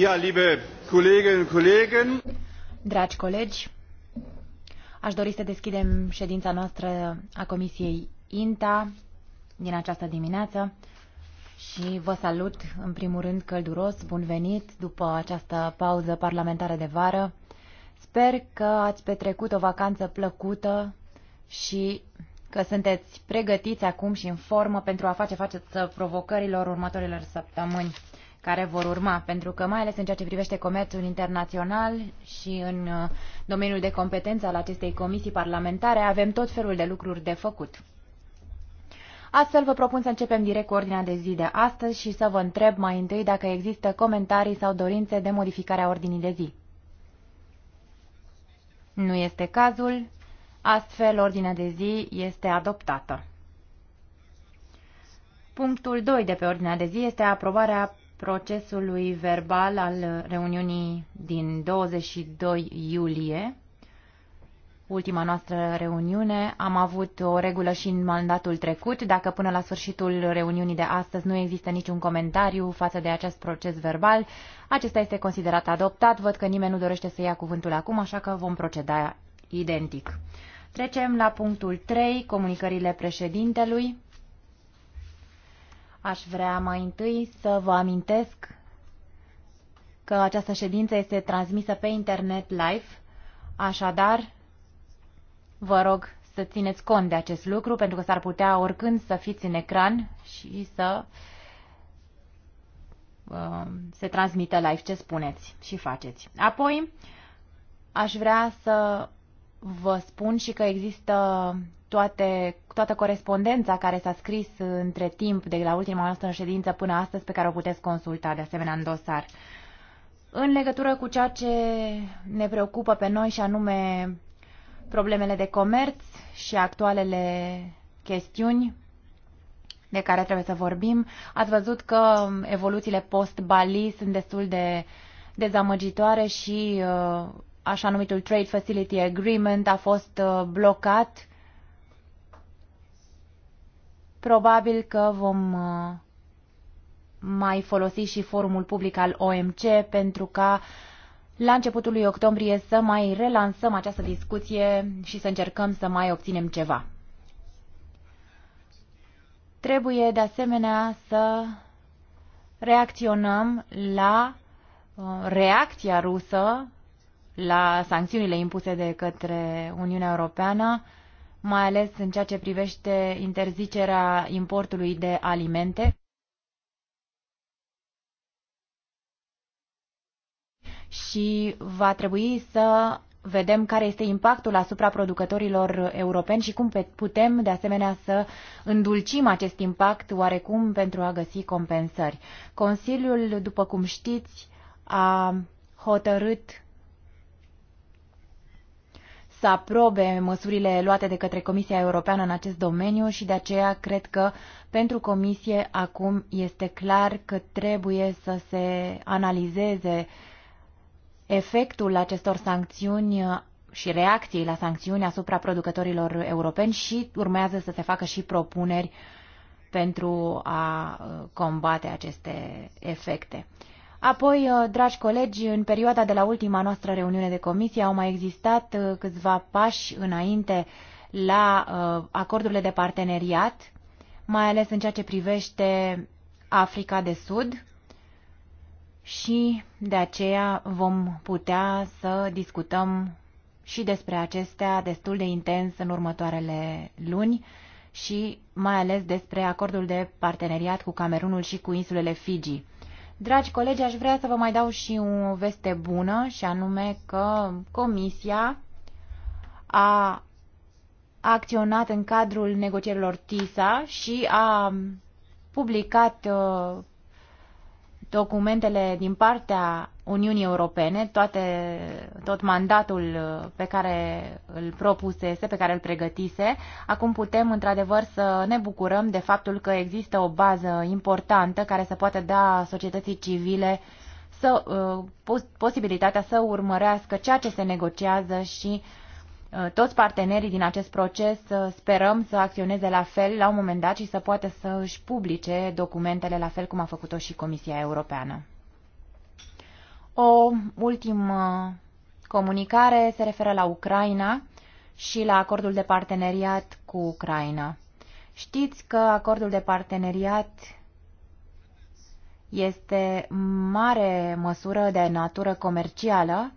Ja, liebe Kolleginnen Kollegen. Dragi colegi, aș dori să deschidem ședința noastră a Comisiei INTA din această dimineață și vă salut în primul rând călduros, bun venit după această pauză parlamentară de vară. Sper că ați petrecut o vacanță plăcută și că sunteți pregătiți acum și în formă pentru a face față provocărilor următorilor săptămâni care vor urma, pentru că mai ales în ceea ce privește comerțul internațional și în uh, domeniul de competență al acestei comisii parlamentare avem tot felul de lucruri de făcut. Astfel vă propun să începem direct cu ordinea de zi de astăzi și să vă întreb mai întâi dacă există comentarii sau dorințe de modificare a ordinii de zi. Nu este cazul, astfel ordinea de zi este adoptată. Punctul 2 de pe ordinea de zi este aprobarea procesului verbal al reuniunii din 22 iulie, ultima noastră reuniune. Am avut o regulă și în mandatul trecut. Dacă până la sfârșitul reuniunii de astăzi nu există niciun comentariu față de acest proces verbal, acesta este considerat adoptat. Văd că nimeni nu dorește să ia cuvântul acum, așa că vom proceda identic. Trecem la punctul 3, comunicările președintelui. Aș vrea mai întâi să vă amintesc că această ședință este transmisă pe internet live, așadar vă rog să țineți cont de acest lucru pentru că s-ar putea oricând să fiți în ecran și să um, se transmită live ce spuneți și faceți. Apoi, aș vrea să vă spun și că există toate, toată corespondența care s-a scris între timp de la ultima noastră ședință până astăzi pe care o puteți consulta de asemenea în dosar. În legătură cu ceea ce ne preocupă pe noi și anume problemele de comerț și actualele chestiuni de care trebuie să vorbim, ați văzut că evoluțiile post-Bali sunt destul de dezamăgitoare și uh, așa numitul Trade Facility Agreement a fost uh, blocat Probabil că vom uh, mai folosi și forumul public al OMC pentru ca la începutul lui octombrie să mai relansăm această discuție și să încercăm să mai obținem ceva. Trebuie de asemenea să reacționăm la uh, reacția rusă la sancțiunile impuse de către Uniunea Europeană mai ales în ceea ce privește interzicerea importului de alimente. Și va trebui să vedem care este impactul asupra producătorilor europeni și cum putem, de asemenea, să îndulcim acest impact oarecum pentru a găsi compensări. Consiliul, după cum știți, a hotărât să aprobe măsurile luate de către Comisia Europeană în acest domeniu și de aceea cred că pentru Comisie acum este clar că trebuie să se analizeze efectul acestor sancțiuni și reacției la sancțiuni asupra producătorilor europeni și urmează să se facă și propuneri pentru a combate aceste efecte. Apoi, uh, dragi colegi, în perioada de la ultima noastră reuniune de comisie au mai existat uh, câțiva pași înainte la uh, acordurile de parteneriat, mai ales în ceea ce privește Africa de Sud și de aceea vom putea să discutăm și despre acestea destul de intens în următoarele luni și mai ales despre acordul de parteneriat cu Camerunul și cu insulele Fiji. Dragi colegi, aș vrea să vă mai dau și o veste bună, și anume că Comisia a acționat în cadrul negocierilor TISA și a publicat uh, documentele din partea Uniunii Europene, toate, tot mandatul uh, pe care îl propusese, pe care îl pregătise. Acum putem, într-adevăr, să ne bucurăm de faptul că există o bază importantă care să poate da societății civile să, uh, posibilitatea să urmărească ceea ce se negociază și uh, Uh, toți partenerii din acest proces uh, sperăm să acționeze la fel la un moment dat și să poată să își publice documentele la fel cum a făcut-o și Comisia Europeană. O ultimă comunicare se referă la Ucraina și la acordul de parteneriat cu Ucraina. Știți că acordul de parteneriat este mare măsură de natură comercială,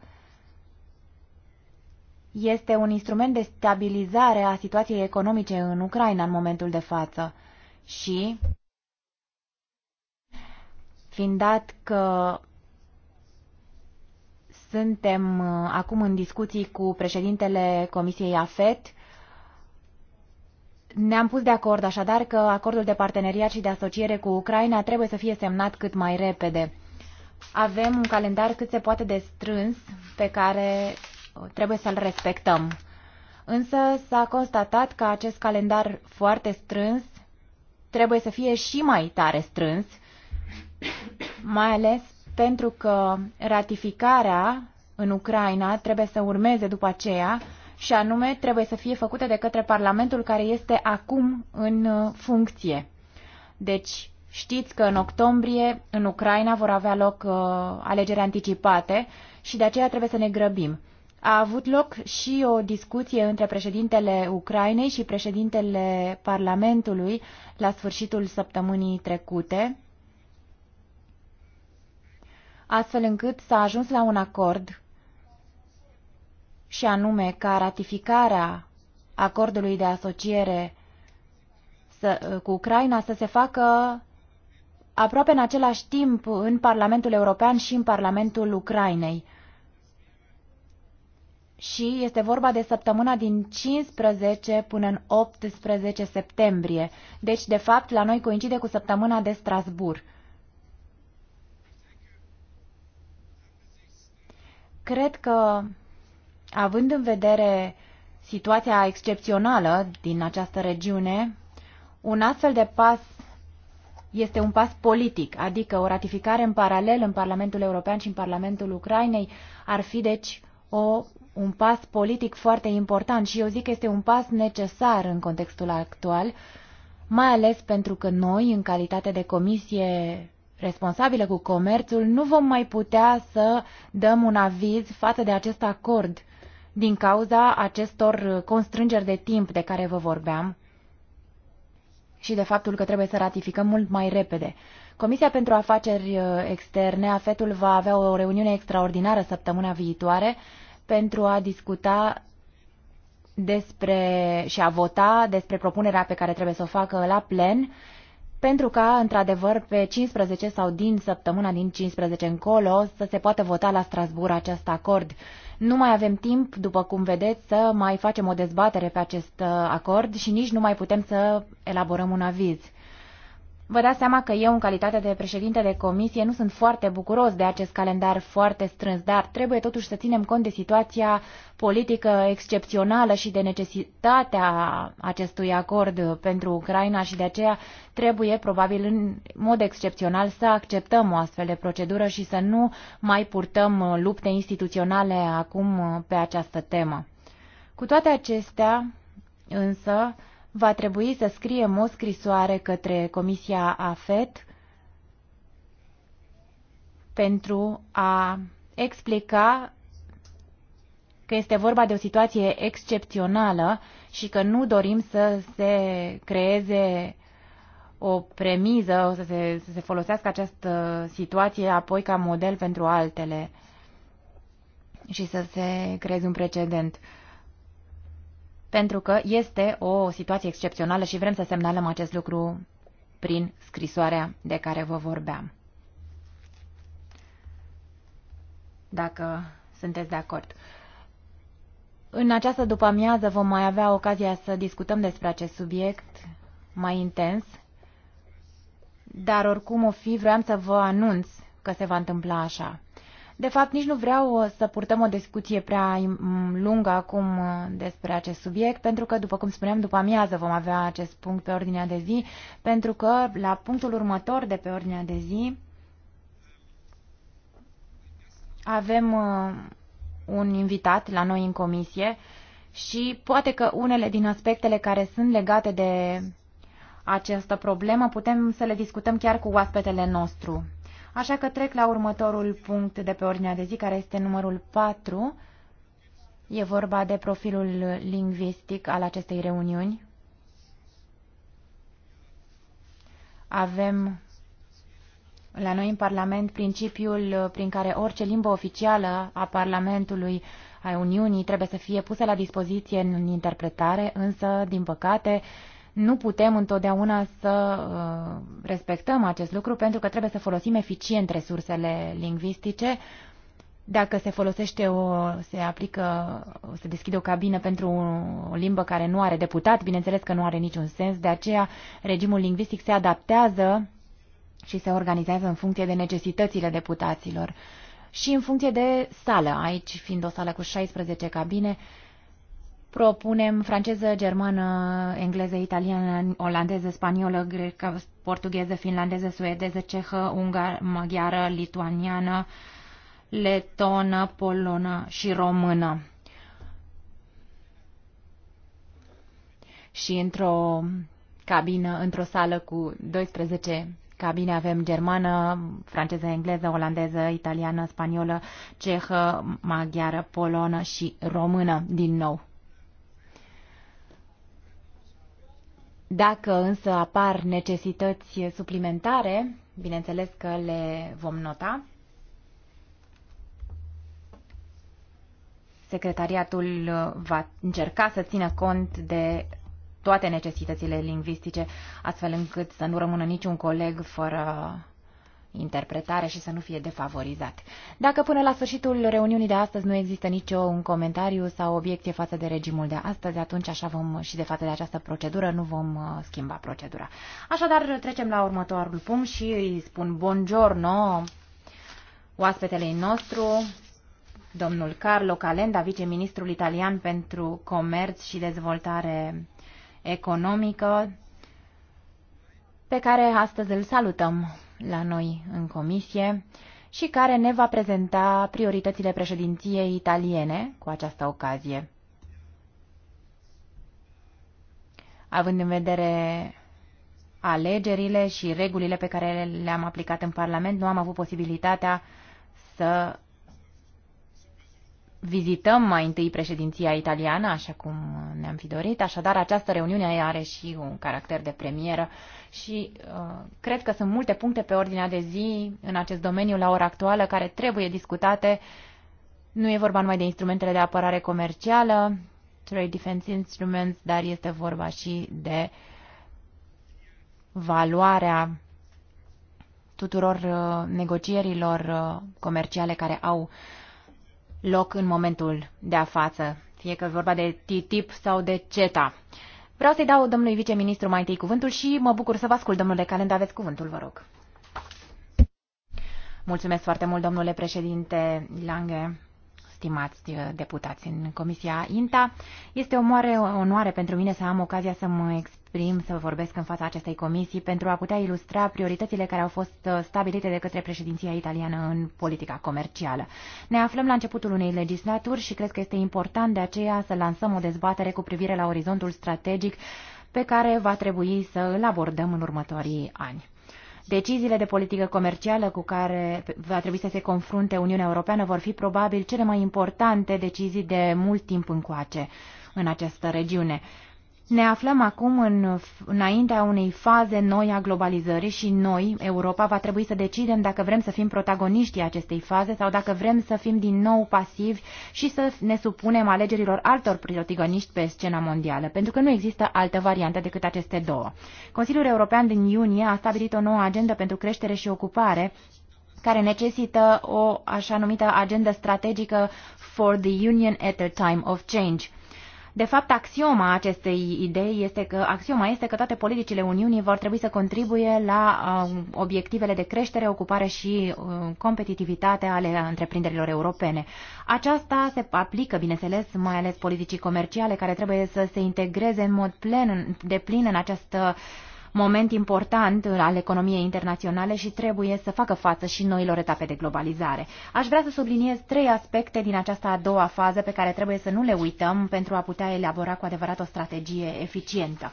este un instrument de stabilizare a situației economice în Ucraina în momentul de față. Și, fiind dat că suntem uh, acum în discuții cu președintele Comisiei AFET, ne-am pus de acord așadar că acordul de parteneriat și de asociere cu Ucraina trebuie să fie semnat cât mai repede. Avem un calendar cât se poate de strâns pe care trebuie să-l respectăm. Însă s-a constatat că acest calendar foarte strâns trebuie să fie și mai tare strâns, mai ales pentru că ratificarea în Ucraina trebuie să urmeze după aceea și anume trebuie să fie făcută de către Parlamentul care este acum în funcție. Deci știți că în octombrie în Ucraina vor avea loc uh, alegeri anticipate și de aceea trebuie să ne grăbim. A avut loc și o discuție între președintele Ucrainei și președintele Parlamentului la sfârșitul săptămânii trecute, astfel încât s-a ajuns la un acord și anume ca ratificarea acordului de asociere să, cu Ucraina să se facă aproape în același timp în Parlamentul European și în Parlamentul Ucrainei și este vorba de săptămâna din 15 până în 18 septembrie. Deci, de fapt, la noi coincide cu săptămâna de Strasbourg. Cred că, având în vedere situația excepțională din această regiune, un astfel de pas este un pas politic, adică o ratificare în paralel în Parlamentul European și în Parlamentul Ucrainei ar fi, deci, o un pas politic foarte important și eu zic că este un pas necesar în contextul actual, mai ales pentru că noi, în calitate de comisie responsabilă cu comerțul, nu vom mai putea să dăm un aviz față de acest acord din cauza acestor constrângeri de timp de care vă vorbeam și de faptul că trebuie să ratificăm mult mai repede. Comisia pentru Afaceri Externe, AFET-ul, va avea o reuniune extraordinară săptămâna viitoare pentru a discuta despre și a vota despre propunerea pe care trebuie să o facă la plen, pentru ca, într-adevăr, pe 15 sau din săptămâna din 15 încolo să se poată vota la Strasbourg acest acord. Nu mai avem timp, după cum vedeți, să mai facem o dezbatere pe acest uh, acord și nici nu mai putem să elaborăm un aviz. Vă dați seama că eu, în calitate de președinte de comisie, nu sunt foarte bucuros de acest calendar foarte strâns, dar trebuie totuși să ținem cont de situația politică excepțională și de necesitatea acestui acord pentru Ucraina și de aceea trebuie, probabil, în mod excepțional să acceptăm o astfel de procedură și să nu mai purtăm lupte instituționale acum pe această temă. Cu toate acestea, însă, va trebui să scrie o scrisoare către Comisia AFET pentru a explica că este vorba de o situație excepțională și că nu dorim să se creeze o premiză, o să se, să se folosească această situație apoi ca model pentru altele și să se creeze un precedent pentru că este o situație excepțională și vrem să semnalăm acest lucru prin scrisoarea de care vă vorbeam. Dacă sunteți de acord. În această după-amiază vom mai avea ocazia să discutăm despre acest subiect mai intens, dar oricum o fi, vreau să vă anunț că se va întâmpla așa. De fapt, nici nu vreau uh, să purtăm o discuție prea lungă acum uh, despre acest subiect, pentru că, după cum spuneam, după amiază vom avea acest punct pe ordinea de zi, pentru că la punctul următor de pe ordinea de zi avem uh, un invitat la noi în comisie și poate că unele din aspectele care sunt legate de această problemă putem să le discutăm chiar cu oaspetele nostru. Așa că trec la următorul punct de pe ordinea de zi, care este numărul 4. E vorba de profilul lingvistic al acestei reuniuni. Avem la noi în Parlament principiul prin care orice limbă oficială a Parlamentului a Uniunii trebuie să fie pusă la dispoziție în interpretare, însă, din păcate, nu putem întotdeauna să uh, respectăm acest lucru pentru că trebuie să folosim eficient resursele lingvistice. Dacă se folosește o, se aplică, se deschide o cabină pentru o limbă care nu are deputat, bineînțeles că nu are niciun sens, de aceea regimul lingvistic se adaptează și se organizează în funcție de necesitățile deputaților și în funcție de sală, aici fiind o sală cu 16 cabine, Propunem franceză, germană, engleză, italiană, olandeză, spaniolă, grecă, portugheză, finlandeză, suedeză, cehă, ungară, maghiară, lituaniană, letonă, polonă și română. Și într-o cabină, într-o sală cu 12 cabine avem germană, franceză, engleză, olandeză, italiană, spaniolă, cehă, maghiară, polonă și română din nou. Dacă însă apar necesități suplimentare, bineînțeles că le vom nota. Secretariatul va încerca să țină cont de toate necesitățile lingvistice, astfel încât să nu rămână niciun coleg fără interpretare și să nu fie defavorizat. Dacă până la sfârșitul reuniunii de astăzi nu există nicio un comentariu sau obiecție față de regimul de astăzi, atunci așa vom și de față de această procedură nu vom uh, schimba procedura. Așadar, trecem la următorul punct și îi spun buongiorno oaspetelei nostru, domnul Carlo Calenda, viceministrul italian pentru comerț și dezvoltare economică, pe care astăzi îl salutăm la noi în comisie și care ne va prezenta prioritățile președinției italiene cu această ocazie. Având în vedere alegerile și regulile pe care le-am aplicat în Parlament, nu am avut posibilitatea să vizităm mai întâi președinția italiană, așa cum ne-am fi dorit, așadar această reuniune are și un caracter de premieră și uh, cred că sunt multe puncte pe ordinea de zi în acest domeniu la ora actuală care trebuie discutate. Nu e vorba numai de instrumentele de apărare comercială, Trade Defense Instruments, dar este vorba și de valoarea tuturor uh, negocierilor uh, comerciale care au uh, loc în momentul de a față, fie că vorba de TTIP sau de CETA. Vreau să-i dau domnului viceministru mai întâi cuvântul și mă bucur să vă ascult, domnule Calend. aveți cuvântul, vă rog. Mulțumesc foarte mult, domnule președinte Lange, stimați uh, deputați în Comisia INTA. Este o mare onoare pentru mine să am ocazia să mă exprim exprim, să vorbesc în fața acestei comisii pentru a putea ilustra prioritățile care au fost uh, stabilite de către președinția italiană în politica comercială. Ne aflăm la începutul unei legislaturi și cred că este important de aceea să lansăm o dezbatere cu privire la orizontul strategic pe care va trebui să îl abordăm în următorii ani. Deciziile de politică comercială cu care va trebui să se confrunte Uniunea Europeană vor fi probabil cele mai importante decizii de mult timp încoace în această regiune. Ne aflăm acum în, înaintea unei faze noi a globalizării și noi, Europa, va trebui să decidem dacă vrem să fim protagoniștii acestei faze sau dacă vrem să fim din nou pasivi și să ne supunem alegerilor altor protagoniști pe scena mondială, pentru că nu există altă variantă decât aceste două. Consiliul European din iunie a stabilit o nouă agendă pentru creștere și ocupare, care necesită o așa numită agendă strategică for the Union at a time of change – de fapt, axioma acestei idei este că, axioma este că toate politicile Uniunii vor trebui să contribuie la uh, obiectivele de creștere, ocupare și uh, competitivitate ale întreprinderilor europene. Aceasta se aplică, bineînțeles, mai ales politicii comerciale care trebuie să se integreze în mod plen, de plin în această uh, moment important al economiei internaționale și trebuie să facă față și noilor etape de globalizare. Aș vrea să subliniez trei aspecte din această a doua fază pe care trebuie să nu le uităm pentru a putea elabora cu adevărat o strategie eficientă.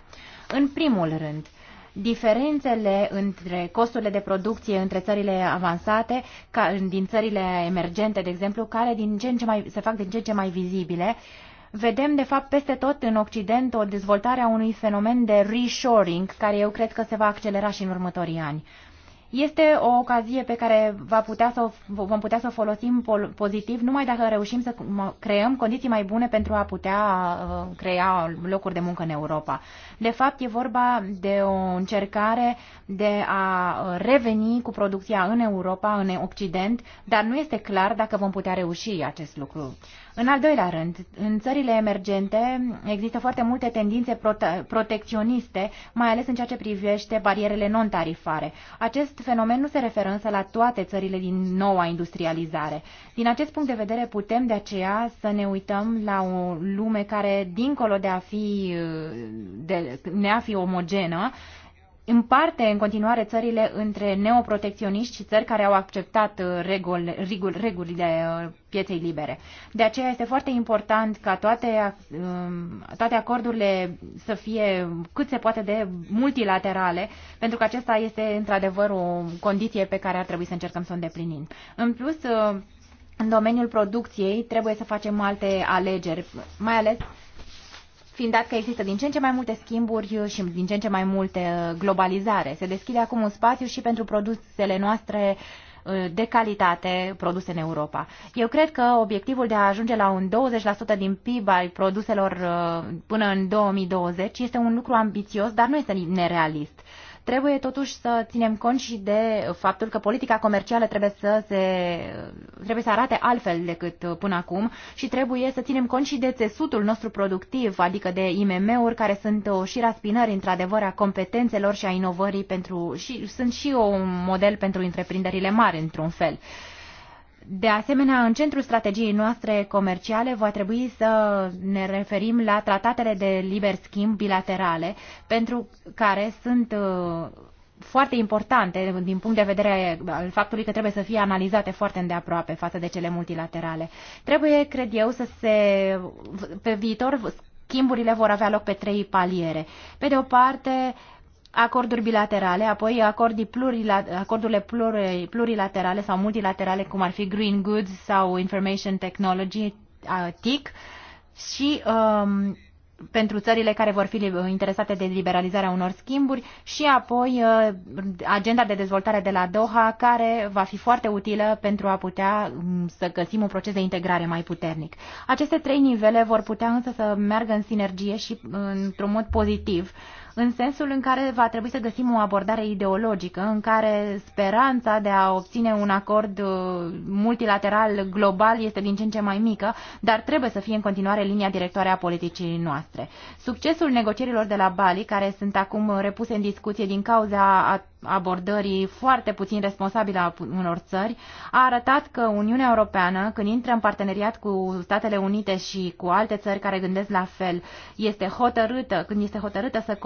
În primul rând, diferențele între costurile de producție între țările avansate, ca, din țările emergente, de exemplu, care din ce în ce mai, se fac din ce în ce mai vizibile, uh, Vedem, de fapt, peste tot în Occident o dezvoltare a unui fenomen de reshoring, care eu cred că se va accelera și în următorii ani. Este o ocazie pe care va putea să o, vom putea să o folosim pozitiv numai dacă reușim să creăm condiții mai bune pentru a putea uh, crea locuri de muncă în Europa. De fapt, e vorba de o încercare de a reveni cu producția în Europa, în Occident, dar nu este clar dacă vom putea reuși acest lucru. În al doilea rând, în țările emergente există foarte multe tendințe prote protecționiste, mai ales în ceea ce privește barierele non-tarifare. Acest fenomen nu se referă însă la toate țările din noua industrializare. Din acest punct de vedere putem de aceea să ne uităm la o lume care, dincolo de a fi, de, ne a fi omogenă, împarte în continuare țările între neoprotecționiști și țări care au acceptat uh, regul, regul, regulile uh, pieței libere. De aceea este foarte important ca toate, um, toate acordurile să fie cât se poate de multilaterale, pentru că acesta este într-adevăr o condiție pe care ar trebui să încercăm să o îndeplinim. În plus, uh, în domeniul producției trebuie să facem alte alegeri, mai ales fiind dat că există din ce în ce mai multe schimburi și din ce în ce mai multe uh, globalizare. Se deschide acum un spațiu și pentru produsele noastre uh, de calitate produse în Europa. Eu cred că obiectivul de a ajunge la un 20% din PIB al produselor uh, până în 2020 este un lucru ambițios, dar nu este nerealist. Trebuie totuși să ținem cont și de faptul că politica comercială trebuie să, se, trebuie să arate altfel decât până acum și trebuie să ținem cont și de țesutul nostru productiv, adică de IMM-uri care sunt o și raspinări într-adevăr a competențelor și a inovării pentru, și sunt și un model pentru întreprinderile mari într-un fel. Uh, de asemenea, în centrul strategiei noastre comerciale va trebui să ne referim la tratatele de liber schimb bilaterale, pentru care sunt uh, foarte importante din punct de vedere al faptului că trebuie să fie analizate foarte îndeaproape față de cele multilaterale. Trebuie, cred eu, să se pe viitor schimburile vor avea loc pe trei paliere. Pe de o parte, acorduri bilaterale, apoi acordii plurilaterale, acordurile plurilaterale sau multilaterale, cum ar fi Green Goods sau Information Technology, TIC, și um, pentru țările care vor fi interesate de liberalizarea unor schimburi și apoi uh, agenda de dezvoltare de la Doha, care va fi foarte utilă pentru a putea um, să găsim un proces de integrare mai puternic. Aceste trei nivele vor putea însă să meargă în sinergie și uh, într-un mod pozitiv. Uh, în sensul în care va trebui să găsim o abordare ideologică, în care speranța de a obține un acord uh, multilateral global este din ce în ce mai mică, dar trebuie să fie în continuare linia directoare a politicii noastre. Succesul negocierilor de la Bali, care sunt acum repuse în discuție din cauza a abordării foarte puțin responsabile a unor țări, a arătat că Uniunea Europeană, când intră în parteneriat cu Statele Unite și cu alte țări care gândesc la fel, este hotărâtă, când este hotărâtă să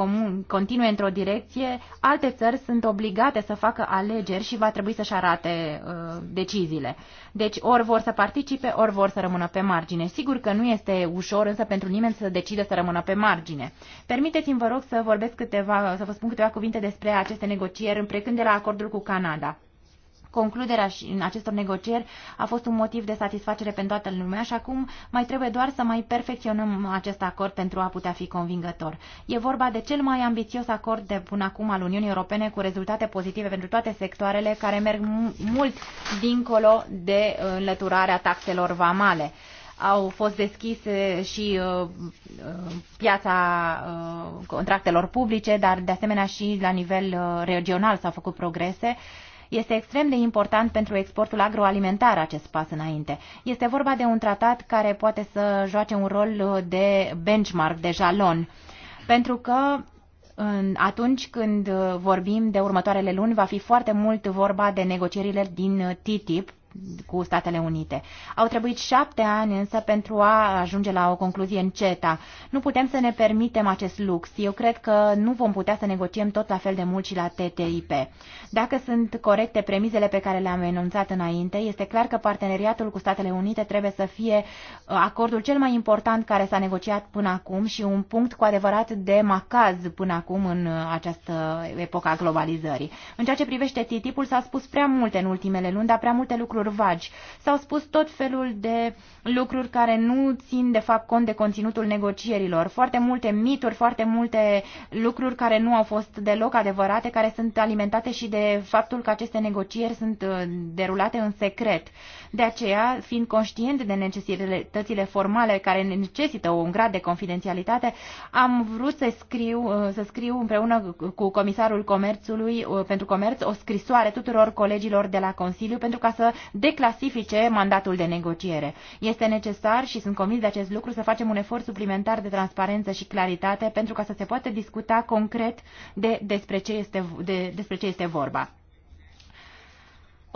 continue într-o direcție, alte țări sunt obligate să facă alegeri și va trebui să-și arate uh, deciziile. Deci ori vor să participe, ori vor să rămână pe margine. Sigur că nu este ușor însă pentru nimeni să decide să rămână pe margine. Permiteți-mi, vă rog, să vorbesc câteva, să vă spun câteva cuvinte despre aceste negocieri negocieri, precând de la acordul cu Canada. Concluderea acestor negocieri a fost un motiv de satisfacere pentru toată lumea și acum mai trebuie doar să mai perfecționăm acest acord pentru a putea fi convingător. E vorba de cel mai ambițios acord de până acum al Uniunii Europene cu rezultate pozitive pentru toate sectoarele care merg mult dincolo de uh, înlăturarea taxelor vamale au fost deschise și uh, uh, piața uh, contractelor publice, dar de asemenea și la nivel uh, regional s-au făcut progrese. Este extrem de important pentru exportul agroalimentar acest pas înainte. Este vorba de un tratat care poate să joace un rol uh, de benchmark, de jalon, pentru că atunci când vorbim de următoarele luni, va fi foarte mult vorba de negocierile din TTIP, cu Statele Unite. Au trebuit șapte ani însă pentru a ajunge la o concluzie în CETA. Nu putem să ne permitem acest lux. Eu cred că nu vom putea să negociem tot la fel de mult și la TTIP. Dacă sunt corecte premizele pe care le-am enunțat înainte, este clar că parteneriatul cu Statele Unite trebuie să fie uh, acordul cel mai important care s-a negociat până acum și un punct cu adevărat de macaz până acum în uh, această epoca globalizării. În ceea ce privește TTIP-ul s-a spus prea multe în ultimele luni, dar prea multe lucruri lucruri vagi. S-au spus tot felul de lucruri care nu țin de fapt cont de conținutul negocierilor. Foarte multe mituri, foarte multe lucruri care nu au fost deloc adevărate, care sunt alimentate și de faptul că aceste negocieri sunt uh, derulate în secret. De aceea, fiind conștient de necesitățile formale care necesită un grad de confidențialitate, am vrut să scriu, uh, să scriu împreună cu Comisarul Comerțului uh, pentru Comerț o scrisoare tuturor colegilor de la Consiliu pentru ca să declasifice mandatul de negociere. Este necesar și sunt convins de acest lucru să facem un efort suplimentar de transparență și claritate pentru ca să se poată discuta concret de, despre, ce este, de, despre ce este vorba.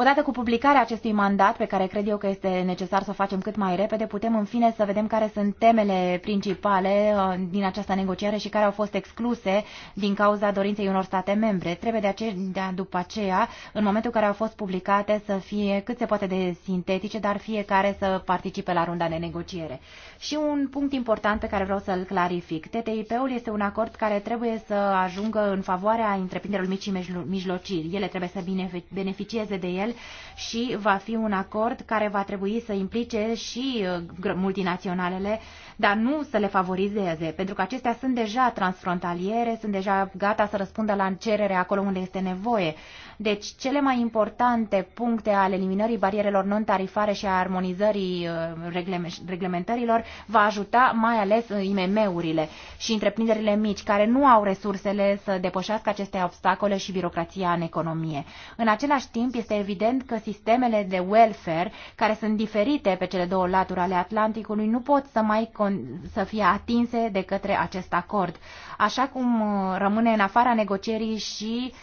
Odată cu publicarea acestui mandat, pe care cred eu că este necesar să o facem cât mai repede, putem în fine să vedem care sunt temele principale uh, din această negociere și care au fost excluse din cauza dorinței unor state membre. Trebuie de aceea, de după aceea, în momentul în care au fost publicate, să fie cât se poate de sintetice, dar fiecare să participe la runda de negociere. Și un punct important pe care vreau să-l clarific. TTIP-ul este un acord care trebuie să ajungă în favoarea întreprinderilor mici și mijlociri. Ele trebuie să beneficieze de el el și va fi un acord care va trebui să implice și uh, multinaționalele, dar nu să le favorizeze, pentru că acestea sunt deja transfrontaliere, sunt deja gata să răspundă la cerere acolo unde este nevoie. Deci, cele mai importante puncte ale eliminării barierelor non-tarifare și a armonizării uh, reglementărilor va ajuta mai ales uh, IMM-urile și întreprinderile mici, care nu au resursele să depășească aceste obstacole și birocrația în economie. În același timp, este evident că sistemele de welfare, care sunt diferite pe cele două laturi ale Atlanticului, nu pot să mai să fie atinse de către acest acord. Așa cum uh, rămâne în afara negocierii și uh,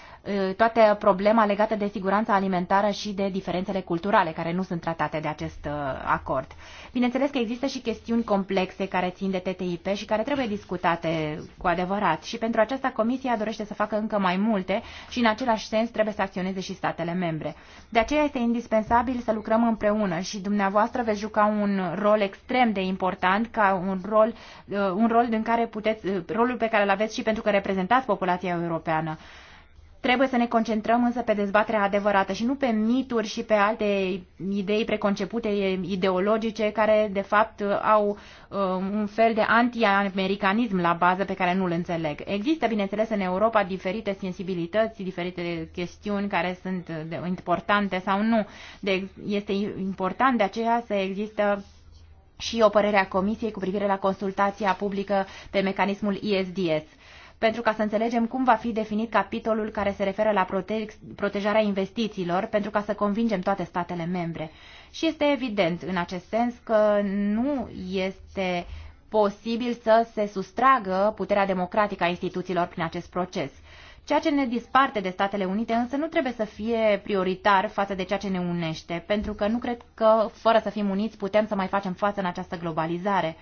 toată problema legată de siguranța alimentară și de diferențele culturale care nu sunt tratate de acest uh, acord. Bineînțeles că există și chestiuni complexe care țin de TTIP și care trebuie discutate cu adevărat și pentru aceasta Comisia dorește să facă încă mai multe și în același sens trebuie să acționeze și statele membre. De aceea este indispensabil să lucrăm împreună și dumneavoastră veți juca un rol extrem de important ca un rol, uh, un rol din care puteți, uh, rolul pe care îl aveți și pentru că reprezentați populația europeană. Trebuie să ne concentrăm însă pe dezbaterea adevărată și nu pe mituri și pe alte idei preconcepute ideologice care de fapt au um, un fel de anti-americanism la bază pe care nu-l înțeleg. Există, bineînțeles, în Europa diferite sensibilități, diferite chestiuni care sunt uh, importante sau nu. De, este important de aceea să există și o părere a Comisiei cu privire la consultația publică pe mecanismul ISDS pentru ca să înțelegem cum va fi definit capitolul care se referă la prote protejarea investițiilor, pentru ca să convingem toate statele membre. Și este evident în acest sens că nu este posibil să se sustragă puterea democratică a instituțiilor prin acest proces. Ceea ce ne disparte de Statele Unite însă nu trebuie să fie prioritar față de ceea ce ne unește, pentru că nu cred că, fără să fim uniți, putem să mai facem față în această globalizare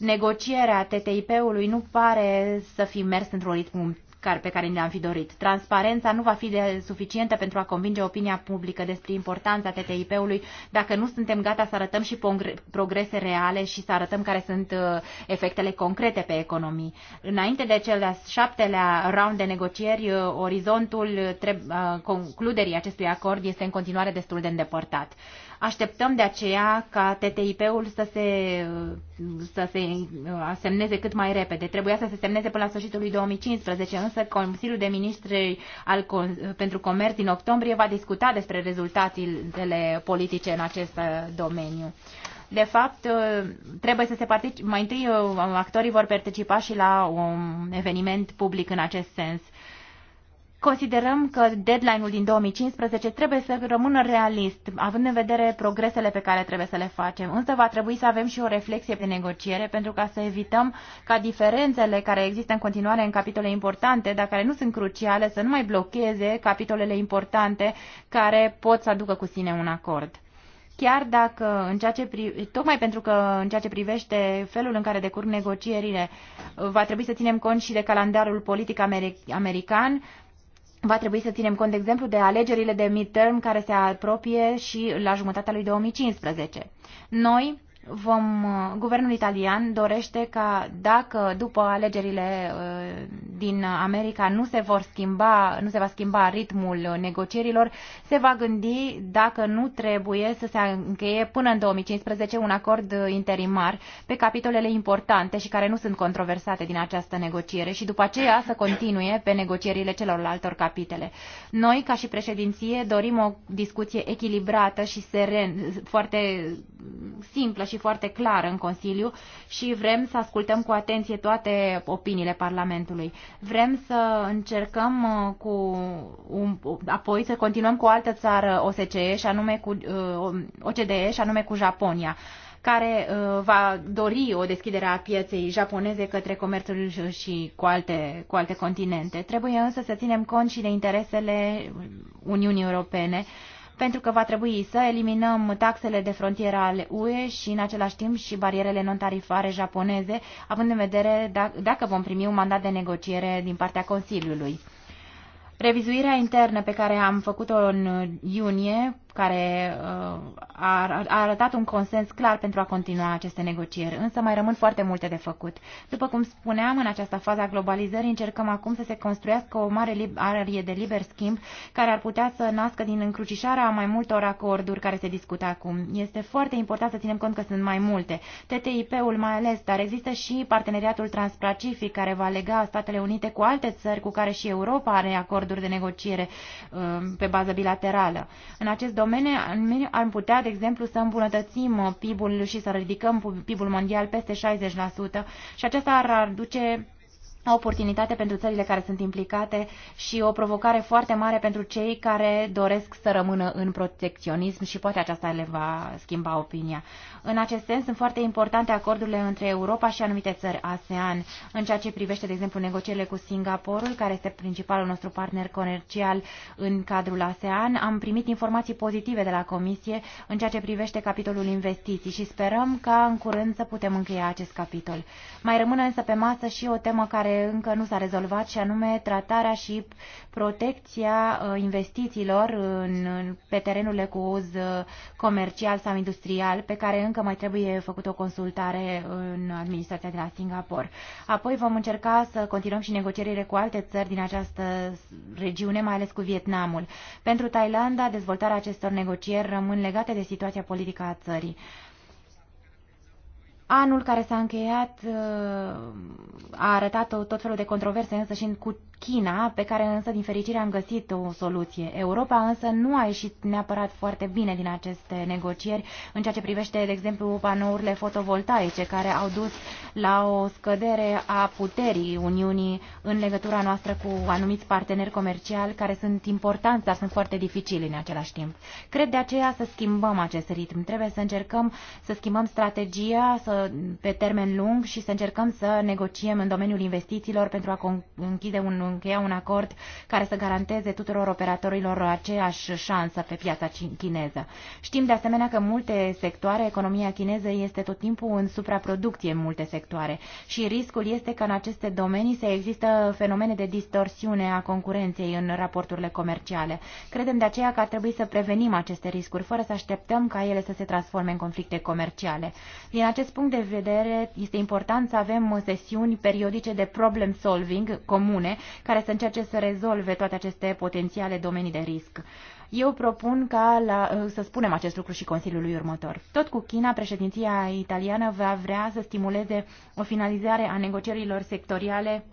negocierea TTIP-ului nu pare să fi mers într-un ritm pe care ne-am fi dorit. Transparența nu va fi de suficientă pentru a convinge opinia publică despre importanța TTIP-ului dacă nu suntem gata să arătăm și progrese reale și să arătăm care sunt uh, efectele concrete pe economii. Înainte de cel de al șaptelea round de negocieri, uh, orizontul uh, concluderii acestui acord este în continuare destul de îndepărtat. Așteptăm de aceea ca TTIP-ul să se, să se uh, semneze cât mai repede. Trebuia să se semneze până la sfârșitul lui 2015, însă Consiliul de Ministri al, pentru Comerț din octombrie va discuta despre rezultatele politice în acest uh, domeniu de fapt, uh, trebuie să se participe. Mai întâi, actorii vor participa și la un eveniment public în acest sens. Considerăm că deadline-ul din 2015 trebuie să rămână realist, având în vedere progresele pe care trebuie să le facem. Însă va trebui să avem și o reflexie pe negociere pentru ca să evităm ca diferențele care există în continuare în capitole importante, dar care nu sunt cruciale, să nu mai blocheze capitolele importante care pot să aducă cu sine un acord chiar dacă în ceea ce pri... tocmai pentru că în ceea ce privește felul în care decurg negocierile va trebui să ținem cont și de calendarul politic american, Va trebui să ținem cont, de exemplu, de alegerile de midterm care se apropie și la jumătatea lui 2015. Noi vom, uh, guvernul italian dorește ca dacă după alegerile uh, din America nu se vor schimba, nu se va schimba ritmul negocierilor, se va gândi dacă nu trebuie să se încheie până în 2015 un acord uh, interimar pe capitolele importante și care nu sunt controversate din această negociere și după aceea să continue pe negocierile celorlaltor capitele. Noi, ca și președinție, dorim o discuție echilibrată și seren, foarte simplă și și foarte clară în Consiliu și vrem să ascultăm cu atenție toate opiniile Parlamentului. Vrem să încercăm uh, cu un, apoi să continuăm cu o altă țară OSCE și anume cu uh, OCDE și anume cu Japonia care uh, va dori o deschidere a pieței japoneze către comerțul și cu alte, cu alte continente. Trebuie însă să ținem cont și de interesele Uniunii Europene pentru că va trebui să eliminăm taxele de frontieră ale UE și în același timp și barierele non-tarifare japoneze, având în vedere da, dacă vom primi un mandat de negociere din partea Consiliului. Revizuirea internă pe care am făcut-o în iunie care uh, a arătat un consens clar pentru a continua aceste negocieri, însă mai rămân foarte multe de făcut. După cum spuneam, în această fază a globalizării încercăm acum să se construiască o mare arie de liber schimb care ar putea să nască din încrucișarea mai multor acorduri care se discută acum. Este foarte important să ținem cont că sunt mai multe. TTIP-ul mai ales, dar există și parteneriatul transpacific care va lega Statele Unite cu alte țări cu care și Europa are acorduri de negociere uh, pe bază bilaterală. În acest domenii am putea, de exemplu, să îmbunătățim uh, PIB-ul și să ridicăm PIB-ul mondial peste 60% și aceasta ar aduce o oportunitate pentru țările care sunt implicate și o provocare foarte mare pentru cei care doresc să rămână în protecționism și poate aceasta le va schimba opinia. În acest sens sunt foarte importante acordurile între Europa și anumite țări ASEAN în ceea ce privește, de exemplu, negocierile cu Singaporul, care este principalul nostru partener comercial în cadrul ASEAN. Am primit informații pozitive de la Comisie în ceea ce privește capitolul investiții și sperăm ca în curând să putem încheia acest capitol. Mai rămâne însă pe masă și o temă care care încă nu s-a rezolvat și anume tratarea și protecția uh, investițiilor în, pe terenurile cu uz uh, comercial sau industrial, pe care încă mai trebuie făcut o consultare în administrația de la Singapore. Apoi vom încerca să continuăm și negocierile cu alte țări din această regiune, mai ales cu Vietnamul. Pentru Thailanda, dezvoltarea acestor negocieri rămân legate de situația politică a țării. Anul care s-a încheiat uh, a arătat tot felul de controverse, însă și cu China, pe care însă, din fericire, am găsit o soluție. Europa însă nu a ieșit neapărat foarte bine din aceste negocieri în ceea ce privește, de exemplu, panourile fotovoltaice, care au dus la o scădere a puterii Uniunii în legătura noastră cu anumiți parteneri comerciali care sunt importanți, dar sunt foarte dificili în același timp. Cred de aceea să schimbăm acest ritm. Trebuie să încercăm să schimbăm strategia să, pe termen lung și să încercăm să negociem în domeniul investițiilor pentru a închide un încheia un acord care să garanteze tuturor operatorilor aceeași șansă pe piața chineză. Știm de asemenea că multe sectoare, economia chineză este tot timpul în supraproducție în multe sectoare și riscul este că în aceste domenii să există fenomene de distorsiune a concurenței în raporturile comerciale. Credem de aceea că ar trebui să prevenim aceste riscuri fără să așteptăm ca ele să se transforme în conflicte comerciale. Din acest punct de vedere, este important să avem sesiuni periodice de problem solving comune care să încerce să rezolve toate aceste potențiale domenii de risc. Eu propun ca la, să spunem acest lucru și Consiliului următor. Tot cu China, președinția italiană va vrea să stimuleze o finalizare a negocierilor sectoriale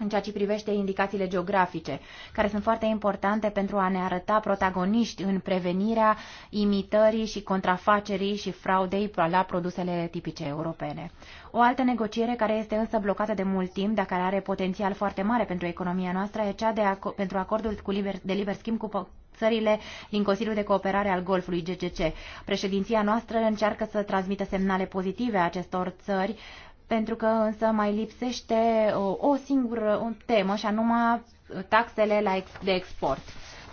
în ceea ce privește indicațiile geografice, care sunt foarte importante pentru a ne arăta protagoniști în prevenirea imitării și contrafacerii și fraudei la produsele tipice europene. O altă negociere care este însă blocată de mult timp, dar care are potențial foarte mare pentru economia noastră, e cea de ac- pentru acordul cu liber, de liber schimb cu țările din Consiliul de Cooperare al Golfului GCC. Președinția noastră încearcă să transmită semnale pozitive a acestor țări pentru că însă mai lipsește o, uh, o singură temă și anume uh, taxele la, de export.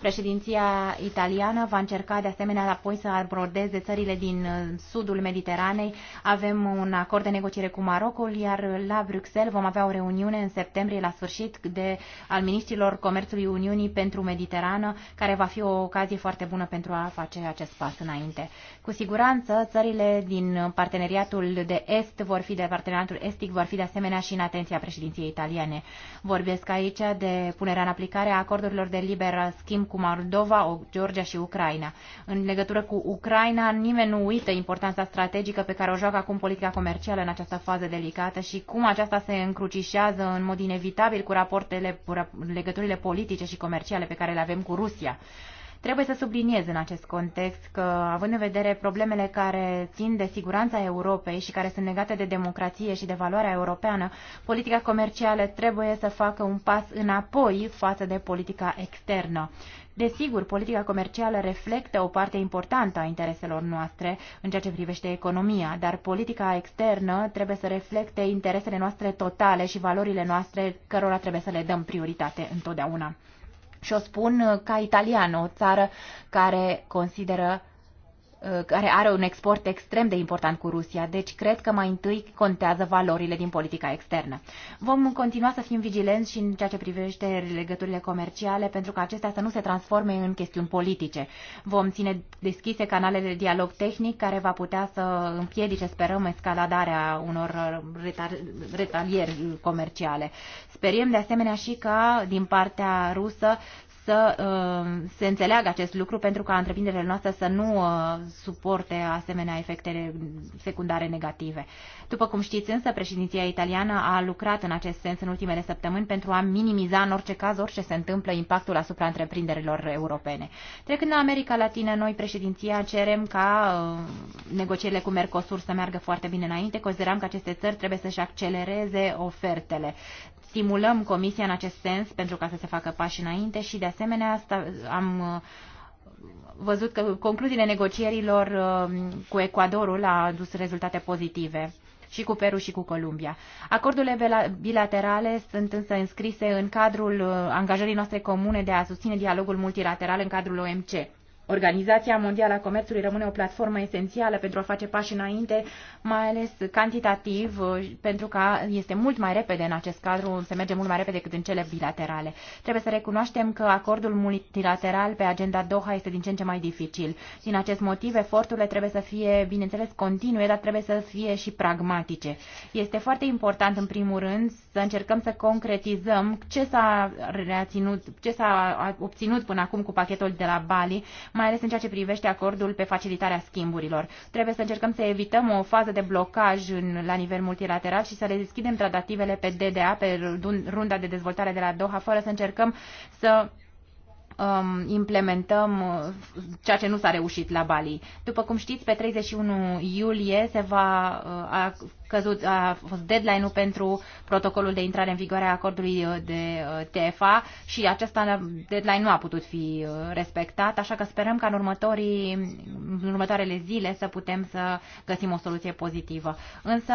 Președinția italiană va încerca de asemenea apoi să abordeze țările din uh, sudul Mediteranei. Avem un acord de negociere cu Marocul, iar la Bruxelles vom avea o reuniune în septembrie la sfârșit de al ministrilor Comerțului Uniunii pentru Mediterană, care va fi o ocazie foarte bună pentru a face acest pas înainte. Cu siguranță, țările din parteneriatul de est vor fi de parteneriatul estic vor fi de asemenea și în atenția președinției italiene. Vorbesc aici de punerea în aplicare a acordurilor de liber schimb cu cu Moldova, Georgia și Ucraina. În legătură cu Ucraina, nimeni nu uită importanța strategică pe care o joacă acum politica comercială în această fază delicată și cum aceasta se încrucișează în mod inevitabil cu raportele, legăturile politice și comerciale pe care le avem cu Rusia. Trebuie să subliniez în acest context că, având în vedere problemele care țin de siguranța Europei și care sunt legate de democrație și de valoarea europeană, politica comercială trebuie să facă un pas înapoi față de politica externă. Desigur, politica comercială reflectă o parte importantă a intereselor noastre în ceea ce privește economia, dar politica externă trebuie să reflecte interesele noastre totale și valorile noastre cărora trebuie să le dăm prioritate întotdeauna. Și o spun ca italian, o țară care consideră Uh, care are un export extrem de important cu Rusia, deci cred că mai întâi contează valorile din politica externă. Vom continua să fim vigilenți și în ceea ce privește legăturile comerciale, pentru că acestea să nu se transforme în chestiuni politice. Vom ține deschise canalele de dialog tehnic care va putea să împiedice, sperăm, escaladarea unor uh, retalieri comerciale. Speriem de asemenea și ca din partea rusă să uh, se înțeleagă acest lucru pentru ca întreprinderile noastre să nu uh, suporte asemenea efecte secundare negative. După cum știți însă, președinția italiană a lucrat în acest sens în ultimele săptămâni pentru a minimiza în orice caz orice se întâmplă impactul asupra întreprinderilor europene. Trecând în America Latină, noi președinția cerem ca uh, negocierile cu Mercosur să meargă foarte bine înainte. Considerăm că aceste țări trebuie să-și accelereze ofertele stimulăm Comisia în acest sens pentru ca să se facă pași înainte și, de asemenea, am uh, văzut că concluziile negocierilor uh, cu Ecuadorul a adus rezultate pozitive și cu Peru și cu Columbia. Acordurile bilaterale sunt însă înscrise în cadrul uh, angajării noastre comune de a susține dialogul multilateral în cadrul OMC. Organizația Mondială a Comerțului rămâne o platformă esențială pentru a face pași înainte, mai ales cantitativ, pentru că este mult mai repede în acest cadru, se merge mult mai repede decât în cele bilaterale. Trebuie să recunoaștem că acordul multilateral pe agenda Doha este din ce în ce mai dificil. Din acest motiv, eforturile trebuie să fie, bineînțeles, continue, dar trebuie să fie și pragmatice. Este foarte important, în primul rând, să încercăm să concretizăm ce s-a reținut, ce s-a obținut până acum cu pachetul de la Bali, mai ales în ceea ce privește acordul pe facilitarea schimburilor. Trebuie să încercăm să evităm o fază de blocaj în, la nivel multilateral și să le deschidem tratativele pe DDA, pe runda de dezvoltare de la Doha, fără să încercăm să um, implementăm uh, ceea ce nu s-a reușit la Bali. După cum știți, pe 31 iulie se va uh, a căzut, a fost deadline-ul pentru protocolul de intrare în vigoare a acordului uh, de TFA și acesta deadline nu a putut fi respectat, așa că sperăm ca în, următorii, în următoarele zile să putem să găsim o soluție pozitivă. Însă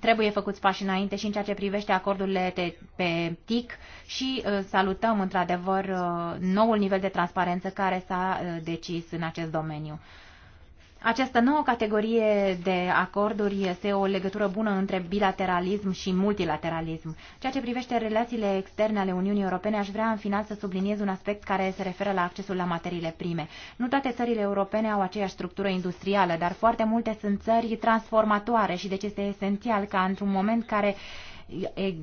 trebuie făcuți pași înainte și în ceea ce privește acordurile de, pe TIC și uh, salutăm într-adevăr uh, noul nivel de transparență care s-a uh, decis în acest domeniu. Această nouă categorie de acorduri este o legătură bună între bilateralism și multilateralism. Ceea ce privește relațiile externe ale Uniunii Europene, aș vrea în final să subliniez un aspect care se referă la accesul la materiile prime. Nu toate țările europene au aceeași structură industrială, dar foarte multe sunt țări transformatoare și deci este esențial ca într-un moment care uh,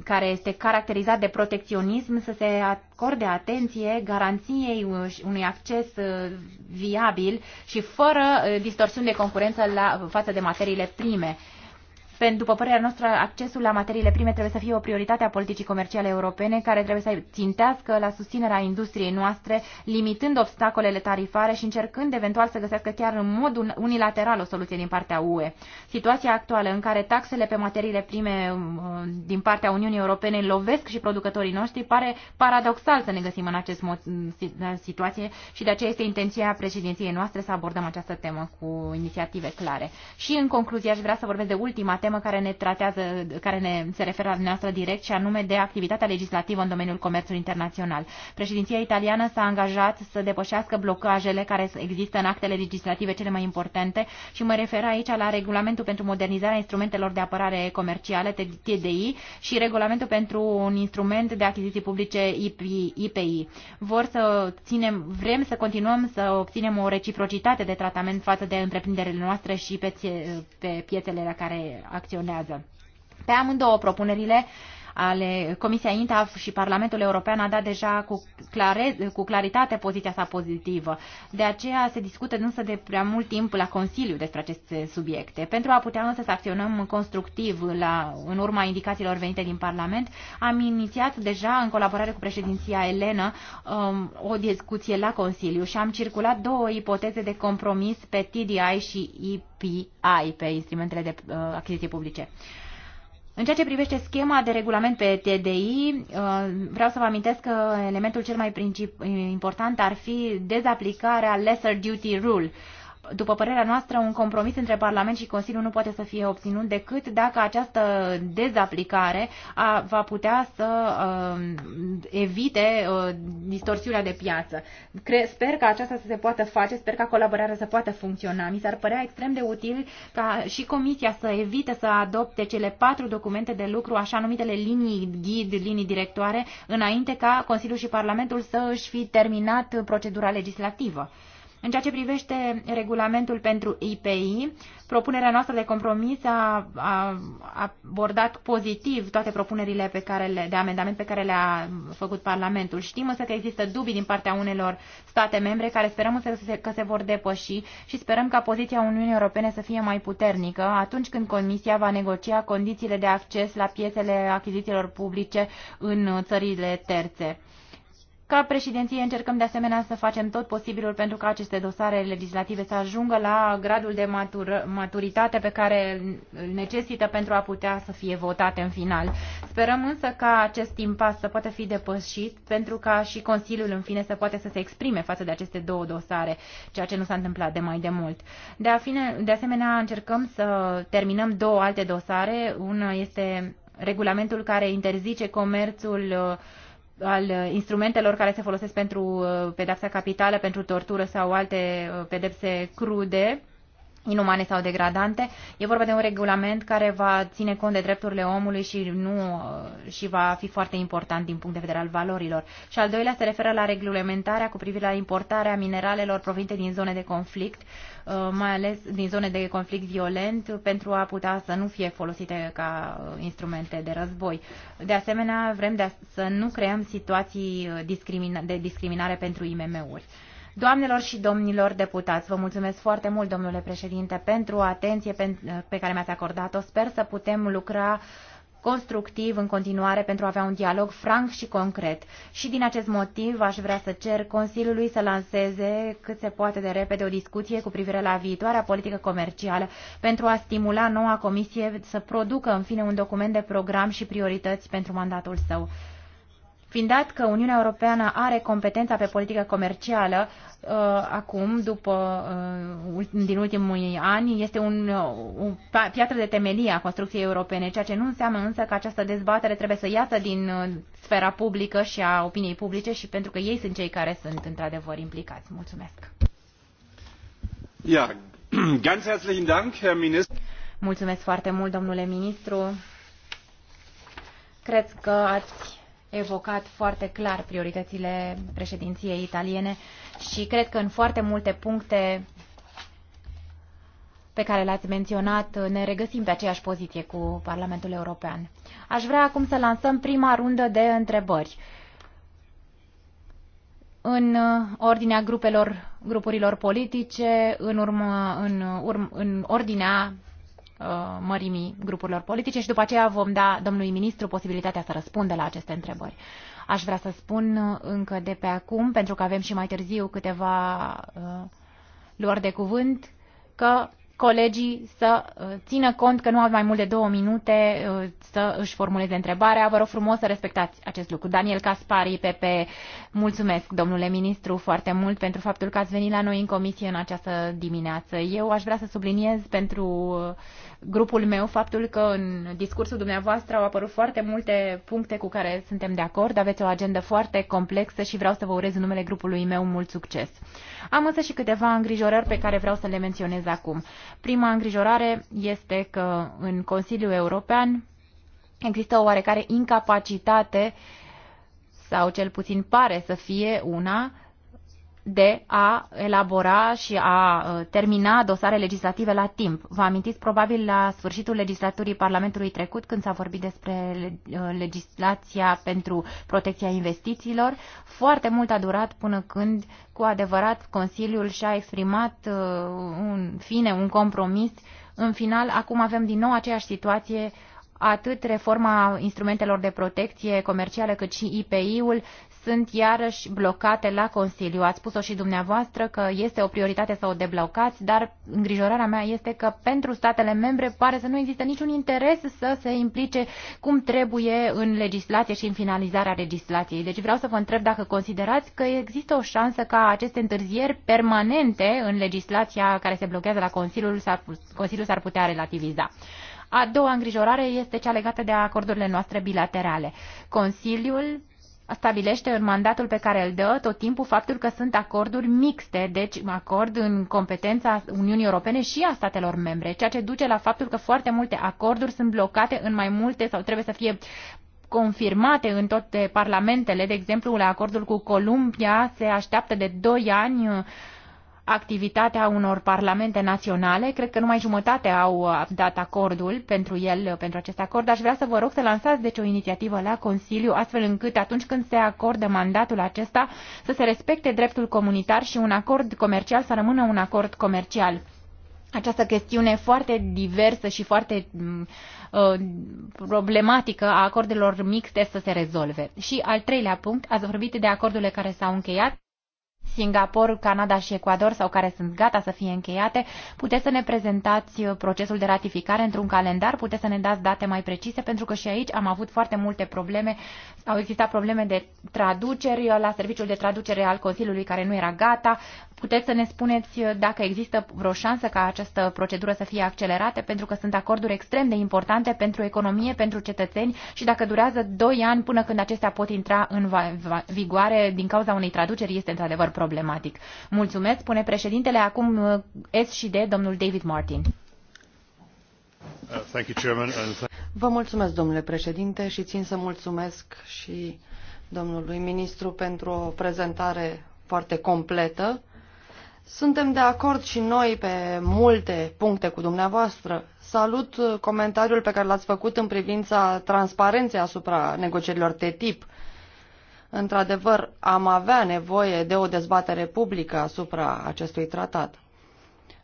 care este caracterizat de protecționism să se acorde atenție garanției unui acces uh, viabil și fără uh, distorsiuni de concurență la, față de materiile prime. Pentru, după părerea noastră, accesul la materiile prime trebuie să fie o prioritate a politicii comerciale europene, care trebuie să țintească la susținerea industriei noastre, limitând obstacolele tarifare și încercând eventual să găsească chiar în mod unilateral o soluție din partea UE. Situația actuală în care taxele pe materiile prime uh, din partea Uniunii Europene lovesc și producătorii noștri pare paradoxal să ne găsim în acest mod situație și de aceea este intenția președinției noastre să abordăm această temă cu inițiative clare. Și în concluzie aș vrea să vorbesc de ultima temă temă care ne tratează, care ne se referă la dumneavoastră direct și anume de activitatea legislativă în domeniul comerțului internațional. Președinția italiană s-a angajat să depășească blocajele care există în actele legislative cele mai importante și mă refer aici la regulamentul pentru modernizarea instrumentelor de apărare comerciale, TDI, și regulamentul pentru un instrument de achiziții publice IPI. Vor să ținem, vrem să continuăm să obținem o reciprocitate de tratament față de întreprinderile noastre și pe, pe piețele la care acționează. Pe amândouă propunerile ale Comisia INTA și Parlamentul European a dat deja cu, clare, cu claritate poziția sa pozitivă. De aceea se discută însă de prea mult timp la Consiliu despre aceste subiecte. Pentru a putea însă să acționăm constructiv la, în urma indicațiilor venite din Parlament, am inițiat deja în colaborare cu președinția Elena um, o discuție la Consiliu și am circulat două ipoteze de compromis pe TDI și IPI, pe instrumentele de uh, achiziție publice. Uh, în ceea ce privește schema de regulament pe TDI, uh, vreau să vă amintesc că elementul cel mai important ar fi dezaplicarea Lesser Duty Rule, după părerea noastră, un compromis între Parlament și Consiliu nu poate să fie obținut decât dacă această dezaplicare a, va putea să uh, evite uh, distorsiunea de piață. Cre- sper că aceasta să se poată face, sper că colaborarea să poată funcționa. Mi s-ar părea extrem de util ca și Comisia să evite să adopte cele patru documente de lucru, așa numitele linii ghid, linii directoare, înainte ca Consiliul și Parlamentul să își fi terminat procedura legislativă. În ceea ce privește regulamentul pentru IPI, propunerea noastră de compromis a, a abordat pozitiv toate propunerile pe care le, de amendament pe care le-a făcut Parlamentul. Știm însă că există dubii din partea unelor state membre care sperăm însă că se, că se vor depăși și sperăm ca poziția Uniunii Europene să fie mai puternică atunci când Comisia va negocia condițiile de acces la piețele achizițiilor publice în țările terțe. Ca președinție încercăm de asemenea să facem tot posibilul pentru ca aceste dosare legislative să ajungă la gradul de matur, maturitate pe care îl necesită pentru a putea să fie votate în final. Sperăm însă ca acest impas să poată fi depășit pentru ca și Consiliul în fine să poate să se exprime față de aceste două dosare, ceea ce nu s-a întâmplat de mai demult. De, a de asemenea încercăm să terminăm două alte dosare. Una este regulamentul care interzice comerțul uh, al uh, instrumentelor care se folosesc pentru uh, pedeapsa capitală, pentru tortură sau alte uh, pedepse crude, inumane sau degradante. E vorba de un regulament care va ține cont de drepturile omului și, nu, și va fi foarte important din punct de vedere al valorilor. Și al doilea se referă la reglementarea cu privire la importarea mineralelor provenite din zone de conflict, uh, mai ales din zone de conflict violent, pentru a putea să nu fie folosite ca uh, instrumente de război. De asemenea, vrem de să nu creăm situații uh, de discriminare pentru IMM-uri. Doamnelor și domnilor deputați, vă mulțumesc foarte mult, domnule președinte, pentru atenție pe care mi-ați acordat-o. Sper să putem lucra constructiv în continuare pentru a avea un dialog franc și concret. Și din acest motiv aș vrea să cer Consiliului să lanseze cât se poate de repede o discuție cu privire la viitoarea politică comercială pentru a stimula noua comisie să producă în fine un document de program și priorități pentru mandatul său. Fiind dat că Uniunea Europeană are competența pe politică comercială, uh, acum, după, uh, din ultimii ani, este un, o uh, piatră de temelie a construcției europene, ceea ce nu înseamnă însă că această dezbatere trebuie să iasă din sfera publică și a opiniei publice și pentru că ei sunt cei care sunt într-adevăr implicați. Mulțumesc! Ja, ganz herzlichen Dank, Herr Minister. Mulțumesc foarte mult, domnule ministru. Cred că ați evocat foarte clar prioritățile președinției italiene și cred că în foarte multe puncte pe care le-ați menționat ne regăsim pe aceeași poziție cu Parlamentul European. Aș vrea acum să lansăm prima rundă de întrebări în ordinea grupelor, grupurilor politice, în, urmă, în, urm, în ordinea Uh, mărimii grupurilor politice și după aceea vom da domnului ministru posibilitatea să răspundă la aceste întrebări. Aș vrea să spun încă de pe acum, pentru că avem și mai târziu câteva uh, luări de cuvânt, că colegii să uh, țină cont că nu au mai mult de două minute uh, să își formuleze întrebarea. Vă rog frumos să respectați acest lucru. Daniel Caspari, PP, mulțumesc, domnule ministru, foarte mult pentru faptul că ați venit la noi în comisie în această dimineață. Eu aș vrea să subliniez pentru uh, grupul meu faptul că în discursul dumneavoastră au apărut foarte multe puncte cu care suntem de acord, aveți o agendă foarte complexă și vreau să vă urez în numele grupului meu mult succes. Am însă și câteva îngrijorări pe care vreau să le menționez acum. Prima îngrijorare este că în Consiliul European există o oarecare incapacitate sau cel puțin pare să fie una de a elabora și a uh, termina dosare legislative la timp. Vă amintiți probabil la sfârșitul legislaturii Parlamentului trecut când s-a vorbit despre uh, legislația pentru protecția investițiilor. Foarte mult a durat până când cu adevărat Consiliul și-a exprimat uh, un fine un compromis. În final, acum avem din nou aceeași situație atât reforma instrumentelor de protecție comercială cât și IPI-ul sunt iarăși blocate la Consiliu. Ați spus-o și dumneavoastră că este o prioritate să o deblocați, dar îngrijorarea mea este că pentru statele membre pare să nu există niciun interes să se implice cum trebuie în legislație și în finalizarea legislației. Deci vreau să vă întreb dacă considerați că există o șansă ca aceste întârzieri permanente în legislația care se blochează la Consiliul s-ar, Consiliul s-ar putea relativiza. A doua îngrijorare este cea legată de acordurile noastre bilaterale. Consiliul stabilește în mandatul pe care îl dă tot timpul faptul că sunt acorduri mixte, deci acord în competența Uniunii Europene și a statelor membre, ceea ce duce la faptul că foarte multe acorduri sunt blocate în mai multe sau trebuie să fie confirmate în toate parlamentele. De exemplu, la acordul cu Columbia se așteaptă de 2 ani uh, activitatea unor parlamente naționale. Cred că numai jumătate au dat acordul pentru el, pentru acest acord. Aș vrea să vă rog să lansați deci o inițiativă la Consiliu, astfel încât atunci când se acordă mandatul acesta să se respecte dreptul comunitar și un acord comercial să rămână un acord comercial această chestiune foarte diversă și foarte mm, uh, problematică a acordelor mixte să se rezolve. Și al treilea punct, ați vorbit de acordurile care s-au încheiat. Singapore, Canada și Ecuador sau care sunt gata să fie încheiate, puteți să ne prezentați uh, procesul de ratificare într-un calendar, puteți să ne dați date mai precise, pentru că și aici am avut foarte multe probleme, au existat probleme de traduceri uh, la serviciul de traducere al Consiliului care nu era gata, Puteți să ne spuneți dacă există vreo șansă ca această procedură să fie accelerată, pentru că sunt acorduri extrem de importante pentru economie, pentru cetățeni și dacă durează 2 ani până când acestea pot intra în vigoare din cauza unei traduceri, este într-adevăr problematic. Mulțumesc, spune președintele, acum uh, S și D, domnul David Martin. Uh, Vă mulțumesc, domnule președinte, și țin să mulțumesc și domnului ministru pentru o prezentare foarte completă suntem de acord și noi pe multe puncte cu dumneavoastră. Salut uh, comentariul pe care l-ați făcut în privința transparenței asupra negocierilor TTIP. Într-adevăr, am avea nevoie de o dezbatere publică asupra acestui tratat.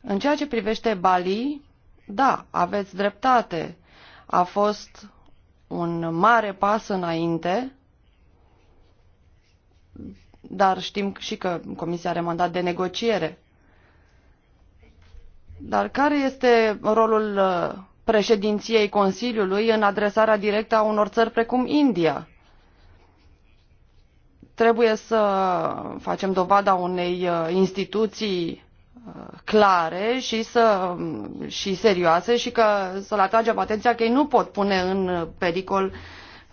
În ceea ce privește Bali, da, aveți dreptate. A fost un mare pas înainte dar știm și că Comisia are mandat de negociere. Dar care este rolul uh, președinției Consiliului în adresarea directă a unor țări precum India? Trebuie să facem dovada unei uh, instituții uh, clare și, să, um, și serioase și că să l atragem atenția că ei nu pot pune în pericol uh,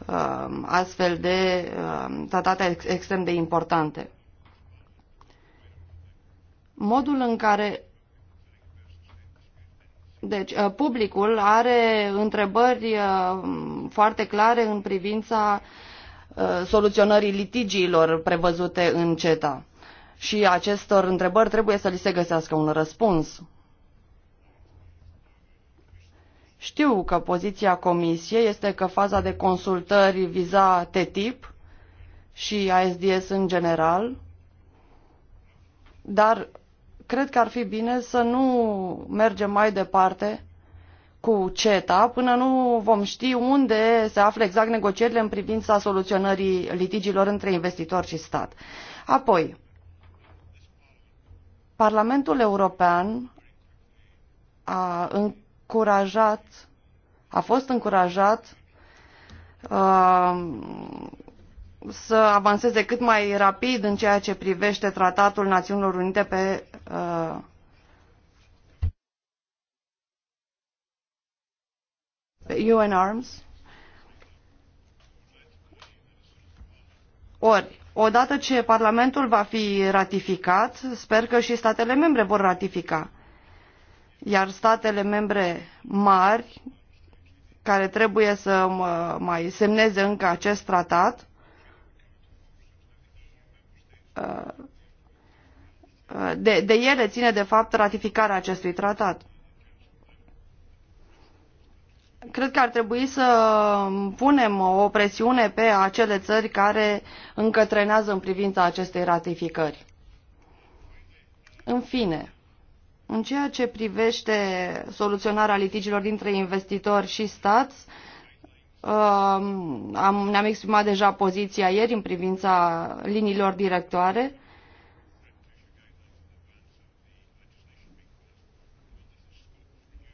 Um, astfel de um, tratate extrem de importante. Modul în care deci, uh, publicul are întrebări uh, foarte clare în privința uh, soluționării litigiilor prevăzute în CETA. Și acestor întrebări trebuie să li se găsească un răspuns. Știu că poziția Comisiei este că faza de consultări viza TTIP și ASDS în general, dar cred că ar fi bine să nu mergem mai departe cu CETA până nu vom ști unde se află exact negocierile în privința soluționării litigiilor între investitor și stat. Apoi, Parlamentul European a, încurajat, a fost încurajat uh, să avanseze cât mai rapid în ceea ce privește Tratatul Națiunilor Unite pe uh, pe UN Arms. Ori, odată ce Parlamentul va fi ratificat, sper că și statele membre vor ratifica iar statele membre mari care trebuie să mai semneze încă acest tratat uh, de, de ele ține de fapt ratificarea acestui tratat. Cred că ar trebui să punem o presiune pe acele țări care încă trenează în privința acestei ratificări. În fine, în ceea ce privește soluționarea litigilor dintre investitori și stat, um, am, ne-am exprimat deja poziția ieri în privința liniilor directoare.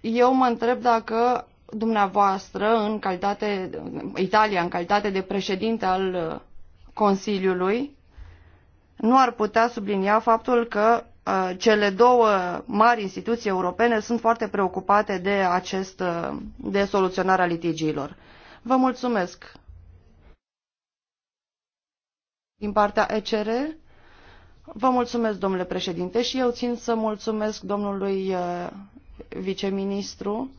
Eu mă întreb dacă dumneavoastră, în calitate, Italia, în calitate de președinte al Consiliului, nu ar putea sublinia faptul că Uh, cele două mari instituții europene sunt foarte preocupate de, acest, uh, de soluționarea litigiilor. Vă mulțumesc! Din partea ECR, vă mulțumesc, domnule președinte, și eu țin să mulțumesc domnului uh, viceministru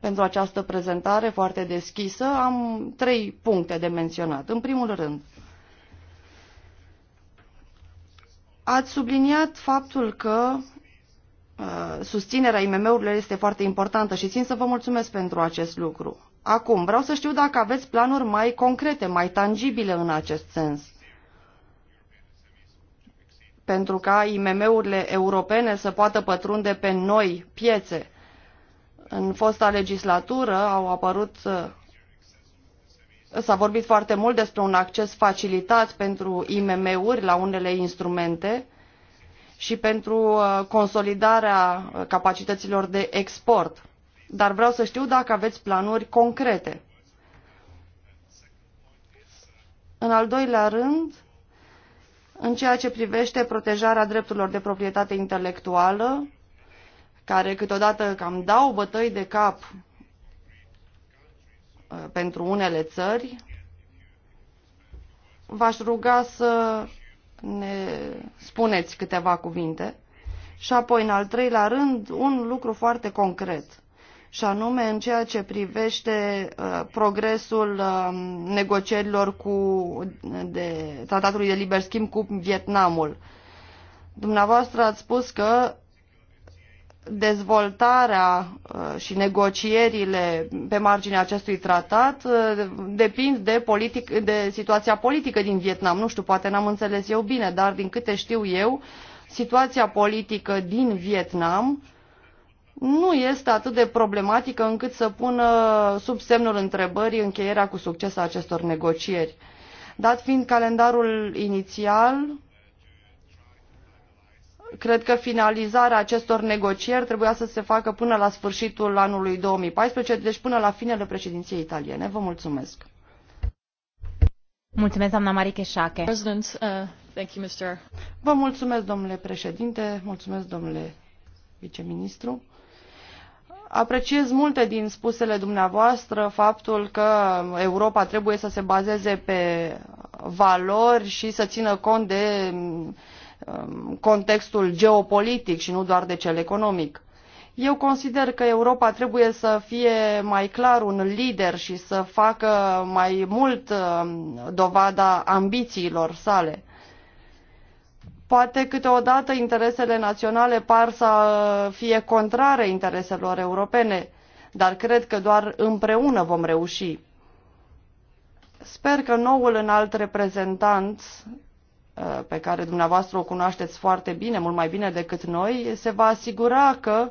pentru această prezentare foarte deschisă. Am trei puncte de menționat. În primul rând, Ați subliniat faptul că uh, susținerea IMM-urilor este foarte importantă și țin să vă mulțumesc pentru acest lucru. Acum, vreau să știu dacă aveți planuri mai concrete, mai tangibile în acest sens. Pentru ca IMM-urile europene să poată pătrunde pe noi piețe. În fosta legislatură au apărut uh, S-a vorbit foarte mult despre un acces facilitat pentru IMM-uri la unele instrumente și pentru uh, consolidarea uh, capacităților de export. Dar vreau să știu dacă aveți planuri concrete. În al doilea rând, în ceea ce privește protejarea drepturilor de proprietate intelectuală, care câteodată cam dau bătăi de cap Uh, pentru unele țări, v-aș ruga să ne spuneți câteva cuvinte și apoi, în al treilea rând, un lucru foarte concret, și anume în ceea ce privește uh, progresul uh, negocierilor cu, de tratatului de liber schimb cu Vietnamul. Dumneavoastră ați spus că dezvoltarea uh, și negocierile pe marginea acestui tratat uh, depind de, politic, de situația politică din Vietnam. Nu știu, poate n-am înțeles eu bine, dar din câte știu eu, situația politică din Vietnam nu este atât de problematică încât să pună sub semnul întrebării încheierea cu succes a acestor negocieri. Dat fiind calendarul inițial, Cred că finalizarea acestor negocieri trebuia să se facă până la sfârșitul anului 2014, deci până la finele președinției italiene. Vă mulțumesc. Mulțumesc, doamna Marie Șache. Uh, Vă mulțumesc, domnule președinte, mulțumesc, domnule viceministru. Apreciez multe din spusele dumneavoastră faptul că Europa trebuie să se bazeze pe valori și să țină cont de Um, contextul geopolitic și nu doar de cel economic. Eu consider că Europa trebuie să fie mai clar un lider și să facă mai mult um, dovada ambițiilor sale. Poate câteodată interesele naționale par să fie contrare intereselor europene, dar cred că doar împreună vom reuși. Sper că noul înalt reprezentant Uh, pe care dumneavoastră o cunoașteți foarte bine, mult mai bine decât noi, se va asigura că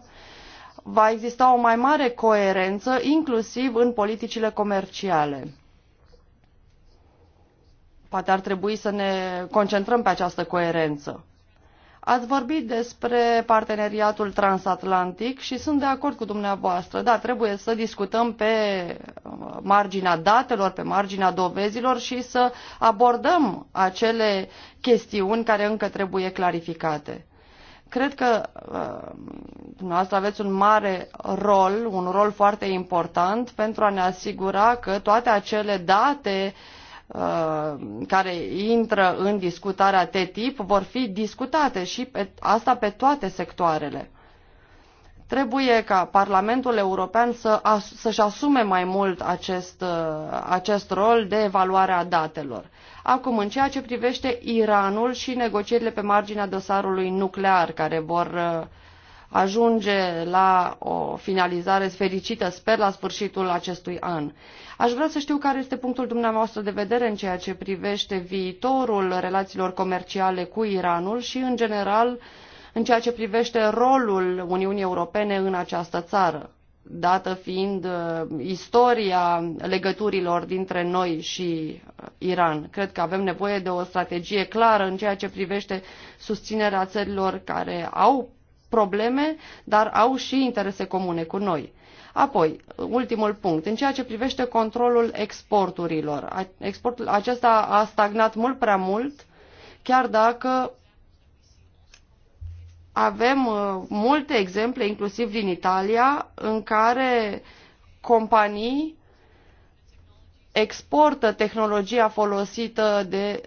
va exista o mai mare coerență, inclusiv în politicile comerciale. Poate ar trebui să ne concentrăm pe această coerență. Ați vorbit despre parteneriatul transatlantic și sunt de acord cu dumneavoastră. Da, trebuie să discutăm pe uh, marginea datelor, pe marginea dovezilor și să abordăm acele chestiuni care încă trebuie clarificate. Cred că uh, dumneavoastră aveți un mare rol, un rol foarte important pentru a ne asigura că toate acele date uh, Uh, care intră în discutarea TTIP vor fi discutate și pe, asta pe toate sectoarele. Trebuie ca Parlamentul European să, as, să-și asume mai mult acest, uh, acest rol de evaluare a datelor. Acum, în ceea ce privește Iranul și negocierile pe marginea dosarului nuclear, care vor uh, ajunge la o finalizare fericită, sper, la sfârșitul acestui an. Aș vrea să știu care este punctul dumneavoastră de vedere în ceea ce privește viitorul relațiilor comerciale cu Iranul și, în general, în ceea ce privește rolul Uniunii Europene în această țară, dată fiind uh, istoria legăturilor dintre noi și uh, Iran. Cred că avem nevoie de o strategie clară în ceea ce privește susținerea țărilor care au probleme, dar au și interese comune cu noi. Apoi, ultimul punct, în ceea ce privește controlul exporturilor. Exportul acesta a stagnat mult prea mult, chiar dacă avem uh, multe exemple, inclusiv din Italia, în care companii exportă tehnologia folosită de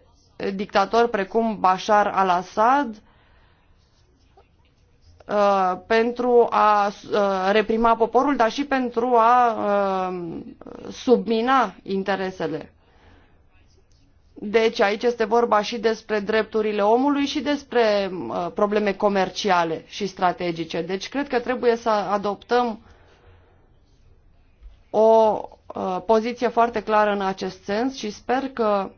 dictatori precum Bashar al-Assad Uh, pentru a uh, reprima poporul, dar și pentru a uh, submina interesele. Deci aici este vorba și despre drepturile omului și despre probleme comerciale și strategice. Deci cred că trebuie să adoptăm o poziție foarte clară în acest sens și sper că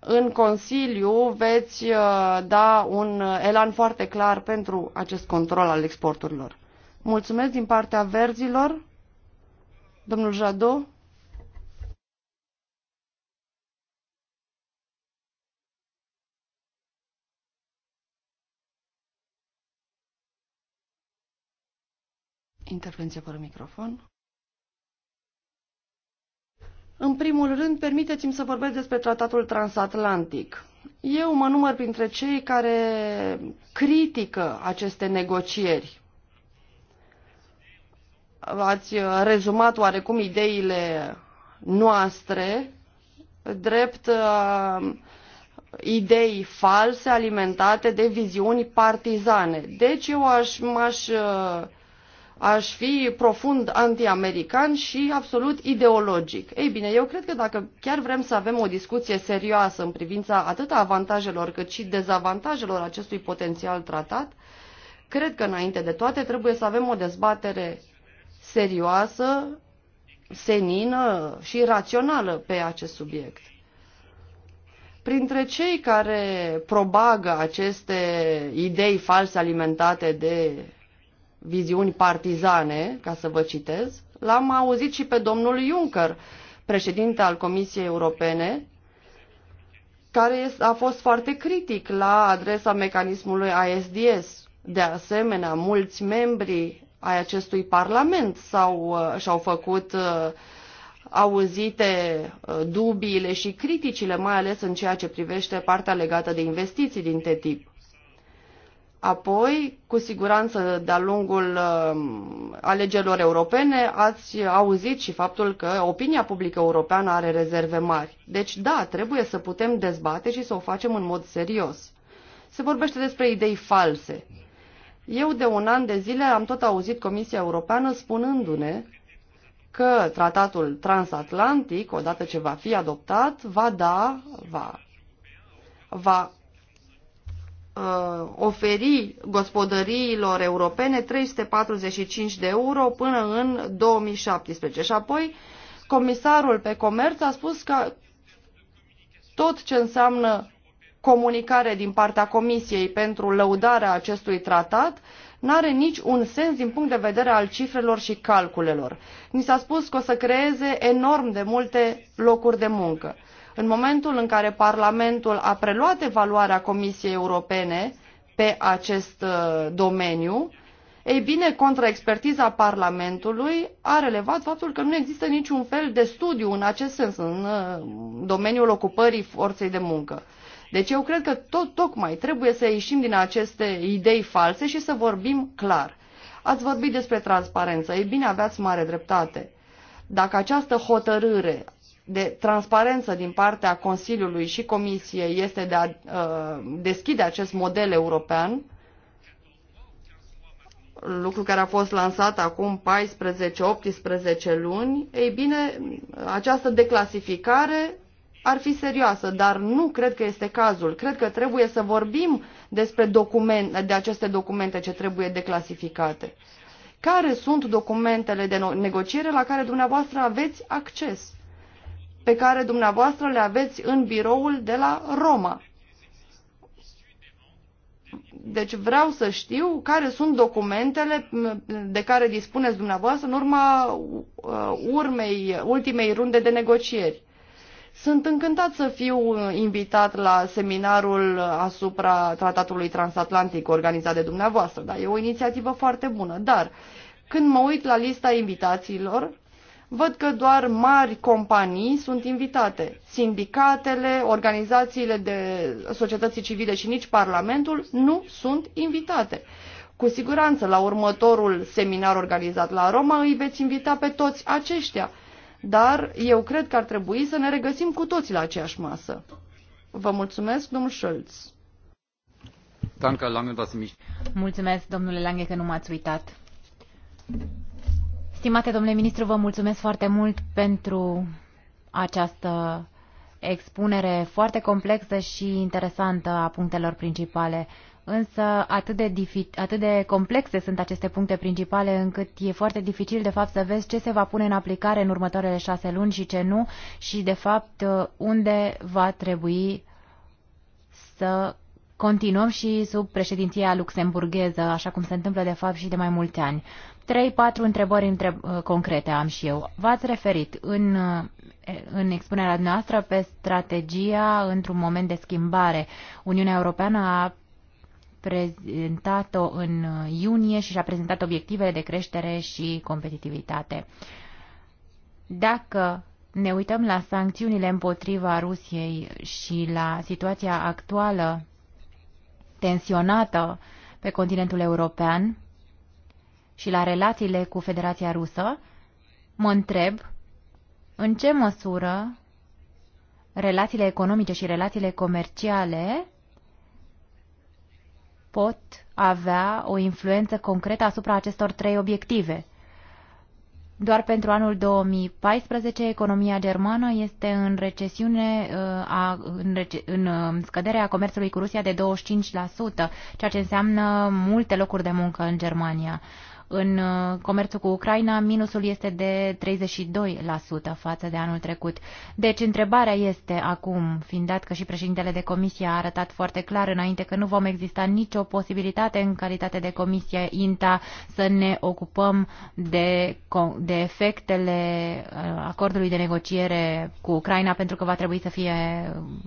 în Consiliu veți uh, da un uh, elan foarte clar pentru acest control al exporturilor. Mulțumesc din partea verzilor. Domnul Jadot. Intervenție fără microfon. În primul rând, permiteți-mi să vorbesc despre tratatul transatlantic. Eu mă număr printre cei care critică aceste negocieri. Ați rezumat oarecum ideile noastre drept uh, idei false alimentate de viziuni partizane. Deci eu aș, m-aș uh, aș fi profund anti-american și absolut ideologic. Ei bine, eu cred că dacă chiar vrem să avem o discuție serioasă în privința atât a avantajelor cât și dezavantajelor acestui potențial tratat, cred că înainte de toate trebuie să avem o dezbatere serioasă, senină și rațională pe acest subiect. Printre cei care probagă aceste idei false alimentate de viziuni partizane, ca să vă citez, l-am auzit și pe domnul Juncker, președinte al Comisiei Europene, care a fost foarte critic la adresa mecanismului ISDS. De asemenea, mulți membri ai acestui parlament s-au, uh, și-au făcut uh, auzite uh, dubiile și criticile, mai ales în ceea ce privește partea legată de investiții din TTIP. Apoi, cu siguranță, de-a lungul um, alegerilor europene, ați auzit și faptul că opinia publică europeană are rezerve mari. Deci, da, trebuie să putem dezbate și să o facem în mod serios. Se vorbește despre idei false. Eu de un an de zile am tot auzit Comisia Europeană spunându-ne că tratatul transatlantic, odată ce va fi adoptat, va da, va, va uh, oferi gospodăriilor europene 345 de euro până în 2017. Și apoi comisarul pe comerț a spus că tot ce înseamnă comunicare din partea Comisiei pentru lăudarea acestui tratat n-are nici un sens din punct de vedere al cifrelor și calculelor. Ni s-a spus că o să creeze enorm de multe locuri de muncă. În momentul în care Parlamentul a preluat evaluarea Comisiei Europene pe acest uh, domeniu, ei bine, contraexpertiza Parlamentului a relevat faptul că nu există niciun fel de studiu în acest sens, în uh, domeniul ocupării forței de muncă. Deci eu cred că tot tocmai trebuie să ieșim din aceste idei false și să vorbim clar. Ați vorbit despre transparență, ei bine, aveați mare dreptate. Dacă această hotărâre de transparență din partea Consiliului și Comisiei este de a uh, deschide acest model european, lucru care a fost lansat acum 14-18 luni, ei bine, această declasificare ar fi serioasă, dar nu cred că este cazul. Cred că trebuie să vorbim despre document, de aceste documente ce trebuie declasificate. Care sunt documentele de negociere la care dumneavoastră aveți acces? pe care dumneavoastră le aveți în biroul de la Roma. Deci vreau să știu care sunt documentele de care dispuneți dumneavoastră în urma uh, urmei, ultimei runde de negocieri. Sunt încântat să fiu uh, invitat la seminarul uh, asupra tratatului transatlantic organizat de dumneavoastră, dar e o inițiativă foarte bună. Dar când mă uit la lista invitațiilor, Văd că doar mari companii sunt invitate. Sindicatele, organizațiile de societății civile și nici Parlamentul nu sunt invitate. Cu siguranță, la următorul seminar organizat la Roma, îi veți invita pe toți aceștia. Dar eu cred că ar trebui să ne regăsim cu toți la aceeași masă. Vă mulțumesc, domnul Schulz. Mulțumesc, domnule Lange, că nu m-ați uitat. Stimate domnule ministru, vă mulțumesc foarte mult pentru această expunere foarte complexă și interesantă a punctelor principale. Însă atât de, atât de complexe sunt aceste puncte principale încât e foarte dificil de fapt să vezi ce se va pune în aplicare în următoarele șase luni și ce nu și de fapt unde va trebui să continuăm și sub președinția luxemburgheză, așa cum se întâmplă de fapt și de mai mulți ani. Trei, patru întrebări întreb, uh, concrete am și eu. V-ați referit în, uh, în expunerea noastră pe strategia într-un moment de schimbare. Uniunea Europeană a prezentat-o în uh, iunie și și-a prezentat obiectivele de creștere și competitivitate. Dacă ne uităm la sancțiunile împotriva Rusiei și la situația actuală tensionată pe continentul european, și la relațiile cu Federația Rusă, mă întreb în ce măsură relațiile economice și relațiile comerciale pot avea o influență concretă asupra acestor trei obiective. Doar pentru anul 2014, economia germană este în recesiune, uh, a, în, rece, în um, scăderea comerțului cu Rusia de 25%, ceea ce înseamnă multe locuri de muncă în Germania. În uh, comerțul cu Ucraina, minusul este de 32% față de anul trecut. Deci, întrebarea este acum, fiind dat că și președintele de comisie a arătat foarte clar înainte că nu vom exista nicio posibilitate în calitate de comisie INTA să ne ocupăm de, de efectele uh, acordului de negociere cu Ucraina, pentru că va trebui să fie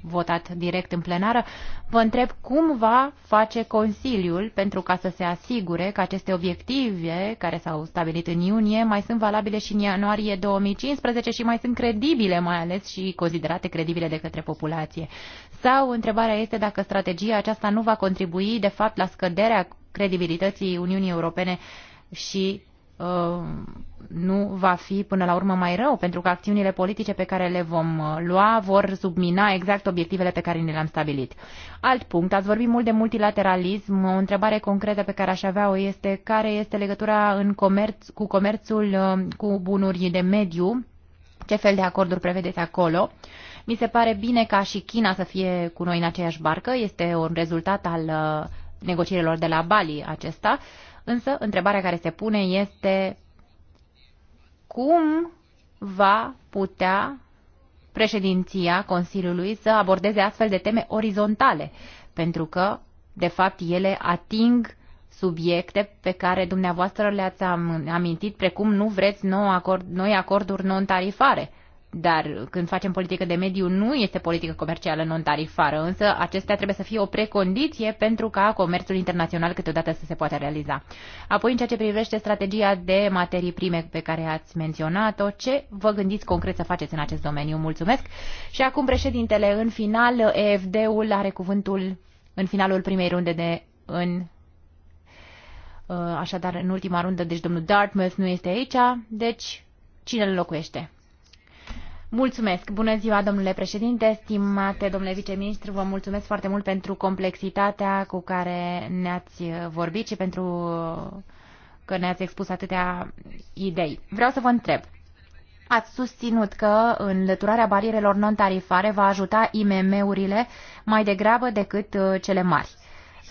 votat direct în plenară, vă întreb cum va face Consiliul pentru ca să se asigure că aceste obiective iulie, care s-au stabilit în iunie, mai sunt valabile și în ianuarie 2015 și mai sunt credibile, mai ales și considerate credibile de către populație. Sau întrebarea este dacă strategia aceasta nu va contribui, de fapt, la scăderea credibilității Uniunii Europene și Uh, nu va fi până la urmă mai rău, pentru că acțiunile politice pe care le vom uh, lua vor submina exact obiectivele pe care ne le-am stabilit. Alt punct, ați vorbit mult de multilateralism, o întrebare concretă pe care aș avea-o este care este legătura în comerț, cu comerțul uh, cu bunuri de mediu, ce fel de acorduri prevedeți acolo. Mi se pare bine ca și China să fie cu noi în aceeași barcă, este un rezultat al negocierilor de la Bali acesta. Uh, Însă, întrebarea care se pune este cum va putea președinția Consiliului să abordeze astfel de teme orizontale, pentru că, de fapt, ele ating subiecte pe care dumneavoastră le-ați amintit, precum nu vreți nou acord, noi acorduri non-tarifare. Dar când facem politică de mediu, nu este politică comercială non-tarifară, însă acestea trebuie să fie o precondiție pentru ca comerțul internațional câteodată să se poată realiza. Apoi, în ceea ce privește strategia de materii prime pe care ați menționat-o, ce vă gândiți concret să faceți în acest domeniu? Mulțumesc! Și acum, președintele, în final, EFD-ul are cuvântul în finalul primei runde de în uh, Așadar, în ultima rundă, deci domnul Dartmouth nu este aici, deci cine îl locuiește? Mulțumesc! Bună ziua, domnule președinte, stimate domnule viceministru, vă mulțumesc foarte mult pentru complexitatea cu care ne-ați vorbit și pentru că ne-ați expus atâtea idei. Vreau să vă întreb. Ați susținut că înlăturarea barierelor non-tarifare va ajuta IMM-urile mai degrabă decât cele mari.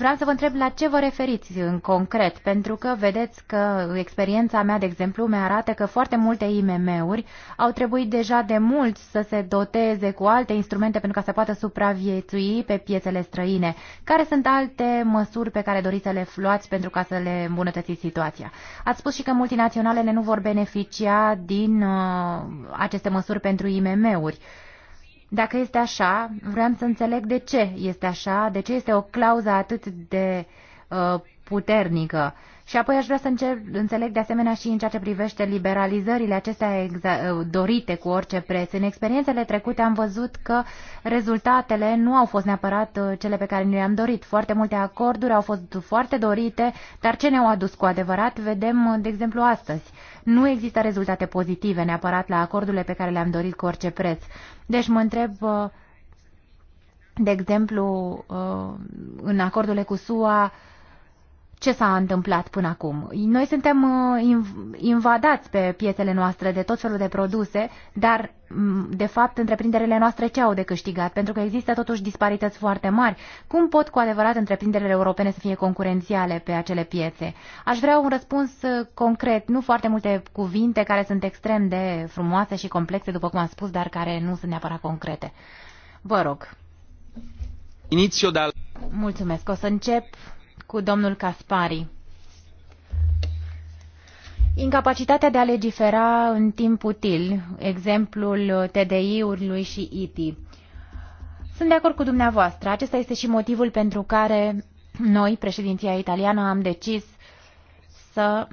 Vreau să vă întreb la ce vă referiți în concret, pentru că vedeți că experiența mea, de exemplu, mi-arată că foarte multe IMM-uri au trebuit deja de mult să se doteze cu alte instrumente pentru ca să poată supraviețui pe piețele străine. Care sunt alte măsuri pe care doriți să le luați pentru ca să le îmbunătățiți situația? Ați spus și că multinaționalele nu vor beneficia din uh, aceste măsuri pentru IMM-uri. Uh, dacă este așa, vreau să înțeleg de ce este așa, de ce este o clauză atât de uh, puternică. Și apoi aș vrea să încerc, înțeleg de asemenea și în ceea ce privește liberalizările acestea uh, dorite cu orice preț. În experiențele trecute am văzut că rezultatele nu au fost neapărat uh, cele pe care ni le-am dorit. Foarte multe acorduri au fost foarte dorite, dar ce ne-au adus cu adevărat vedem, uh, de exemplu, astăzi. Nu există rezultate pozitive neapărat la acordurile pe care le-am dorit cu orice preț. Deci mă întreb uh, de exemplu, uh, în acordurile cu SUA, ce s-a întâmplat până acum. Noi suntem uh, invadați pe piețele noastre de tot felul de produse, dar de fapt întreprinderile noastre ce au de câștigat? Pentru că există totuși disparități foarte mari. Cum pot cu adevărat întreprinderile europene să fie concurențiale pe acele piețe? Aș vrea un răspuns uh, concret, nu foarte multe cuvinte care sunt extrem de frumoase și complexe, după cum am spus, dar care nu sunt neapărat concrete. Vă rog. Inițial. Mulțumesc. O să încep cu domnul Caspari. Incapacitatea de a legifera în timp util, exemplul TDI-urilor și ITI. Sunt de acord cu dumneavoastră. Acesta este și motivul pentru care noi, președinția italiană, am decis să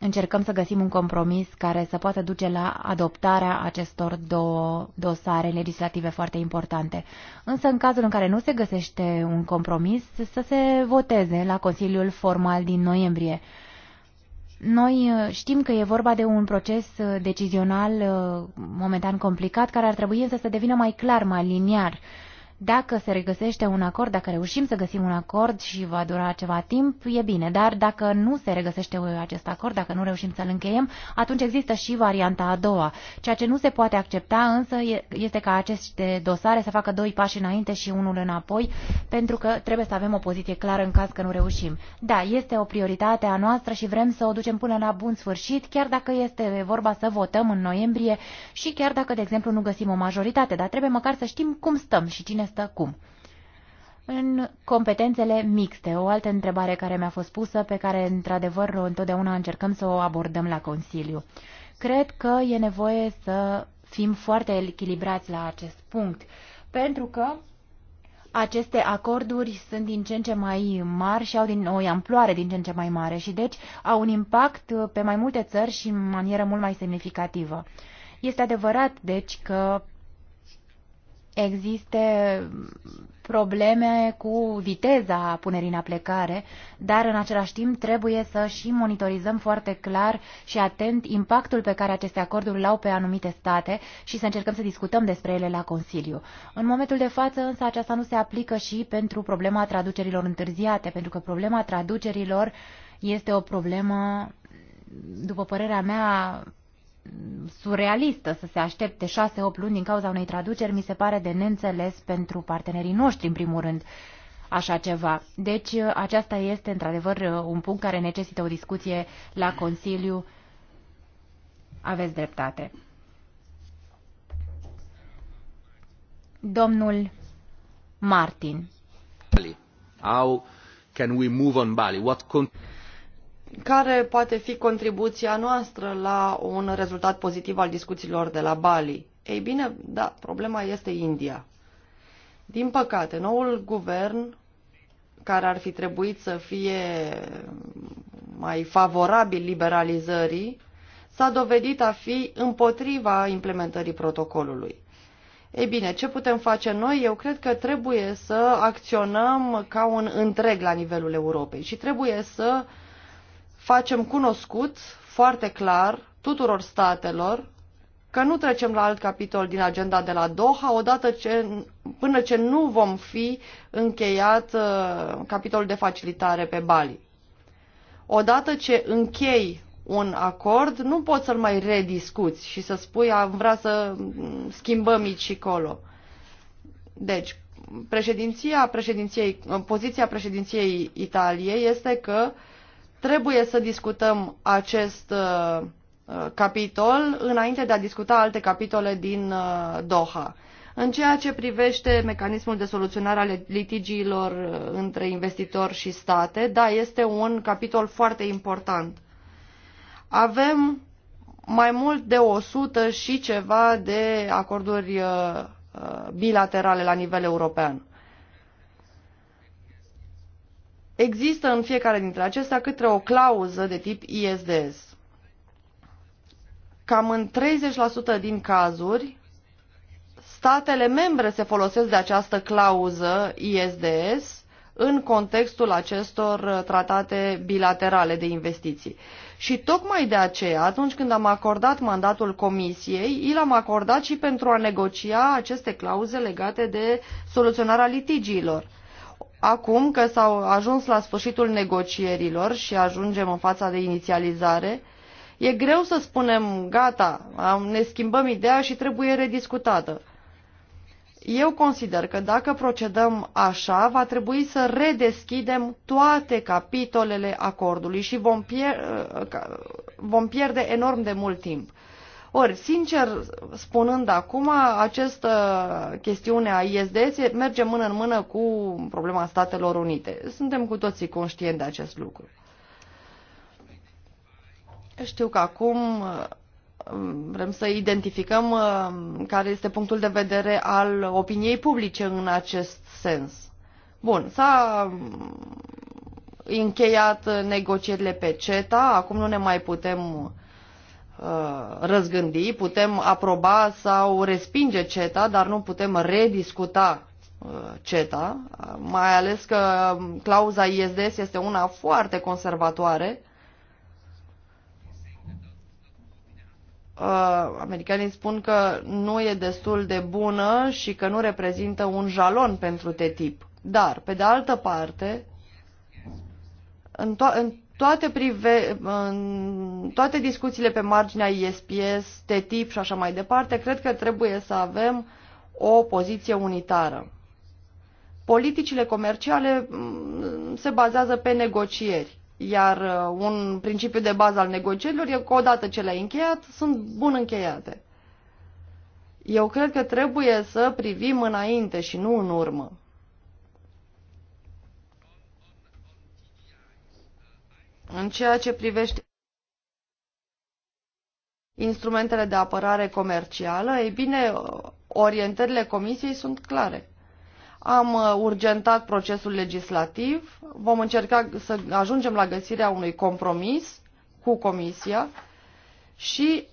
încercăm să găsim un compromis care să poată duce la adoptarea acestor două dosare legislative foarte importante. Însă, în cazul în care nu se găsește un compromis, să se voteze la Consiliul Formal din noiembrie. Noi uh, știm că e vorba de un proces uh, decizional uh, momentan complicat, care ar trebui însă să devină mai clar, mai liniar dacă se regăsește un acord, dacă reușim să găsim un acord și va dura ceva timp, e bine. Dar dacă nu se regăsește acest acord, dacă nu reușim să-l încheiem, atunci există și varianta a doua. Ceea ce nu se poate accepta însă este ca aceste dosare să facă doi pași înainte și unul înapoi, pentru că trebuie să avem o poziție clară în caz că nu reușim. Da, este o prioritate a noastră și vrem să o ducem până la bun sfârșit, chiar dacă este vorba să votăm în noiembrie și chiar dacă, de exemplu, nu găsim o majoritate, dar trebuie măcar să știm cum stăm și cine este acum. În competențele mixte, o altă întrebare care mi-a fost pusă, pe care într-adevăr întotdeauna încercăm să o abordăm la Consiliu. Cred că e nevoie să fim foarte echilibrați la acest punct, pentru că aceste acorduri sunt din ce în ce mai mari și au din, o amploare din ce în ce mai mare și deci au un impact pe mai multe țări și în manieră mult mai semnificativă. Este adevărat, deci, că existe probleme cu viteza punerii în aplicare, dar în același timp trebuie să și monitorizăm foarte clar și atent impactul pe care aceste acorduri l-au pe anumite state și să încercăm să discutăm despre ele la Consiliu. În momentul de față însă aceasta nu se aplică și pentru problema traducerilor întârziate, pentru că problema traducerilor este o problemă, după părerea mea, surrealistă să se aștepte 6-8 luni din cauza unei traduceri mi se pare de neînțeles pentru partenerii noștri, în primul rând, așa ceva. Deci aceasta este, într-adevăr, un punct care necesită o discuție la Consiliu. Aveți dreptate. Domnul Martin. How can we move on Bali? What care poate fi contribuția noastră la un rezultat pozitiv al discuțiilor de la Bali? Ei bine, da, problema este India. Din păcate, noul guvern, care ar fi trebuit să fie mai favorabil liberalizării, s-a dovedit a fi împotriva implementării protocolului. Ei bine, ce putem face noi? Eu cred că trebuie să acționăm ca un întreg la nivelul Europei și trebuie să uh, facem cunoscut foarte clar tuturor statelor că nu trecem la alt capitol din agenda de la Doha odată ce, până ce nu vom fi încheiat uh, capitolul de facilitare pe Bali. Odată ce închei un acord, nu poți să-l mai rediscuți și să spui, am vrea să mm, schimbăm aici și colo. Deci, președinția președinției, poziția președinției Italiei este că uh, Trebuie să discutăm acest uh, uh, capitol înainte de a discuta alte capitole din uh, Doha. În ceea ce privește mecanismul de soluționare ale litigiilor uh, între investitori și state, da, este un capitol foarte important. Avem mai mult de 100 și ceva de acorduri uh, bilaterale la nivel european. Există în fiecare dintre acestea către o clauză de tip ISDS. Cam în 30% din cazuri, statele membre se folosesc de această clauză ISDS în contextul acestor uh, tratate bilaterale de investiții. Și tocmai de aceea, atunci când am acordat mandatul Comisiei, îl am acordat și pentru a negocia aceste clauze legate de soluționarea litigiilor Acum că s-au ajuns la sfârșitul negocierilor și ajungem în fața de inițializare, e greu să spunem, gata, ne schimbăm ideea și trebuie rediscutată. Eu consider că dacă procedăm așa, va trebui să redeschidem toate capitolele acordului și vom, pier- vom pierde enorm de mult timp. Ori, sincer, spunând acum, această chestiune a ISDS merge mână în mână cu problema Statelor Unite. Suntem cu toții conștienti de acest lucru. Știu că acum uh, vrem să identificăm uh, care este punctul de vedere al opiniei publice în acest sens. Bun, s-a uh, încheiat negocierile pe CETA, acum nu ne mai putem Uh, răzgândi, putem aproba sau respinge CETA, dar nu putem rediscuta uh, CETA, uh, mai ales că clauza ISDS este una foarte conservatoare. Americanii spun că nu e destul de bună și că nu reprezintă un jalon pentru TTIP. Dar, pe de altă parte, în, to- în toate, prive, toate discuțiile pe marginea ISPS, TTIP și așa mai departe, cred că trebuie să avem o poziție unitară. Politicile comerciale mm, se bazează pe negocieri, iar uh, un principiu de bază al negocierilor e că odată ce le-ai încheiat, sunt bun încheiate. Eu cred că trebuie să privim înainte și nu în urmă. În ceea ce privește instrumentele de apărare comercială, ei bine, orientările comisiei sunt clare. Am uh, urgentat procesul legislativ, vom încerca să ajungem la găsirea unui compromis cu comisia și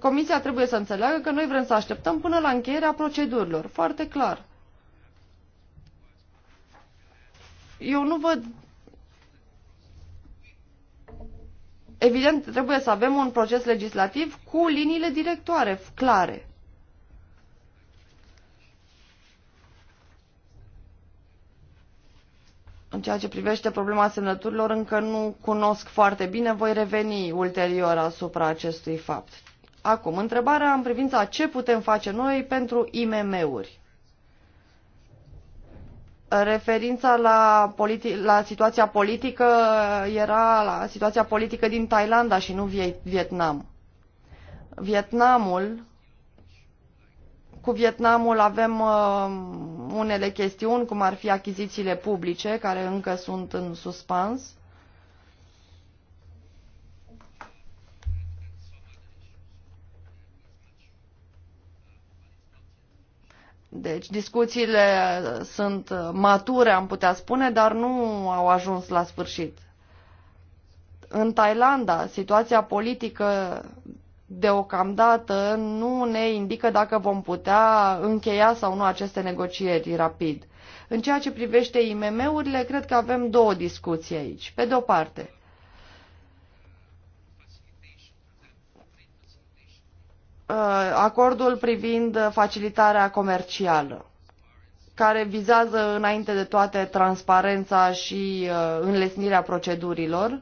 comisia trebuie să înțeleagă că noi vrem să așteptăm până la încheierea procedurilor, foarte clar. Eu nu văd Evident, trebuie să avem un proces legislativ cu liniile directoare clare. În ceea ce privește problema semnăturilor, încă nu cunosc foarte bine, voi reveni ulterior asupra acestui fapt. Acum, întrebarea în privința ce putem face noi pentru IMM-uri. Referința la, politi- la situația politică era la situația politică din Thailanda și nu Vietnam. Vietnamul, cu Vietnamul avem uh, unele chestiuni, cum ar fi achizițiile publice, care încă sunt în suspans. Deci discuțiile uh, sunt uh, mature, am putea spune, dar nu au ajuns la sfârșit. În Thailanda, situația politică deocamdată nu ne indică dacă vom putea încheia sau nu aceste negocieri rapid. În ceea ce privește IMM-urile, cred că avem două discuții aici. Pe de o parte, Uh, acordul privind facilitarea comercială, care vizează înainte de toate transparența și uh, înlesnirea procedurilor.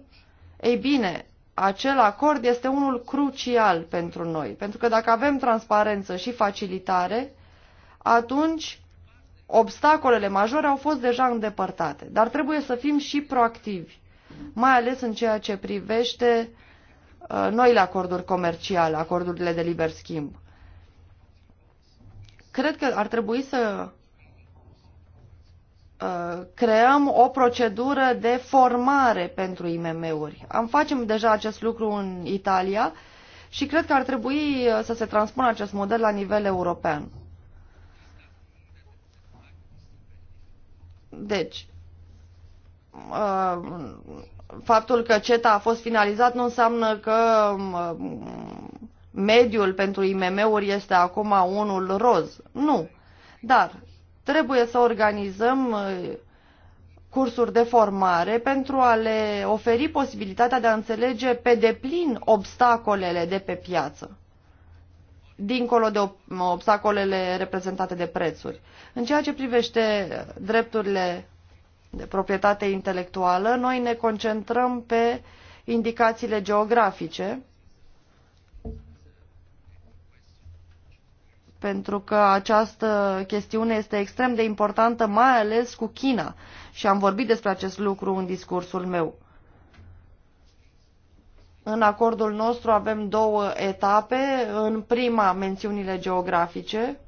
Ei bine, acel acord este unul crucial pentru noi, pentru că dacă avem transparență și facilitare, atunci obstacolele majore au fost deja îndepărtate. Dar trebuie să fim și proactivi, mai ales în ceea ce privește Uh, noile acorduri comerciale, acordurile de liber schimb. Cred că ar trebui să uh, creăm o procedură de formare pentru IMM-uri. Am facem deja acest lucru în Italia și cred că ar trebui uh, să se transpună acest model la nivel european. Deci, faptul că CETA a fost finalizat nu înseamnă că um, mediul pentru IMM-uri este acum unul roz. Nu. Dar trebuie să organizăm uh, cursuri de formare pentru a le oferi posibilitatea de a înțelege pe deplin obstacolele de pe piață, dincolo de obstacolele reprezentate de prețuri. În ceea ce privește drepturile de proprietate intelectuală, noi ne concentrăm pe indicațiile geografice, pentru că această chestiune este extrem de importantă, mai ales cu China. Și am vorbit despre acest lucru în discursul meu. În acordul nostru avem două etape. În prima, mențiunile geografice,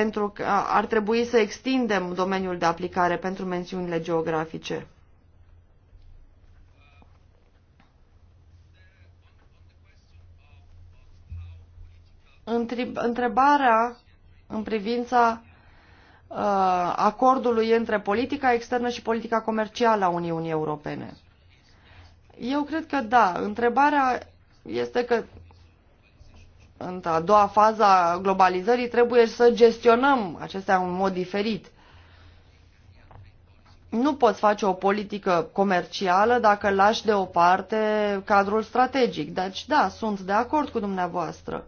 pentru că ar trebui să extindem domeniul de aplicare pentru mențiunile geografice. Întrebarea în privința uh, acordului între politica externă și politica comercială a Uniunii Europene. Eu cred că da. Întrebarea este că a doua fază a globalizării trebuie să gestionăm acestea în mod diferit. Nu poți face o politică comercială dacă lași deoparte cadrul strategic. Deci, da, sunt de acord cu dumneavoastră.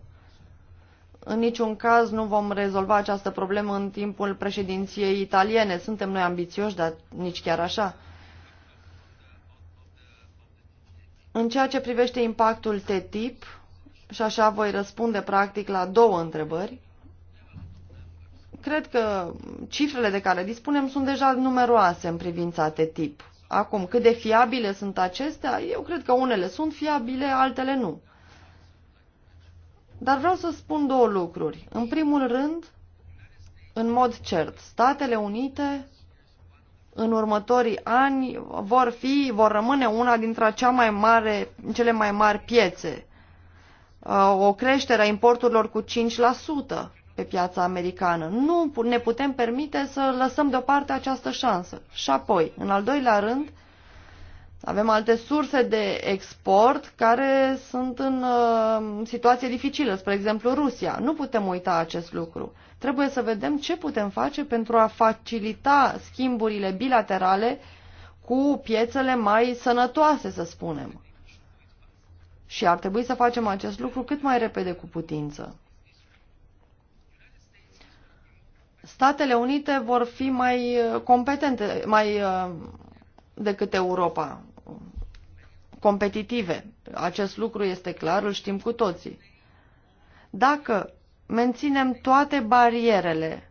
În niciun caz nu vom rezolva această problemă în timpul președinției italiene. Suntem noi ambițioși, dar nici chiar așa. În ceea ce privește impactul TTIP, și așa voi răspunde practic la două întrebări. Cred că cifrele de care dispunem sunt deja numeroase în privința tip. Acum, cât de fiabile sunt acestea, eu cred că unele sunt fiabile, altele nu. Dar vreau să spun două lucruri. În primul rând, în mod cert, Statele Unite în următorii ani vor fi, vor rămâne una dintre cea mai mare, cele mai mari piețe Uh, o creștere a importurilor cu 5% pe piața americană. Nu ne putem permite să lăsăm deoparte această șansă. Și apoi, în al doilea rând, avem alte surse de export care sunt în uh, situație dificilă, spre exemplu Rusia. Nu putem uita acest lucru. Trebuie să vedem ce putem face pentru a facilita schimburile bilaterale cu piețele mai sănătoase, să spunem. Și ar trebui să facem acest lucru cât mai repede cu putință. Statele Unite vor fi mai uh, competente, mai uh, decât Europa, competitive. Acest lucru este clar, îl știm cu toții. Dacă menținem toate barierele,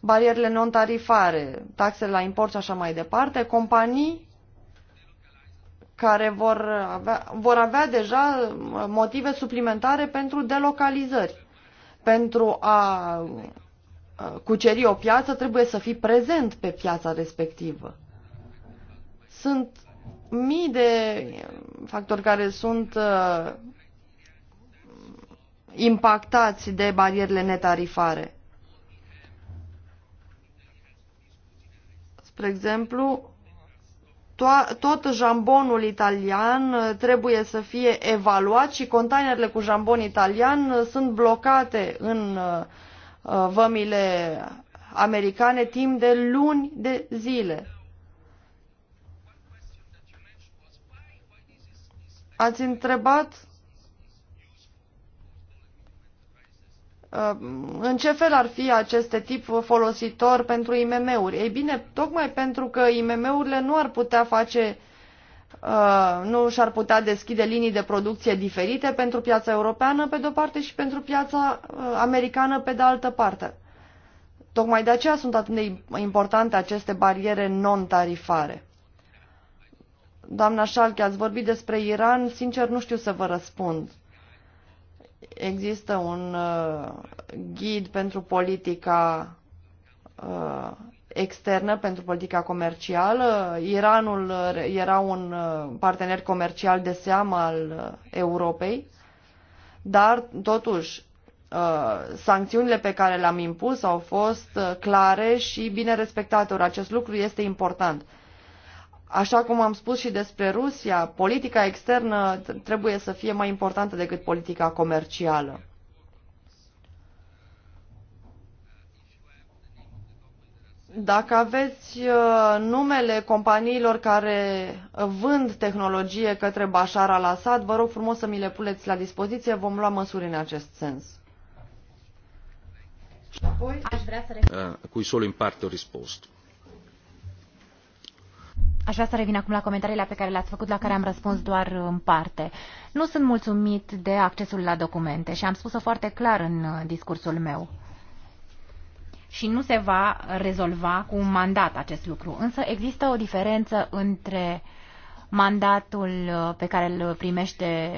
barierele non-tarifare, taxele la import și așa mai departe, companii care vor avea, vor avea deja uh, motive suplimentare pentru delocalizări. Pentru a uh, cuceri o piață trebuie să fii prezent pe piața respectivă. Sunt mii de factori care sunt uh, impactați de barierele netarifare. Spre exemplu, to- tot jambonul italian uh, trebuie să fie evaluat și containerele cu jambon italian uh, sunt blocate în uh, vămile americane timp de luni de zile. Ați întrebat Uh, în ce fel ar fi aceste tip folositor pentru IMM-uri? Ei bine, tocmai pentru că IMM-urile nu ar putea face, uh, nu și-ar putea deschide linii de producție diferite pentru piața europeană pe de-o parte și pentru piața uh, americană pe de altă parte. Tocmai de aceea sunt atât de importante aceste bariere non-tarifare. Doamna Șalche, ați vorbit despre Iran, sincer nu știu să vă răspund există un uh, ghid pentru politica uh, externă, pentru politica comercială. Iranul uh, era un uh, partener comercial de seamă al uh, Europei, dar totuși sancțiunile pe care le-am impus au fost clare și bine respectate. Or, acest lucru este important. Așa cum am spus și despre Rusia, politica externă trebuie să fie mai importantă decât politica comercială. Dacă aveți uh, numele companiilor care vând tehnologie către Bashar al-Assad, vă rog frumos să mi le puneți la dispoziție, vom lua măsuri în acest sens. Apoi... Aș vrea să... Uh, cui solo in parte o risposto. Aș vrea să revin acum la comentariile pe care le-ați făcut, la care am răspuns doar în parte. Nu sunt mulțumit de accesul la documente și am spus-o foarte clar în uh, discursul meu. Și nu se va rezolva cu un mandat acest lucru. Însă există o diferență între mandatul uh, pe care îl primește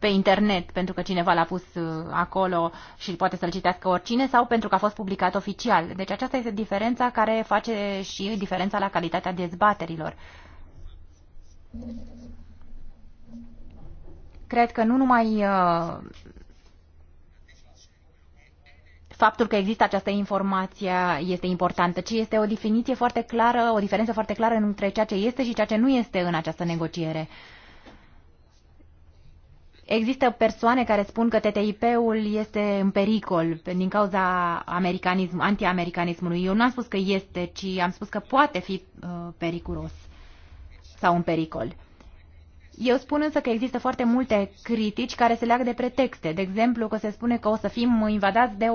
pe internet pentru că cineva l-a pus uh, acolo și poate să-l citească oricine sau pentru că a fost publicat oficial. Deci aceasta este diferența care face și diferența la calitatea dezbaterilor. Cred că nu numai uh, faptul că există această informație este importantă, ci este o definiție foarte clară, o diferență foarte clară între ceea ce este și ceea ce nu este în această negociere. Uh, Există persoane care spun că TTIP-ul este în pericol din cauza americanism, americanismului Eu nu am spus că este, ci am spus că poate fi uh, periculos sau un pericol. Eu spun însă că există foarte multe critici care se leagă de pretexte. De exemplu, că se spune că o să fim invadați de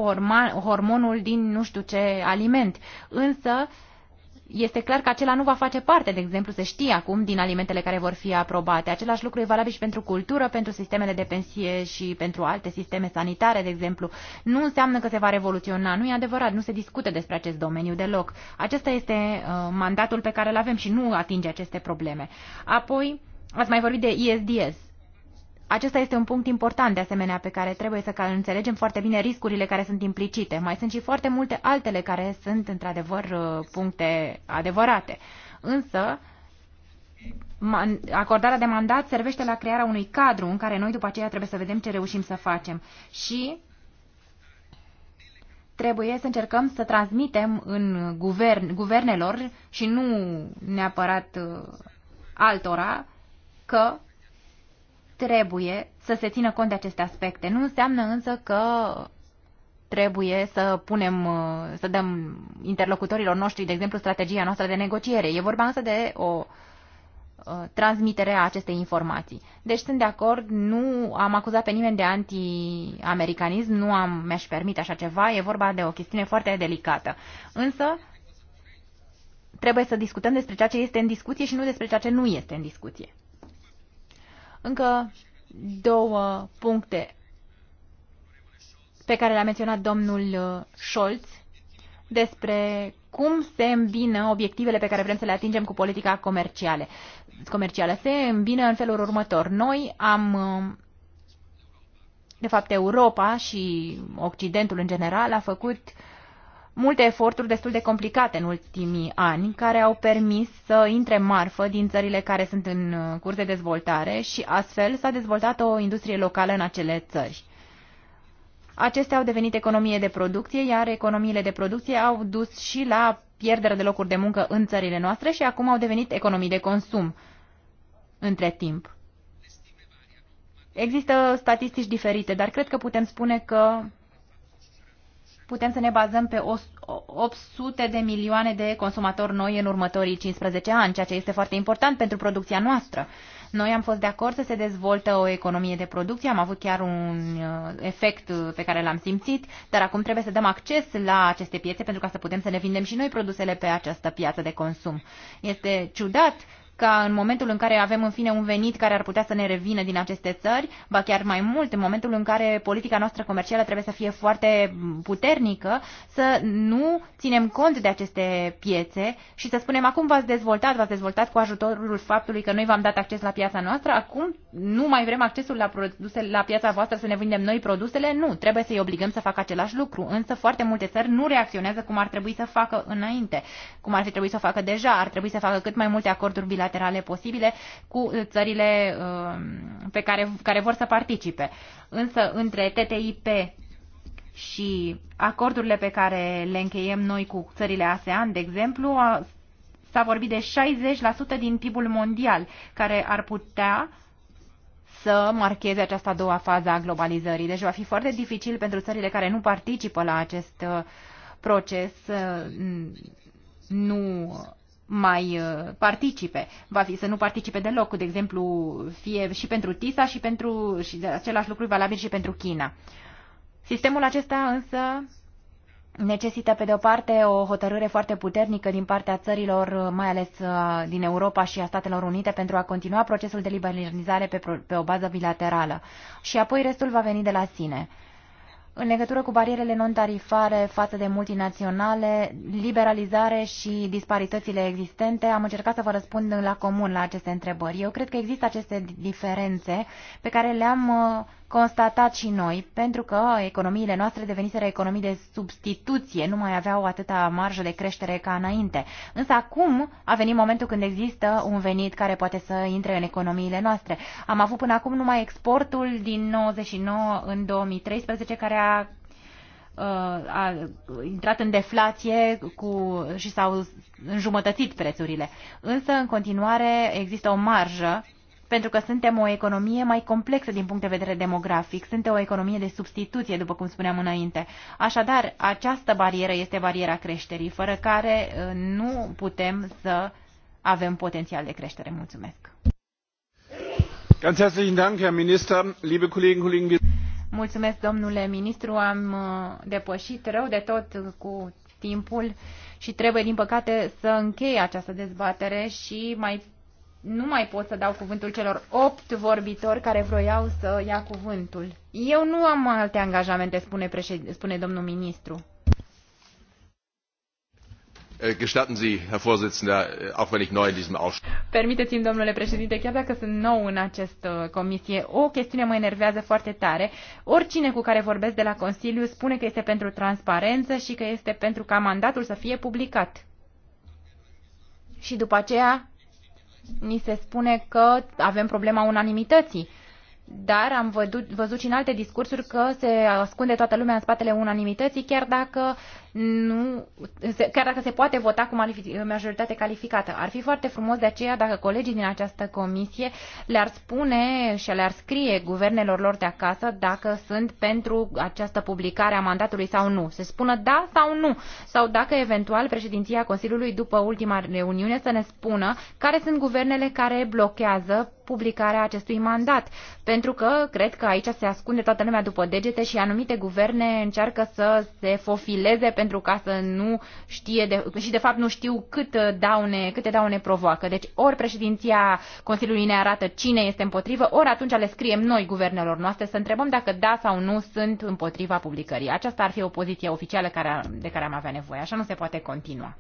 hormonul din nu știu ce aliment. Însă, uh, este clar că acela nu va face parte, de exemplu, se știe acum, din alimentele care vor fi aprobate. Același lucru e valabil și pentru cultură, pentru sistemele de pensie și pentru alte sisteme sanitare, de exemplu. Nu înseamnă că se va revoluționa, nu e adevărat, nu se discută despre acest domeniu deloc. Acesta este uh, mandatul pe care îl avem și nu atinge aceste probleme. Apoi, ați mai vorbit de ISDS. Acesta este un punct important, de asemenea, pe care trebuie să înțelegem foarte bine riscurile care sunt implicite. Mai sunt și foarte multe altele care sunt, într-adevăr, uh, puncte adevărate. Însă, acordarea de mandat servește la crearea unui cadru în care noi după aceea trebuie să vedem ce reușim să facem. Și trebuie să încercăm să transmitem în guvern, guvernelor și nu neapărat uh, altora că trebuie să se țină cont de aceste aspecte. Nu înseamnă însă că trebuie să punem, uh, să dăm interlocutorilor noștri, de exemplu, strategia noastră de negociere. E vorba însă de o uh, transmitere a acestei informații. Deci sunt de acord, nu am acuzat pe nimeni de anti-americanism, nu am, mi-aș permite așa ceva, e vorba de o chestiune foarte delicată. Însă, trebuie să discutăm despre ceea ce este în discuție și nu despre ceea ce nu este în discuție. Încă două puncte pe care le-a menționat domnul uh, Scholz despre cum se îmbină obiectivele pe care vrem să le atingem cu politica comercială. comercială. Se îmbină în felul următor. Noi am, uh, de fapt, Europa și Occidentul în general a făcut multe eforturi destul de complicate în ultimii ani, care au permis să intre marfă din țările care sunt în uh, curs de dezvoltare și astfel s-a dezvoltat o industrie locală în acele țări. Acestea au devenit economie de producție, iar economiile de producție au dus și la pierderea de locuri de muncă în țările noastre și acum au devenit economii de consum între timp. Există statistici diferite, dar cred că putem spune că putem să ne bazăm pe 800 de milioane de consumatori noi în următorii 15 ani, ceea ce este foarte important pentru producția noastră. Noi am fost de acord să se dezvoltă o economie de producție, am avut chiar un uh, efect uh, pe care l-am simțit, dar acum trebuie să dăm acces la aceste piețe pentru ca să putem să ne vindem și noi produsele pe această piață de consum. Este ciudat ca în momentul în care avem în fine un venit care ar putea să ne revină din aceste țări, ba chiar mai mult, în momentul în care politica noastră comercială trebuie să fie foarte puternică, să nu ținem cont de aceste piețe și să spunem acum v-ați dezvoltat, v-ați dezvoltat cu ajutorul faptului că noi v-am dat acces la piața noastră, acum nu mai vrem accesul la, produse, la piața voastră să ne vindem noi produsele, nu, trebuie să-i obligăm să facă același lucru, însă foarte multe țări nu reacționează cum ar trebui să facă înainte, cum ar fi trebuit să o facă deja, ar trebui să facă cât mai multe acorduri bilaterale bilaterale posibile cu uh, țările um, pe care, care vor să participe. Însă între TTIP și acordurile pe care le încheiem noi cu țările ASEAN, de exemplu, s-a vorbit de 60% din PIB-ul mondial care ar putea să marcheze această a doua fază a globalizării. Deci va fi foarte dificil pentru țările care nu participă la acest uh, proces, uh, nu mai uh, participe. Va fi să nu participe deloc, de exemplu, fie și pentru TISA și pentru și de același lucru valabil și pentru China. Sistemul acesta însă necesită pe de o parte o hotărâre foarte puternică din partea țărilor, uh, mai ales uh, din Europa și a Statelor Unite, pentru a continua procesul de liberalizare pe, pe o bază bilaterală. Și apoi restul va veni de la sine în legătură cu barierele non-tarifare față de multinaționale, liberalizare și disparitățile existente, am încercat să vă răspund la comun la aceste întrebări. Eu cred că există aceste diferențe pe care le-am uh, constatat și noi, pentru că economiile noastre deveniseră economii de substituție, nu mai aveau atâta marjă de creștere ca înainte. Însă acum a venit momentul când există un venit care poate să intre în economiile noastre. Am avut până acum numai exportul din 99 în 2013 care a uh, a intrat în deflație cu, și s-au înjumătățit prețurile. Însă, în continuare, există o marjă pentru că suntem o economie mai complexă din punct de vedere demografic, suntem o economie de substituție, după cum spuneam înainte. Așadar, această barieră este bariera creșterii, fără care uh, nu putem să avem potențial de creștere. Mulțumesc! Mulțumesc, domnule ministru, am uh, depășit rău de tot cu timpul și trebuie, din păcate, să încheie această dezbatere și mai nu mai pot să dau cuvântul celor opt vorbitori care vroiau să ia cuvântul. Eu nu am alte angajamente, spune, președ... spune domnul ministru. Äh, gestatten Sie, Herr Vorsitzender, äh, auch wenn ich neu in diesem Ausschuss. Permiteți-mi, domnule președinte, chiar dacă sunt nou în această comisie, o chestiune mă enervează foarte tare. Oricine cu care vorbesc de la Consiliu spune că este pentru transparență și că este pentru ca mandatul să fie publicat. Și după aceea ni se spune că avem problema unanimității. Dar am văzut, văzut și în alte discursuri că se ascunde toată lumea în spatele unanimității, chiar dacă nu, chiar dacă se poate vota cu majoritate calificată. Ar fi foarte frumos de aceea dacă colegii din această comisie le-ar spune și le-ar scrie guvernelor lor de acasă dacă sunt pentru această publicare a mandatului sau nu. Se spună da sau nu. Sau dacă eventual președinția Consiliului după ultima reuniune să ne spună care sunt guvernele care blochează publicarea acestui mandat. Pentru că cred că aici se ascunde toată lumea după degete și anumite guverne încearcă să se fofileze pentru pentru ca să nu știe de, și de fapt nu știu cât daune, câte daune provoacă. Deci ori președinția Consiliului ne arată cine este împotrivă, ori atunci le scriem noi guvernelor noastre să întrebăm dacă da sau nu sunt împotriva publicării. Aceasta ar fi o poziție oficială care, de care am avea nevoie. Așa nu se poate continua.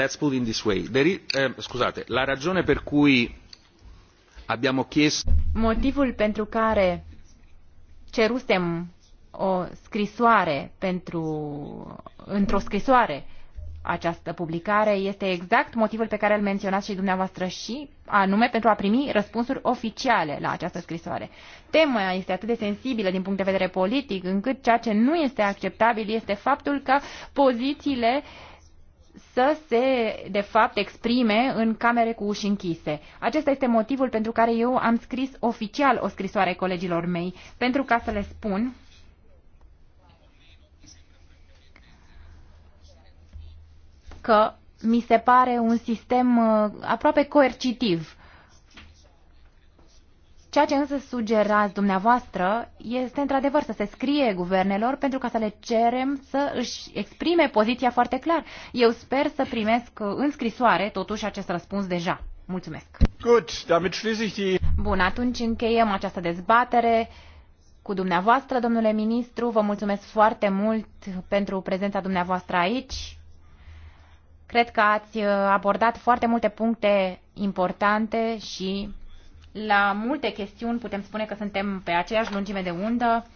Let's put in this way. There is, eh, scuzate, la ragione per cui abbiamo chiesto... Motivul pentru care cerusem o scrisoare pentru, într-o scrisoare această publicare este exact motivul pe care îl menționați și dumneavoastră și anume pentru a primi răspunsuri oficiale la această scrisoare. Tema este atât de sensibilă din punct de vedere politic încât ceea ce nu este acceptabil este faptul că pozițiile să se, de fapt, exprime în camere cu uși închise. Acesta este motivul pentru care eu am scris oficial o scrisoare colegilor mei, pentru ca să le spun că mi se pare un sistem uh, aproape coercitiv. Ceea ce însă sugerați dumneavoastră este într-adevăr să se scrie guvernelor pentru ca să le cerem să își exprime poziția foarte clar. Eu sper să primesc uh, în scrisoare totuși acest răspuns deja. Mulțumesc. Good, damit ich die... Bun, atunci încheiem această dezbatere cu dumneavoastră, domnule ministru. Vă mulțumesc foarte mult pentru prezența dumneavoastră aici. Cred că ați uh, abordat foarte multe puncte importante și la multe chestiuni putem spune că suntem pe aceeași lungime de undă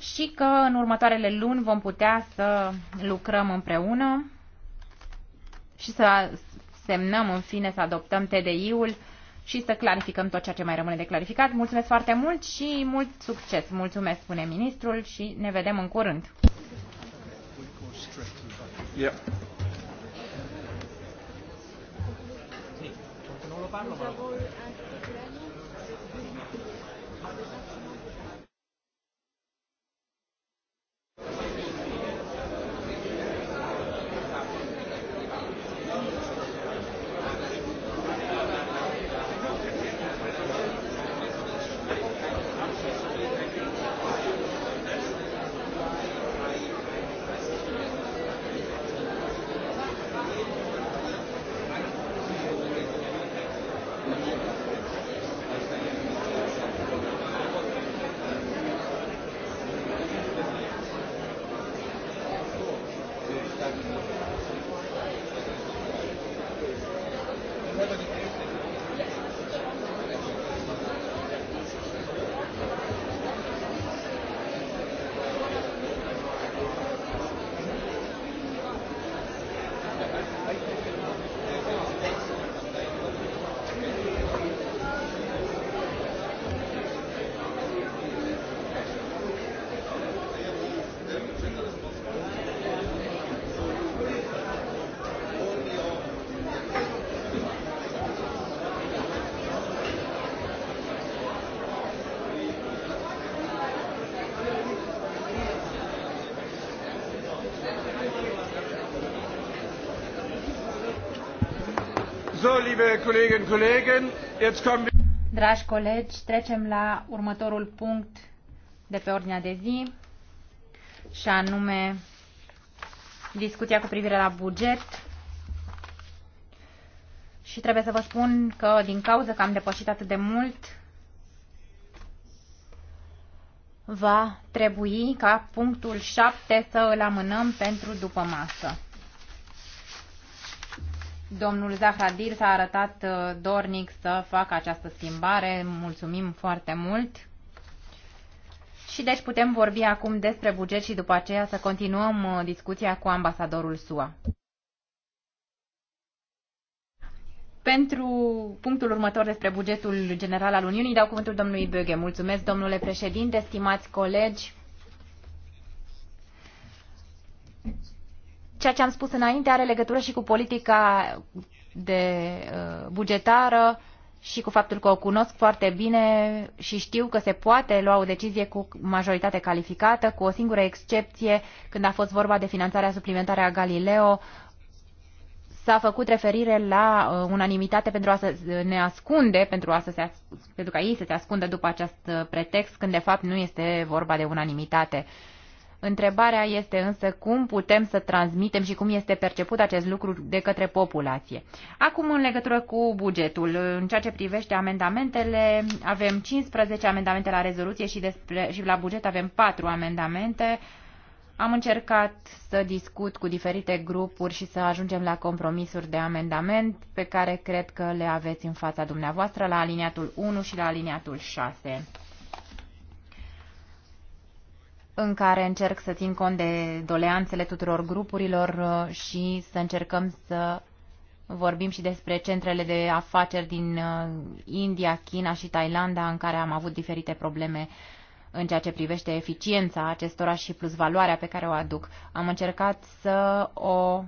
și că în următoarele luni vom putea să lucrăm împreună și să semnăm în fine, să adoptăm TDI-ul și să clarificăm tot ceea ce mai rămâne de clarificat. Mulțumesc foarte mult și mult succes! Mulțumesc, spune ministrul, și ne vedem în curând! Yeah. Nous avons un Dragi colegi, trecem la următorul punct de pe ordinea de zi, și anume discuția cu privire la buget. Și trebuie să vă spun că din cauza că am depășit atât de mult, va trebui ca punctul 7 să îl amânăm pentru după masă. Domnul Zahradir s-a arătat uh, dornic să facă această schimbare. Mulțumim foarte mult. Și deci putem vorbi acum despre buget și după aceea să continuăm uh, discuția cu ambasadorul SUA. Pentru punctul următor despre bugetul general al Uniunii, dau cuvântul domnului Böge. Mulțumesc, domnule președinte, stimați colegi. Ceea ce am spus înainte are legătură și cu politica de uh, bugetară și cu faptul că o cunosc foarte bine și știu că se poate lua o decizie cu majoritate calificată, cu o singură excepție, când a fost vorba de finanțarea suplimentară a Galileo, s-a făcut referire la uh, unanimitate pentru a să ne ascunde, pentru, a să se, pentru ca ei să se ascundă după acest pretext, când de fapt nu este vorba de unanimitate. Întrebarea este însă cum putem să transmitem și cum este perceput acest lucru de către populație. Acum, în legătură cu bugetul, în ceea ce privește amendamentele, avem 15 amendamente la rezoluție și, despre, și la buget avem 4 amendamente. Am încercat să discut cu diferite grupuri și să ajungem la compromisuri de amendament pe care cred că le aveți în fața dumneavoastră la aliniatul 1 și la aliniatul 6 în care încerc să țin cont de doleanțele tuturor grupurilor uh, și să încercăm să vorbim și despre centrele de afaceri din uh, India, China și Thailanda, în care am avut diferite probleme în ceea ce privește eficiența acestora și plus valoarea pe care o aduc. Am încercat să o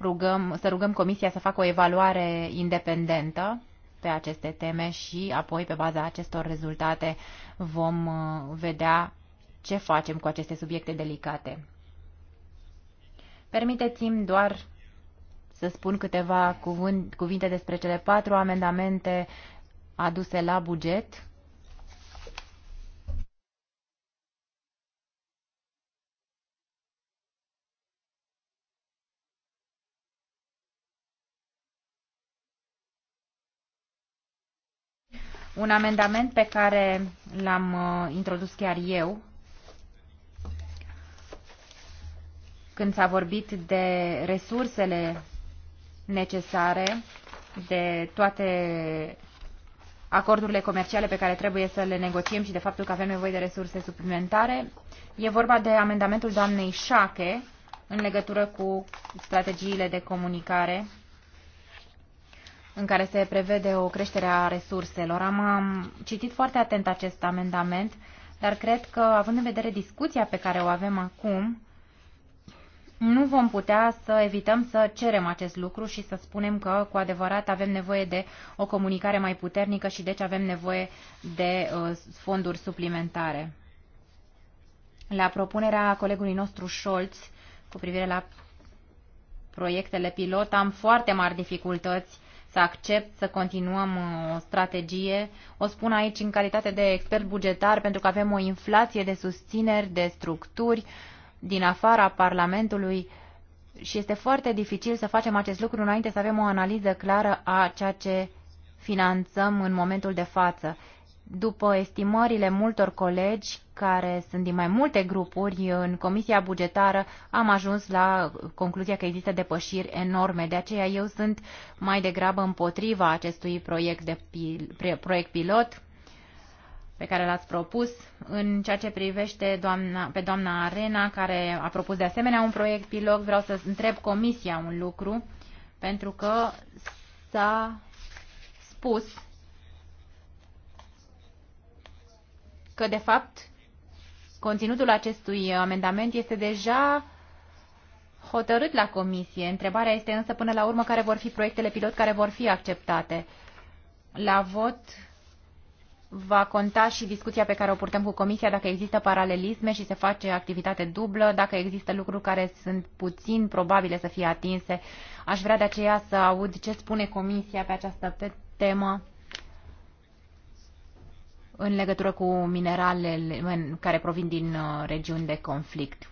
rugăm, să rugăm Comisia să facă o evaluare independentă pe aceste teme și apoi, pe baza acestor rezultate, vom uh, vedea ce facem cu aceste subiecte delicate. Permiteți-mi doar să spun câteva cuvânt, cuvinte despre cele patru amendamente aduse la buget un amendament pe care l-am uh, introdus chiar eu când s-a vorbit de resursele necesare, de toate acordurile comerciale pe care trebuie să le negociem și de faptul că avem nevoie de resurse suplimentare. E vorba de amendamentul doamnei Șache în legătură cu strategiile de comunicare în care se prevede o creștere a resurselor. Am, am citit foarte atent acest amendament, dar cred că, având în vedere discuția pe care o avem acum, nu vom putea să evităm să cerem acest lucru și să spunem că, cu adevărat, avem nevoie de o comunicare mai puternică și, deci, avem nevoie de uh, fonduri suplimentare. La propunerea colegului nostru Scholz cu privire la proiectele pilot, am foarte mari dificultăți să accept să continuăm uh, o strategie. O spun aici în calitate de expert bugetar pentru că avem o inflație de susțineri, de structuri din afara Parlamentului și este foarte dificil să facem acest lucru înainte să avem o analiză clară a ceea ce finanțăm în momentul de față. După estimările multor colegi care sunt din mai multe grupuri în Comisia Bugetară, am ajuns la concluzia că există depășiri enorme. De aceea eu sunt mai degrabă împotriva acestui proiect, de pil, proiect pilot pe care l-ați propus în ceea ce privește doamna, pe doamna Arena, care a propus de asemenea un proiect pilot. Vreau să întreb Comisia un lucru, pentru că s-a spus că, de fapt, conținutul acestui amendament este deja hotărât la comisie. Întrebarea este însă până la urmă care vor fi proiectele pilot care vor fi acceptate. La vot va conta și discuția pe care o purtăm cu comisia dacă există paralelisme și se face activitate dublă, dacă există lucruri care sunt puțin probabile să fie atinse. Aș vrea de aceea să aud ce spune comisia pe această temă în legătură cu mineralele care provin din uh, regiuni de conflict.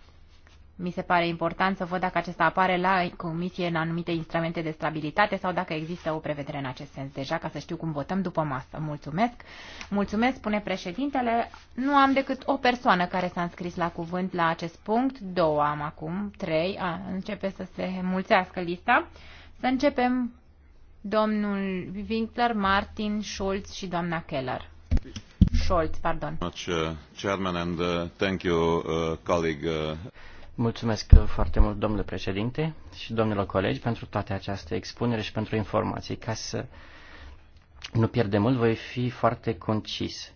Mi se pare important să văd dacă acesta apare la comisie în anumite instrumente de stabilitate sau dacă există o prevedere în acest sens deja, ca să știu cum votăm după masă. Mulțumesc. Mulțumesc, spune președintele. Nu am decât o persoană care s-a înscris la cuvânt la acest punct. Două am acum, trei. A, începe să se mulțească lista. Să începem domnul Winkler, Martin, Schulz și doamna Keller. Scholz, pardon. Mulțumesc foarte mult, domnule președinte și domnilor colegi, pentru toate aceste expunere și pentru informații. Ca să nu pierdem mult, voi fi foarte concis.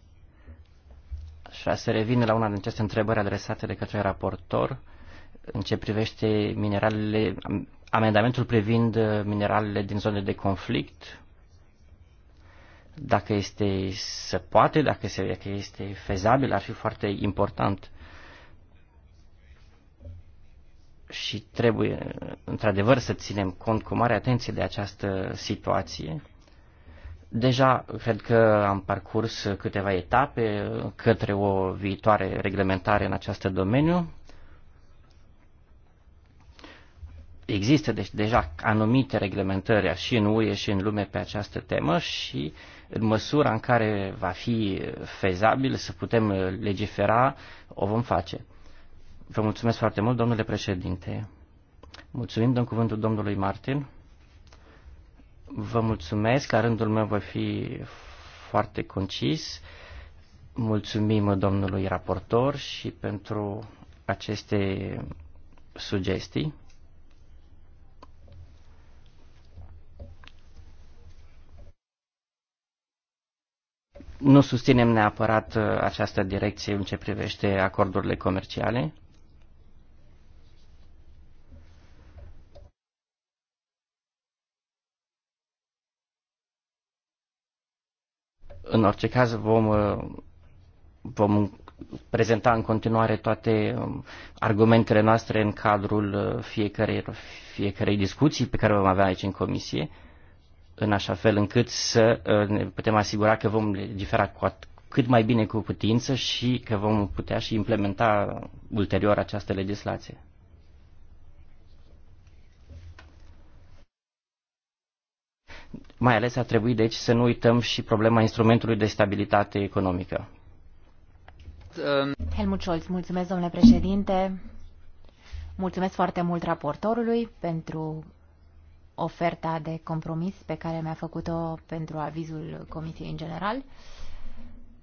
Și să revin la una din aceste întrebări adresate de către raportor în ce privește mineralele, amendamentul privind uh, mineralele din zone de conflict, dacă este se poate, dacă, se, dacă este fezabil, ar fi foarte important. Și trebuie, într-adevăr, să ținem cont cu mare atenție de această situație. Deja cred că am parcurs câteva etape către o viitoare reglementare în acest domeniu. Există deci deja anumite reglementări și în UE și în lume pe această temă și în măsura în care va fi fezabil să putem legifera, o vom face. Vă mulțumesc foarte mult, domnule președinte. Mulțumim, dăm cuvântul domnului Martin. Vă mulțumesc, la rândul meu voi fi foarte concis. Mulțumim domnului raportor și pentru aceste sugestii. nu susținem neapărat uh, această direcție în ce privește acordurile comerciale. În orice caz vom, uh, vom prezenta în continuare toate um, argumentele noastre în cadrul uh, fiecarei, fiecarei discuții pe care vom avea aici în comisie în așa fel încât să uh, ne putem asigura că vom legifera cu cât mai bine cu putință și că vom putea și implementa ulterior această legislație. Mai ales ar trebui, deci, să nu uităm și problema instrumentului de stabilitate economică. Um. Helmut Scholz, mulțumesc, domnule președinte. Mulțumesc foarte mult raportorului pentru oferta de compromis pe care mi-a făcut-o pentru avizul Comisiei în general,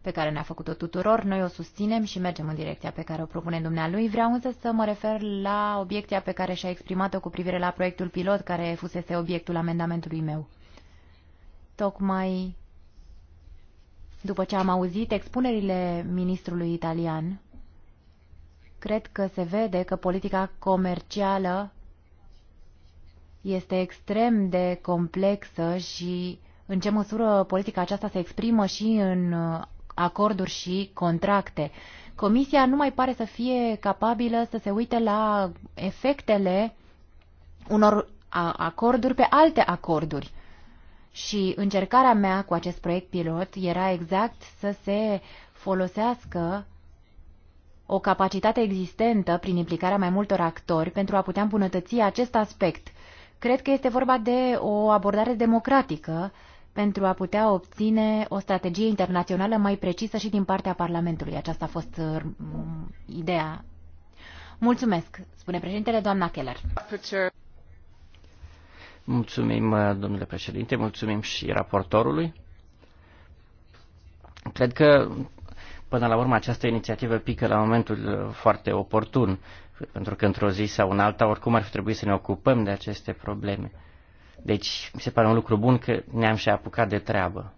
pe care ne-a făcut-o tuturor. Noi o susținem și mergem în direcția pe care o propune dumnealui. Vreau însă să mă refer la obiecția pe care și-a exprimat-o cu privire la proiectul pilot care fusese obiectul amendamentului meu. Tocmai după ce am auzit expunerile ministrului italian, cred că se vede că politica comercială este extrem de complexă și în ce măsură politica aceasta se exprimă și în uh, acorduri și contracte. Comisia nu mai pare să fie capabilă să se uite la efectele unor acorduri pe alte acorduri. Și încercarea mea cu acest proiect pilot era exact să se folosească o capacitate existentă prin implicarea mai multor actori pentru a putea îmbunătăți acest aspect – Cred că este vorba de o abordare democratică pentru a putea obține o strategie internațională mai precisă și din partea Parlamentului. Aceasta a fost uh, ideea. Mulțumesc, spune președintele doamna Keller. Mulțumim, uh, domnule președinte, mulțumim și raportorului. Cred că, până la urmă, această inițiativă pică la momentul uh, foarte oportun pentru că într-o zi sau în alta, oricum ar fi trebuit să ne ocupăm de aceste probleme. Deci, mi se pare un lucru bun că ne-am și apucat de treabă.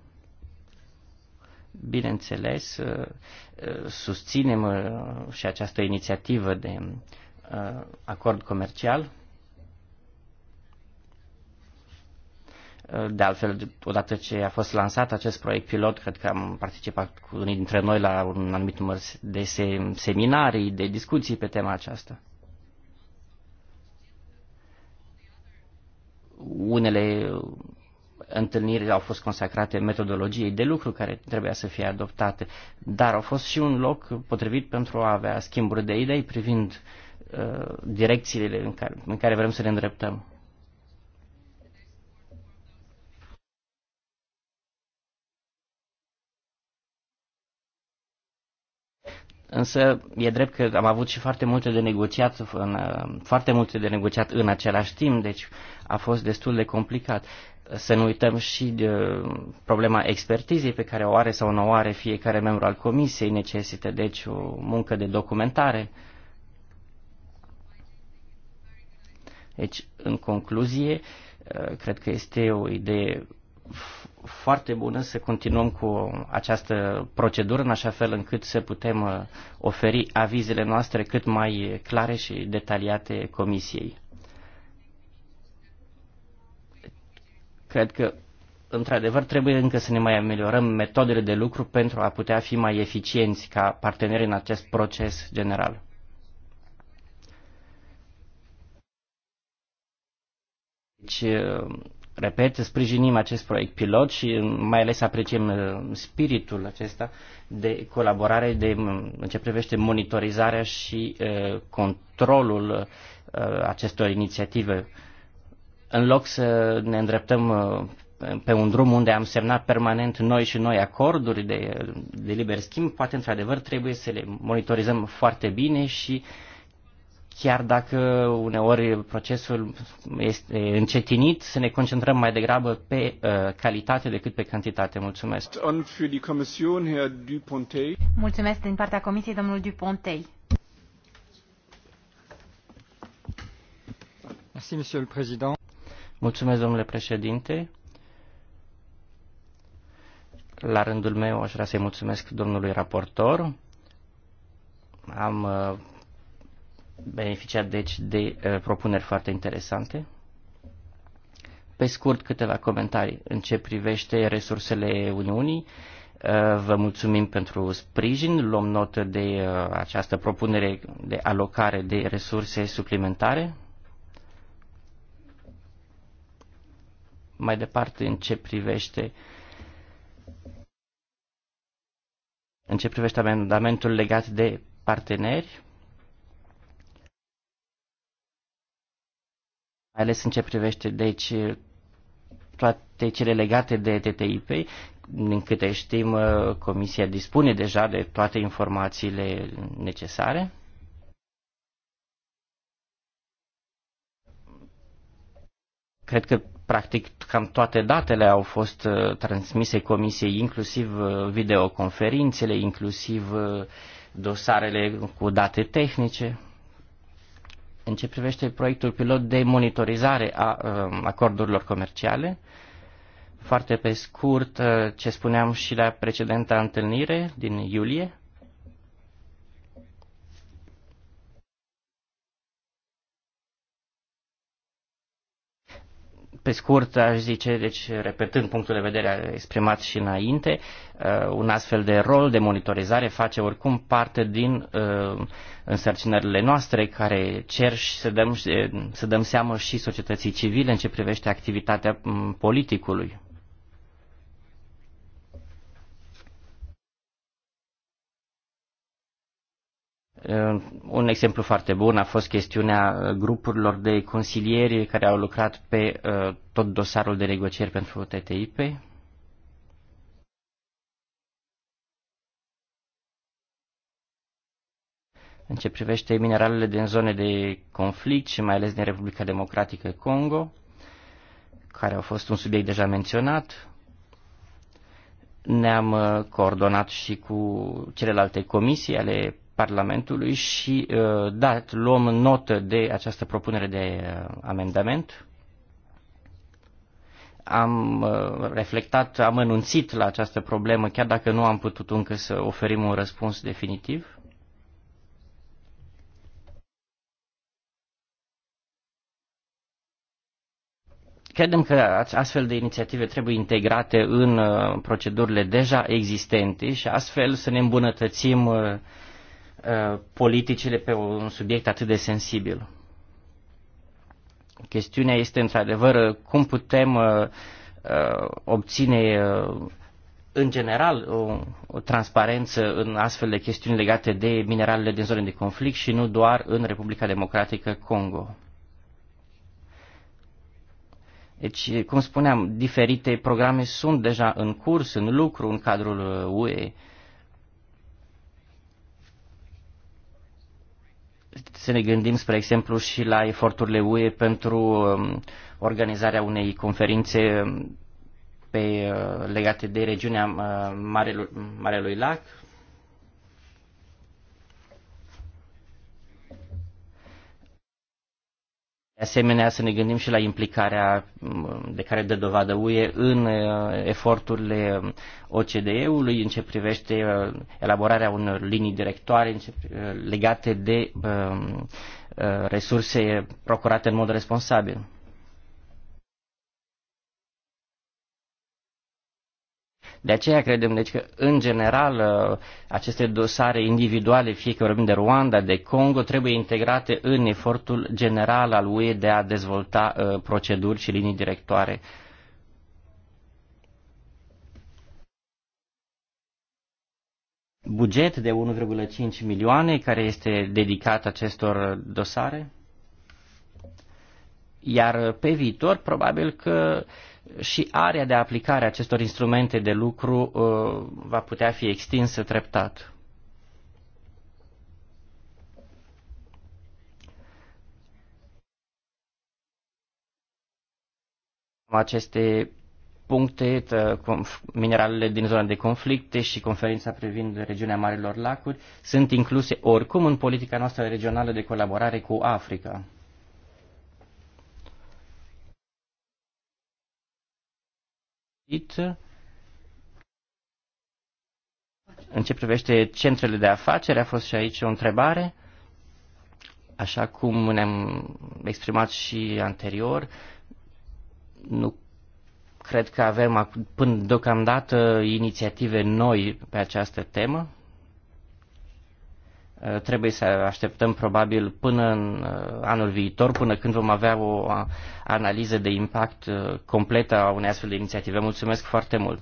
Bineînțeles, uh, uh, susținem uh, și această inițiativă de acord comercial De altfel, odată ce a fost lansat acest proiect pilot, cred că am participat cu unii dintre noi la un anumit număr de seminarii, de discuții pe tema aceasta. Unele întâlniri au fost consacrate metodologiei de lucru care trebuia să fie adoptate, dar au fost și un loc potrivit pentru a avea schimburi de idei privind uh, direcțiile în care, în care vrem să ne îndreptăm. Însă e drept că am avut și foarte multe de negociat în, foarte multe de negociat în același timp, deci a fost destul de complicat. Să nu uităm și de uh, problema expertizei pe care o are sau nu o are fiecare membru al comisiei, necesită deci o muncă de documentare. Deci, în concluzie, uh, cred că este o idee foarte bună să continuăm cu această procedură în așa fel încât să putem uh, oferi avizele noastre cât mai clare și detaliate comisiei. Cred că într-adevăr trebuie încă să ne mai ameliorăm metodele de lucru pentru a putea fi mai eficienți ca parteneri în acest proces general. Deci uh, Repet, sprijinim acest proiect pilot și mm, mai ales apreciem mm, spiritul acesta de colaborare de, mm, în ce privește monitorizarea și controlul acestor inițiative. În loc să ne îndreptăm pe un drum unde am semnat permanent noi și noi acorduri de, de liber schimb, poate într-adevăr trebuie să le monitorizăm foarte bine și uh, chiar dacă uneori procesul este încetinit, să ne concentrăm mai degrabă pe uh, calitate decât pe cantitate. Mulțumesc. Mulțumesc din partea Comisiei, domnul Dupontei. Mulțumesc, domnule președinte. La rândul meu aș vrea să-i mulțumesc domnului raportor. Am uh, beneficiat deci de uh, propuneri foarte interesante. Pe scurt, câteva comentarii în ce privește resursele Uniunii. Uh, vă mulțumim pentru sprijin, luăm notă de uh, această propunere de alocare de resurse suplimentare. Mai departe, în ce privește în ce privește amendamentul legat de parteneri, ales în ce privește deci toate cele legate de TTIP. Din câte știm, uh, Comisia dispune deja de toate informațiile necesare. Cred că practic cam toate datele au fost uh, transmise comisiei, inclusiv uh, videoconferințele, inclusiv dosarele cu date tehnice în ce privește proiectul pilot de monitorizare a uh, acordurilor comerciale, foarte pe scurt uh, ce spuneam și la precedenta întâlnire din iulie, Pe scurt, aș zice, deci, repetând punctul de vedere exprimat și înainte, uh, un astfel de rol de monitorizare face oricum parte din uh, însărcinările noastre care cer și să dăm, uh, să dăm seamă și societății civile în ce privește activitatea mm, politicului. Un exemplu foarte bun a fost chestiunea uh, grupurilor de consilieri care au lucrat pe uh, tot dosarul de negocieri pentru TTIP. În ce privește mineralele din zone de conflict și mai ales din Republica Democratică Congo, care au fost un subiect deja menționat, ne-am uh, coordonat și cu celelalte comisii ale Parlamentului și, uh, dat luăm notă de această propunere de uh, amendament. Am uh, reflectat, am anunțit la această problemă, chiar dacă nu am putut încă să oferim un răspuns definitiv. Credem că astfel de inițiative trebuie integrate în procedurile deja existente și astfel să ne îmbunătățim Uh, politicile pe un subiect atât de sensibil. Chestiunea este într-adevăr uh, cum putem uh, obține în general o, o transparență în astfel de chestiuni legate de mineralele din zone de conflict și nu doar în Republica Democratică Congo. Deci, cum spuneam, diferite programe sunt deja în curs, în lucru, în cadrul UE. să ne gândim, spre exemplu, și la eforturile UE pentru um, organizarea unei conferințe um, pe, uh, legate de regiunea uh, Marelui, Marelui Lac De asemenea, să ne gândim și la implicarea mm, de care dă dovadă UE în uh, eforturile OCDE-ului în ce privește uh, elaborarea unor linii directoare uh, legate de resurse procurate în mod responsabil. De aceea credem deci că, în general, uh, aceste dosare individuale, fie că vorbim de Rwanda, de Congo, trebuie integrate în efortul general al UE de a dezvolta uh, proceduri și linii directoare. Buget de 1,5 milioane care este dedicat acestor dosare. Iar uh, pe viitor, probabil că uh, și area de aplicare a acestor instrumente de lucru uh, va putea fi extinsă treptat. Aceste puncte, mineralele din zona de conflicte și conferința privind regiunea Marilor Lacuri, sunt incluse oricum în politica noastră regională de colaborare cu Africa. It, în ce privește centrele de afaceri, a fost și aici o întrebare. Așa cum ne-am exprimat și anterior, nu cred că avem până deocamdată inițiative noi pe această temă. Uh, trebuie să așteptăm probabil până în uh, anul viitor, până când vom avea o analiză de impact uh, completă a unei astfel de inițiative. Mulțumesc foarte mult!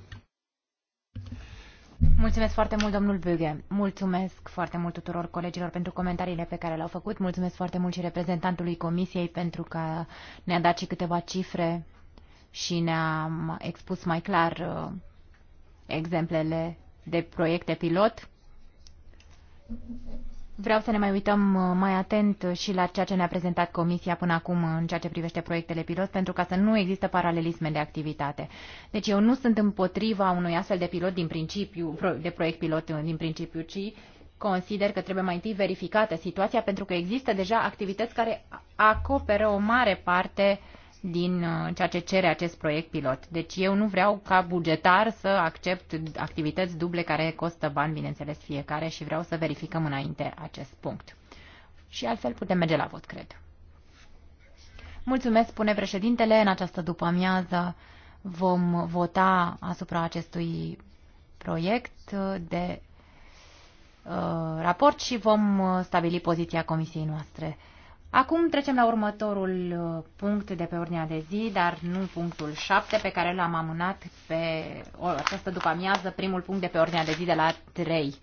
Mulțumesc foarte mult, domnul Böge. Mulțumesc foarte mult tuturor colegilor pentru comentariile pe care le-au făcut. Mulțumesc foarte mult și reprezentantului Comisiei pentru că ne-a dat și câteva cifre și ne-a expus mai clar exemplele de proiecte pilot Vreau să ne mai uităm uh, mai atent și la ceea ce ne-a prezentat Comisia până acum uh, în ceea ce privește proiectele pilot, pentru ca să nu există paralelisme de activitate. Deci eu nu sunt împotriva unui astfel de pilot din principiu, de proiect pilot uh, din principiu, ci consider că trebuie mai întâi verificată situația, pentru că există deja activități care acoperă o mare parte uh, din uh, ceea ce cere acest proiect pilot. Deci eu nu vreau ca bugetar să accept activități duble care costă bani, bineînțeles, fiecare și vreau să verificăm înainte acest punct. Și altfel putem merge la vot, cred. Mulțumesc, spune președintele. În această după-amiază vom vota asupra acestui proiect de uh, raport și vom uh, stabili poziția comisiei noastre. Acum trecem la următorul uh, punct de pe ordinea de zi, dar nu punctul 7 pe care l-am amânat pe o, această după amiază, primul punct de pe ordinea de zi de la 3.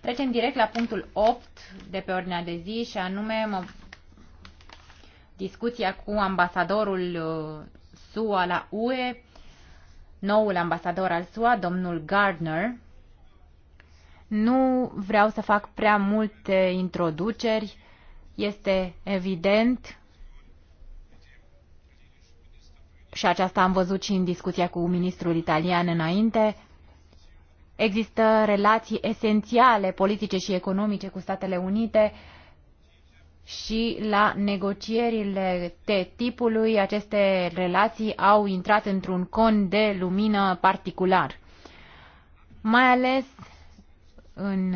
Trecem direct la punctul 8 de pe ordinea de zi și anume mă, discuția cu ambasadorul uh, SUA la UE, noul ambasador al SUA, domnul Gardner. Nu vreau să fac prea multe introduceri, este evident și aceasta am văzut și în discuția cu ministrul italian înainte, există relații esențiale politice și economice cu Statele Unite și la negocierile T-tipului aceste relații au intrat într-un con de lumină particular. Mai ales în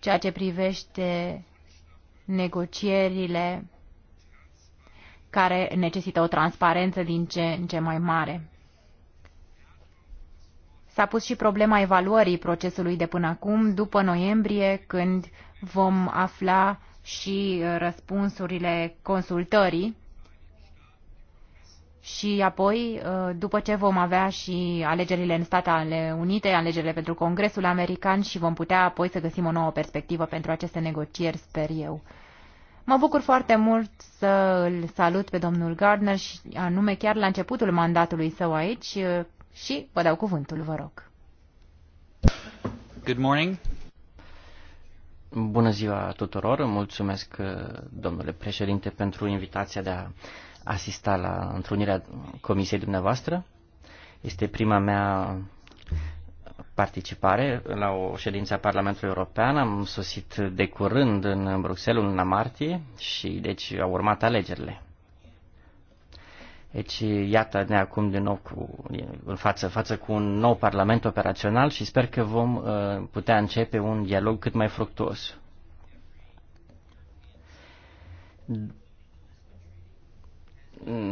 ceea ce privește negocierile care necesită o transparență din ce în ce mai mare. S-a pus și problema evaluării procesului de până acum, după noiembrie, când vom afla și uh, răspunsurile consultării și apoi, ă, după ce vom avea și alegerile în Statele Unite, alegerile pentru Congresul American și vom putea apoi să găsim o nouă perspectivă pentru aceste negocieri, sper eu. Mă bucur foarte mult să îl salut pe domnul Gardner și anume chiar la începutul mandatului său aici ă, și vă dau cuvântul, vă rog. Good morning. Bună ziua tuturor, mulțumesc ă, domnule președinte pentru invitația de a asista la întrunirea comisiei dumneavoastră. Este prima mea participare la o ședință a Parlamentului European. Am sosit de curând în Bruxelles în martie și deci au urmat alegerile. Deci, iată, ne acum din nou cu, în față, față cu un nou parlament operațional și sper că vom uh, putea începe un dialog cât mai fructuos.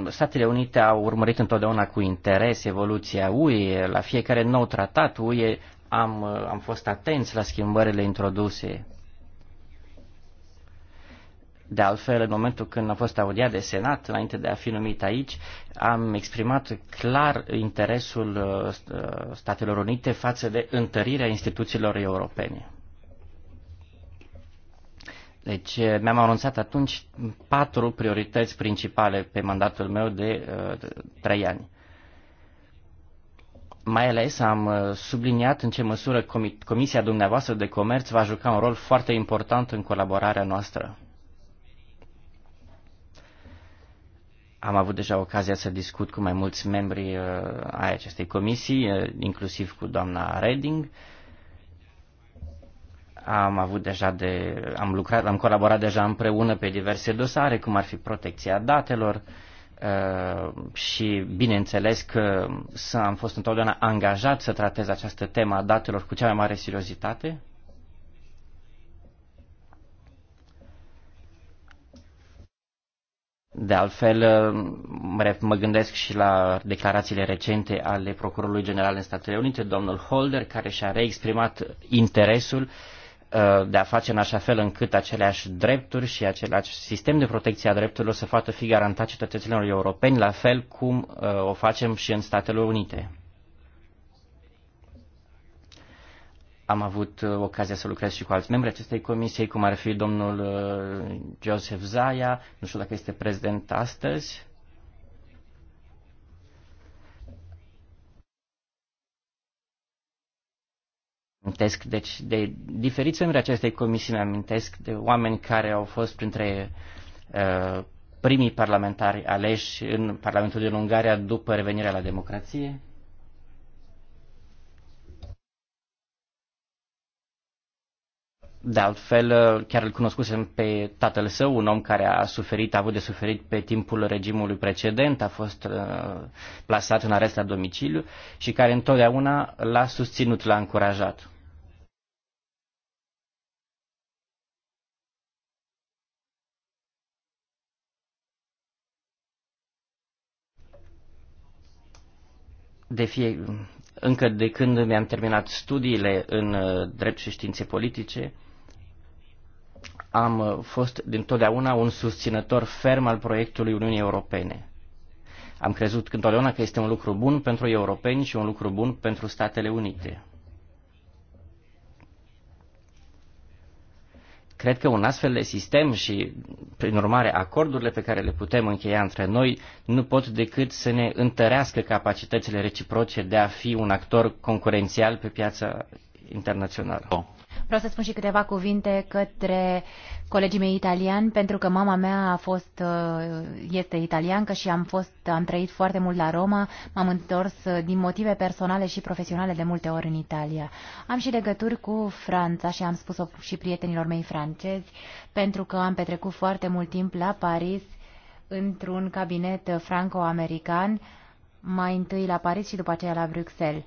Statele Unite au urmărit întotdeauna cu interes evoluția UE. La fiecare nou tratat UE am, am fost atenți la schimbările introduse. De altfel, în momentul când am fost audiat de Senat, înainte de a fi numit aici, am exprimat clar interesul uh, uh, Statelor Unite față de întărirea instituțiilor europene. Deci eh, mi-am anunțat atunci patru priorități principale pe mandatul meu de eh, trei ani. Mai ales am eh, subliniat în ce măsură Comisia dumneavoastră de Comerț va juca un rol foarte important în colaborarea noastră. Am avut deja ocazia să discut cu mai mulți membri ai acestei comisii, inclusiv cu doamna Reding, uh, am avut deja de, am lucrat, am colaborat deja împreună pe diverse dosare, cum ar fi protecția datelor uh, și bineînțeles că am fost întotdeauna angajat să tratez această temă a datelor cu cea mai mare seriozitate. De altfel, mă gândesc și la declarațiile recente ale Procurorului General în Statele Unite, domnul Holder, care și-a reexprimat interesul uh, Uh, de a face în așa fel încât aceleași drepturi și același sistem de protecție a drepturilor să poată fi garantat cetățenilor europeni, la fel cum uh, o facem și în Statele Unite. Am avut uh, ocazia să lucrez și cu alți membri acestei comisii, cum ar fi domnul Joseph Zaya, nu știu dacă este prezent astăzi, amintesc deci de diferiți membri acestei comisii, mi-amintesc de oameni care au fost printre uh, primii parlamentari aleși în Parlamentul din Ungaria după revenirea la democrație. De altfel, uh, chiar îl cunoscusem pe tatăl său, un om care a suferit, a avut de suferit pe timpul regimului precedent, a fost uh, plasat în arest la domiciliu și care întotdeauna l-a susținut, l-a încurajat. de fie, încă de când mi-am terminat studiile în uh, drept și științe politice, am uh, fost dintotdeauna un susținător ferm al proiectului Uniunii Europene. Am crezut întotdeauna că este un lucru bun pentru europeni și un lucru bun pentru Statele Unite. Cred că un astfel de sistem și, prin urmare, acordurile pe care le putem încheia între noi nu pot decât să ne întărească capacitățile reciproce de a fi un actor concurențial pe piața internațională. Vreau să spun și câteva cuvinte către colegii mei italiani pentru că mama mea a fost, uh, este italiancă și am, fost, am trăit foarte mult la Roma. M-am întors uh, din motive personale și profesionale de multe ori în Italia. Am și legături cu Franța și am spus-o și prietenilor mei francezi pentru că am petrecut foarte mult timp la Paris într-un cabinet uh, franco-american, mai întâi la Paris și după aceea la Bruxelles.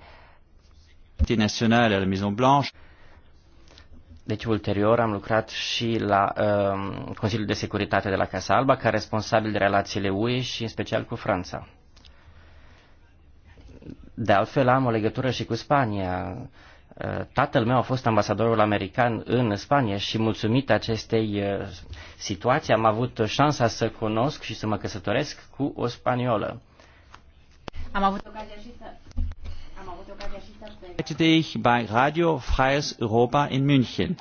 Internațională, la Maison Blanche. Deci, ulterior, am lucrat și la uh, Consiliul de Securitate de la Casa Alba, ca responsabil de relațiile UE și în special cu Franța. De altfel, am o legătură și cu Spania. Uh, tatăl meu a fost ambasadorul american în Spania și mulțumit acestei uh, situații am avut șansa să cunosc și să mă căsătoresc cu o spaniolă. Am avut ocazia și să arbeitete ich bei Radio Freies Europa in München.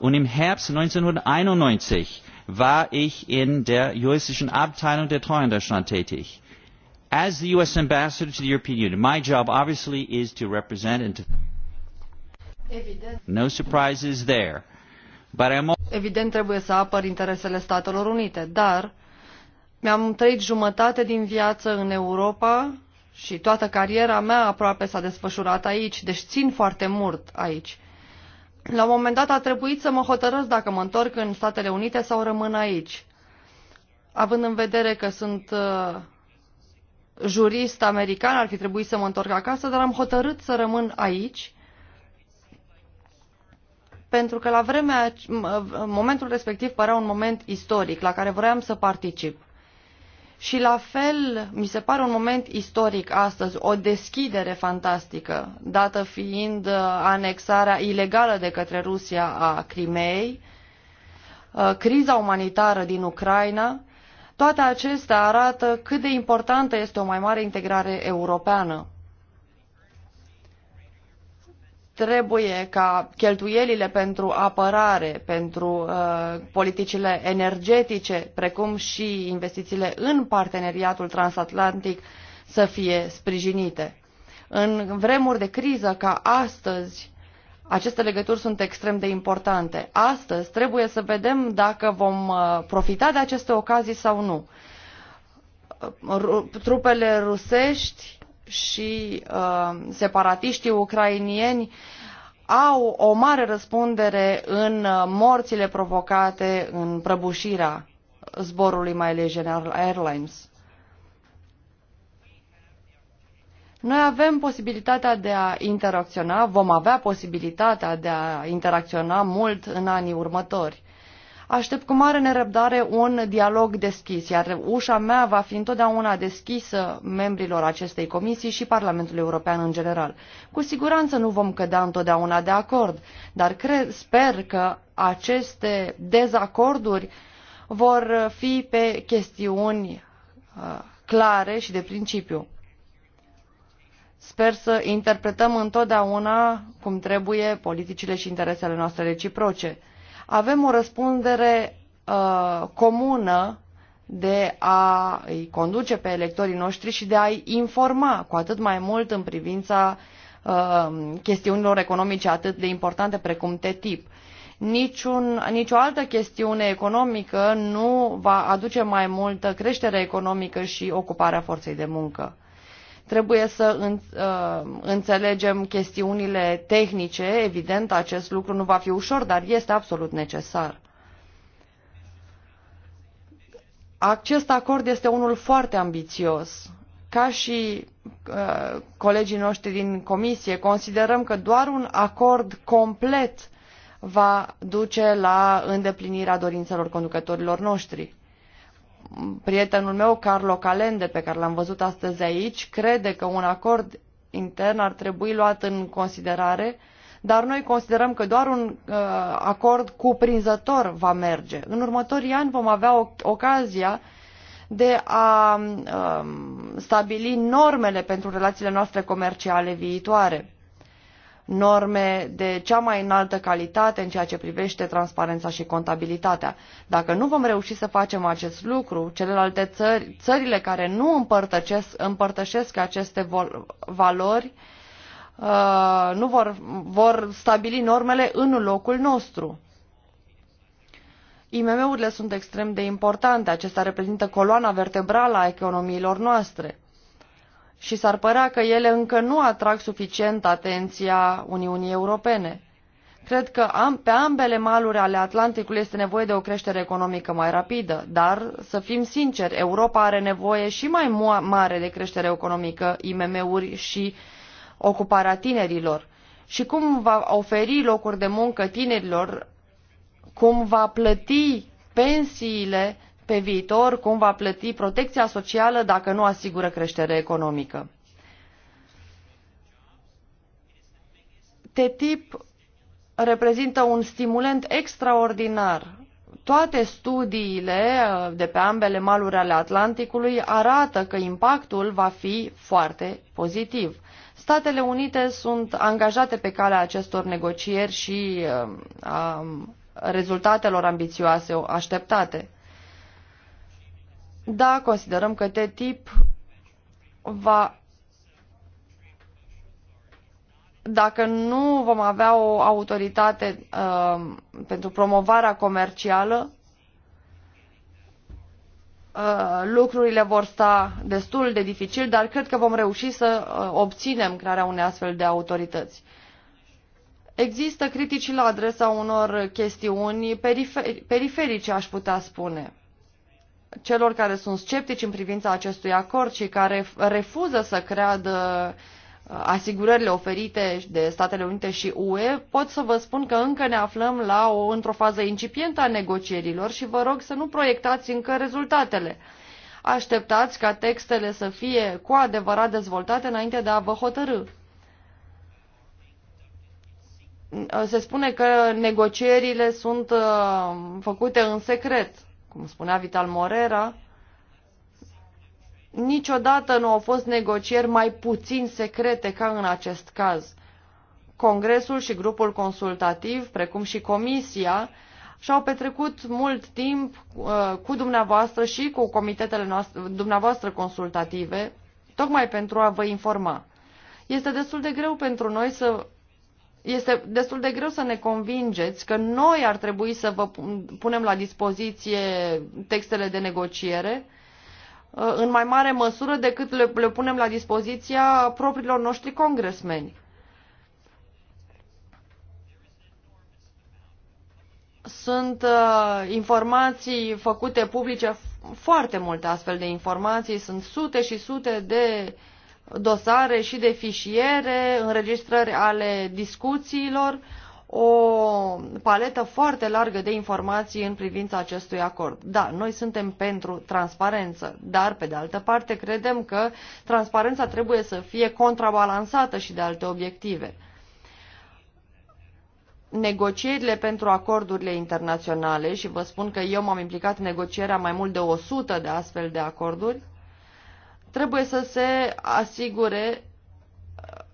Und im Herbst 1991 war ich in der juristischen Abteilung der Treuhänderstand tätig. As the US ambassador to the European Union, my job obviously is to represent and to No surprises there. But I'm Evident trebuie să apăr interesele Statelor Unite, dar mi-am trăit jumătate din viață în Europa și toată cariera mea aproape s-a desfășurat aici, deci țin foarte mult aici. La un moment dat a trebuit să mă hotărăsc dacă mă întorc în Statele Unite sau rămân aici. Având în vedere că sunt uh, jurist american, ar fi trebuit să mă întorc acasă, dar am hotărât să rămân aici pentru că la vremea, momentul respectiv părea un moment istoric la care vroiam să particip. Și la fel, mi se pare un moment istoric astăzi, o deschidere fantastică, dată fiind uh, anexarea ilegală de către Rusia a Crimeei, uh, criza umanitară din Ucraina, toate acestea arată cât de importantă este o mai mare integrare europeană. Trebuie ca cheltuielile pentru apărare, pentru uh, politicile energetice, precum și investițiile în parteneriatul transatlantic să fie sprijinite. În vremuri de criză ca astăzi, aceste legături sunt extrem de importante. Astăzi trebuie să vedem dacă vom uh, profita de aceste ocazii sau nu. Trupele rusești și uh, separatiștii ucrainieni au o mare răspundere în uh, morțile provocate în prăbușirea zborului Malaysian Airlines. Noi avem posibilitatea de a interacționa, vom avea posibilitatea de a interacționa mult în anii următori. Aștept cu mare nerăbdare un dialog deschis, iar ușa mea va fi întotdeauna deschisă membrilor acestei comisii și Parlamentului European în general. Cu siguranță nu vom cădea întotdeauna de acord, dar cred, sper că aceste dezacorduri vor fi pe chestiuni uh, clare și de principiu. Sper să interpretăm întotdeauna cum trebuie politicile și interesele noastre reciproce avem o răspundere uh, comună de a îi conduce pe electorii noștri și de a-i informa cu atât mai mult în privința uh, chestiunilor economice atât de importante precum TTIP. Niciun, nicio altă chestiune economică nu va aduce mai multă creștere economică și ocuparea forței de muncă. Trebuie să uh, înțelegem chestiunile tehnice, evident acest lucru nu va fi ușor, dar este absolut necesar. Acest acord este unul foarte ambițios. Ca și uh, colegii noștri din comisie, considerăm că doar un acord complet va duce la îndeplinirea dorințelor conducătorilor noștri prietenul meu, Carlo Calende, pe care l-am văzut astăzi aici, crede că un acord intern ar trebui luat în considerare, dar noi considerăm că doar un uh, acord cuprinzător va merge. În următorii ani vom avea o, ocazia de a um, stabili normele pentru relațiile noastre comerciale viitoare norme de cea mai înaltă calitate în ceea ce privește transparența și contabilitatea. Dacă nu vom reuși să facem acest lucru, celelalte țări, țările care nu împărtășesc, împărtășesc aceste valori uh, nu vor, vor stabili normele în locul nostru. IMM-urile sunt extrem de importante, acestea reprezintă coloana vertebrală a economiilor noastre și s-ar părea că ele încă nu atrag suficient atenția Uniunii Europene. Cred că am, pe ambele maluri ale Atlanticului este nevoie de o creștere economică mai rapidă, dar, să fim sinceri, Europa are nevoie și mai mare de creștere economică, IMM-uri și ocuparea tinerilor. Și cum va oferi locuri de muncă tinerilor, cum va plăti pensiile pe viitor cum va plăti protecția socială dacă nu asigură creștere economică. TTIP reprezintă un stimulent extraordinar. Toate studiile uh, de pe ambele maluri ale Atlanticului arată că impactul va fi foarte pozitiv. Statele Unite sunt angajate pe calea acestor negocieri și uh, a rezultatelor ambițioase așteptate. Da, considerăm că TTIP va dacă nu vom avea o autoritate uh, pentru promovarea comercială, uh, lucrurile vor sta destul de dificil, dar cred că vom reuși să uh, obținem crearea unei astfel de autorități. Există critici la adresa unor chestiuni perifer periferice, aș putea spune celor care sunt sceptici în privința acestui acord și care refuză să creadă uh, asigurările oferite de Statele Unite și UE, pot să vă spun că încă ne aflăm la o, într-o fază incipientă a negocierilor și vă rog să nu proiectați încă rezultatele. Așteptați ca textele să fie cu adevărat dezvoltate înainte de a vă hotărâ. Uh, se spune că negocierile sunt uh, făcute în secret cum spunea Vital Morera, niciodată nu au fost negocieri mai puțin secrete ca în acest caz. Congresul și grupul consultativ, precum și Comisia, și-au petrecut mult timp uh, cu dumneavoastră și cu comitetele noastre, dumneavoastră consultative, tocmai pentru a vă informa. Este destul de greu pentru noi să este destul de greu să ne convingeți că noi ar trebui să vă punem la dispoziție textele de negociere uh, în mai mare măsură decât le, le punem la dispoziția propriilor noștri congresmeni. Sunt uh, informații făcute publice, foarte multe astfel de informații, sunt sute și sute de uh, dosare și de fișiere, înregistrări ale discuțiilor, o paletă foarte largă de informații în privința acestui acord. Da, noi suntem pentru transparență, dar pe de altă parte credem că transparența trebuie să fie contrabalansată și de alte obiective. Negocierile pentru acordurile internaționale, și vă spun că eu m-am implicat în negocierea mai mult de 100 de astfel de acorduri, trebuie să se asigure uh,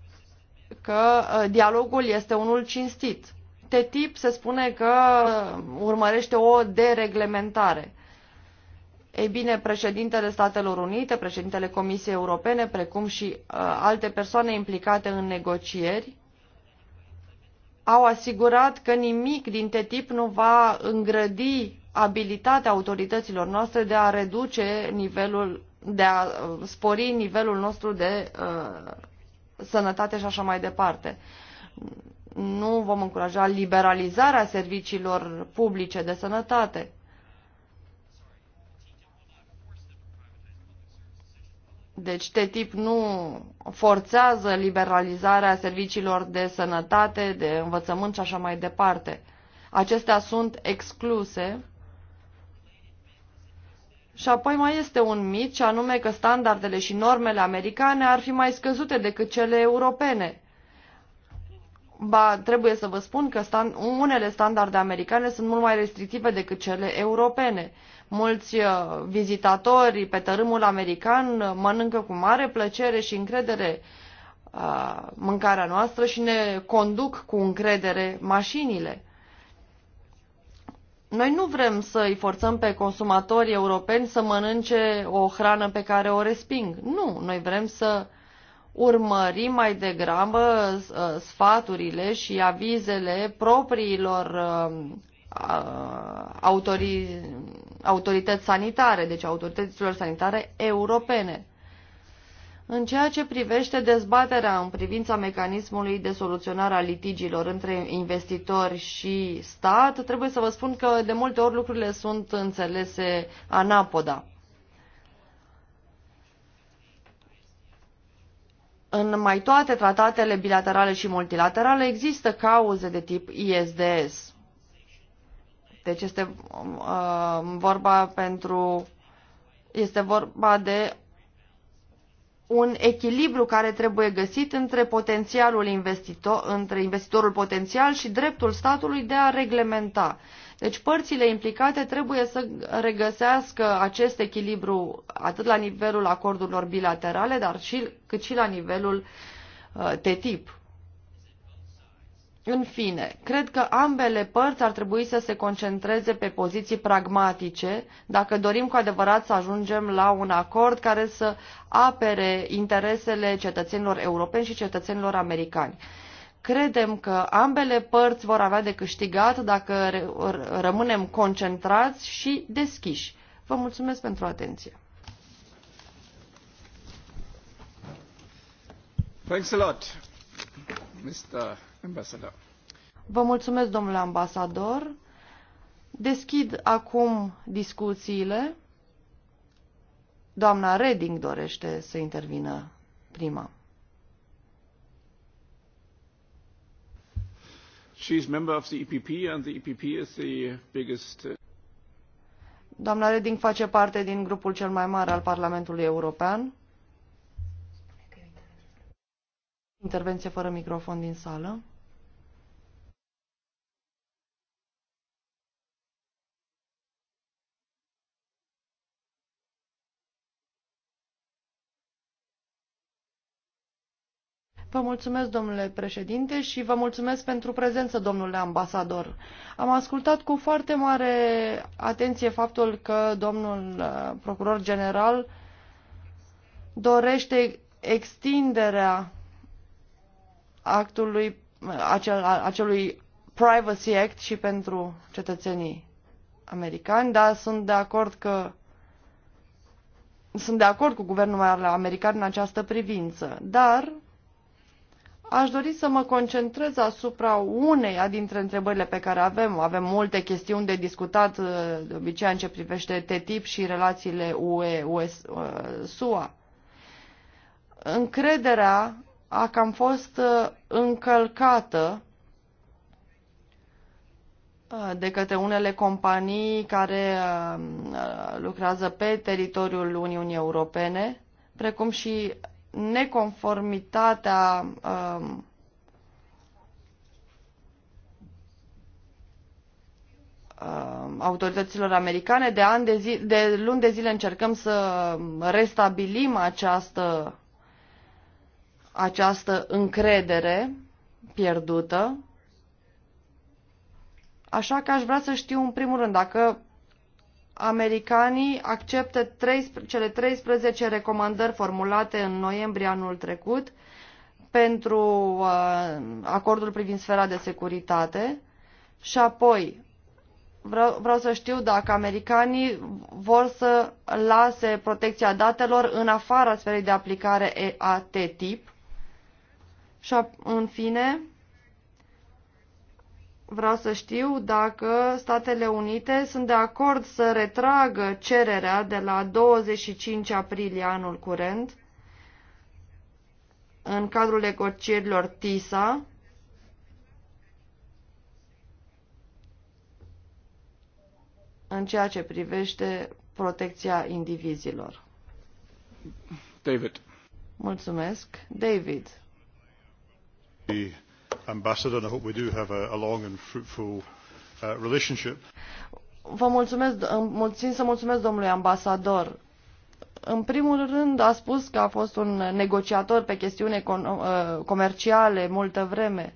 că uh, dialogul este unul cinstit. TTIP se spune că uh, urmărește o dereglementare. Ei bine, președintele Statelor Unite, președintele Comisiei Europene, precum și uh, alte persoane implicate în negocieri, au asigurat că nimic din TTIP nu va îngrădi abilitatea autorităților noastre de a reduce nivelul de a uh, spori nivelul nostru de uh, sănătate și așa mai departe. Nu vom încuraja liberalizarea serviciilor publice de sănătate. Deci TTIP nu forțează liberalizarea serviciilor de sănătate, de învățământ și așa mai departe. Acestea sunt excluse și apoi mai este un mit, și anume că standardele și normele americane ar fi mai scăzute decât cele europene. Ba, trebuie să vă spun că stand unele standarde americane sunt mult mai restrictive decât cele europene. Mulți uh, vizitatori pe tărâmul american uh, mănâncă cu mare plăcere și încredere uh, mâncarea noastră și ne conduc cu încredere mașinile. Noi nu vrem să îi forțăm pe consumatorii europeni să mănânce o hrană pe care o resping. Nu, noi vrem să urmărim mai degrabă uh, sfaturile și avizele propriilor uh, uh, autorități sanitare, deci autorităților sanitare europene. În ceea ce privește dezbaterea în privința mecanismului de soluționare a litigiilor între investitori și stat, trebuie să vă spun că de multe ori lucrurile sunt înțelese anapoda. În mai toate tratatele bilaterale și multilaterale există cauze de tip ISDS. Deci este uh, vorba pentru este vorba de un echilibru care trebuie găsit între, potențialul investitor, între investitorul potențial și dreptul statului de a reglementa. Deci părțile implicate trebuie să regăsească acest echilibru atât la nivelul acordurilor bilaterale, dar și, cât și la nivelul uh, TTIP. În fine, cred că ambele părți ar trebui să se concentreze pe poziții pragmatice dacă dorim cu adevărat să ajungem la un acord care să apere interesele cetățenilor europeni și cetățenilor americani. Credem că ambele părți vor avea de câștigat dacă rămânem concentrați și deschiși. Vă mulțumesc pentru atenție. Thanks a lot, Mr. Ambassador. Vă mulțumesc, domnule ambasador. Deschid acum discuțiile. Doamna Reding dorește să intervină prima. She's member of the EPP and the EPP is the biggest uh, Doamna Reding face parte din grupul cel mai mare al Parlamentului European. Intervenție fără microfon din sală. Vă mulțumesc, domnule președinte, și vă mulțumesc pentru prezență, domnule ambasador. Am ascultat cu foarte mare atenție faptul că domnul uh, procuror general dorește extinderea actului, uh, acel, acelui Privacy Act și pentru cetățenii americani, dar sunt de acord că sunt de acord cu guvernul american în această privință, dar Aș dori să mă concentrez asupra uneia dintre întrebările pe care avem. Avem multe chestiuni de discutat, uh, de obicei în ce privește TTIP și relațiile UE-SUA. Uh, Încrederea a cam fost uh, încălcată de către unele companii care lucrează pe teritoriul Uniunii Europene, precum și neconformitatea um, um, autorităților americane. De, ani de, zi, de luni de zile încercăm să restabilim această, această încredere pierdută. Așa că aș vrea să știu în primul rând dacă americanii acceptă cele 13 recomandări formulate în noiembrie anul trecut pentru uh, acordul privind sfera de securitate și apoi vreau, vreau să știu dacă americanii vor să lase protecția datelor în afara sferei de aplicare EAT tip și în fine vreau să știu dacă Statele Unite sunt de acord să retragă cererea de la 25 aprilie anul curent în cadrul negocierilor TISA în ceea ce privește protecția indivizilor. David. Mulțumesc. David. Ambassador, and I hope we do have a, a long and fruitful uh, relationship. Vă mulțumesc, țin să mulțumesc domnului ambasador. În primul rând a spus că a fost un negociator pe chestiuni uh, comerciale multă vreme.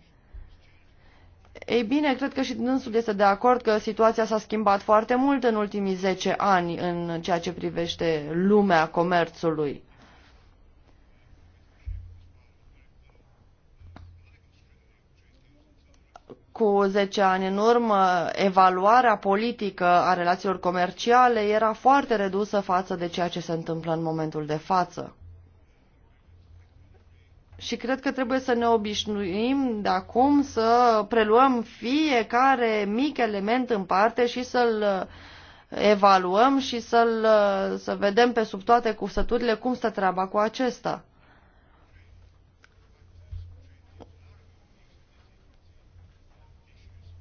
Ei bine, cred că și dânsul este de acord că situația s-a schimbat foarte mult în ultimii 10 ani în ceea ce privește lumea comerțului. cu 10 ani în urmă, evaluarea politică a relațiilor comerciale era foarte redusă față de ceea ce se întâmplă în momentul de față. Și cred că trebuie să ne obișnuim de acum să preluăm fiecare mic element în parte și să-l uh, evaluăm și să-l, uh, să vedem pe sub toate cusăturile cum stă treaba cu acesta.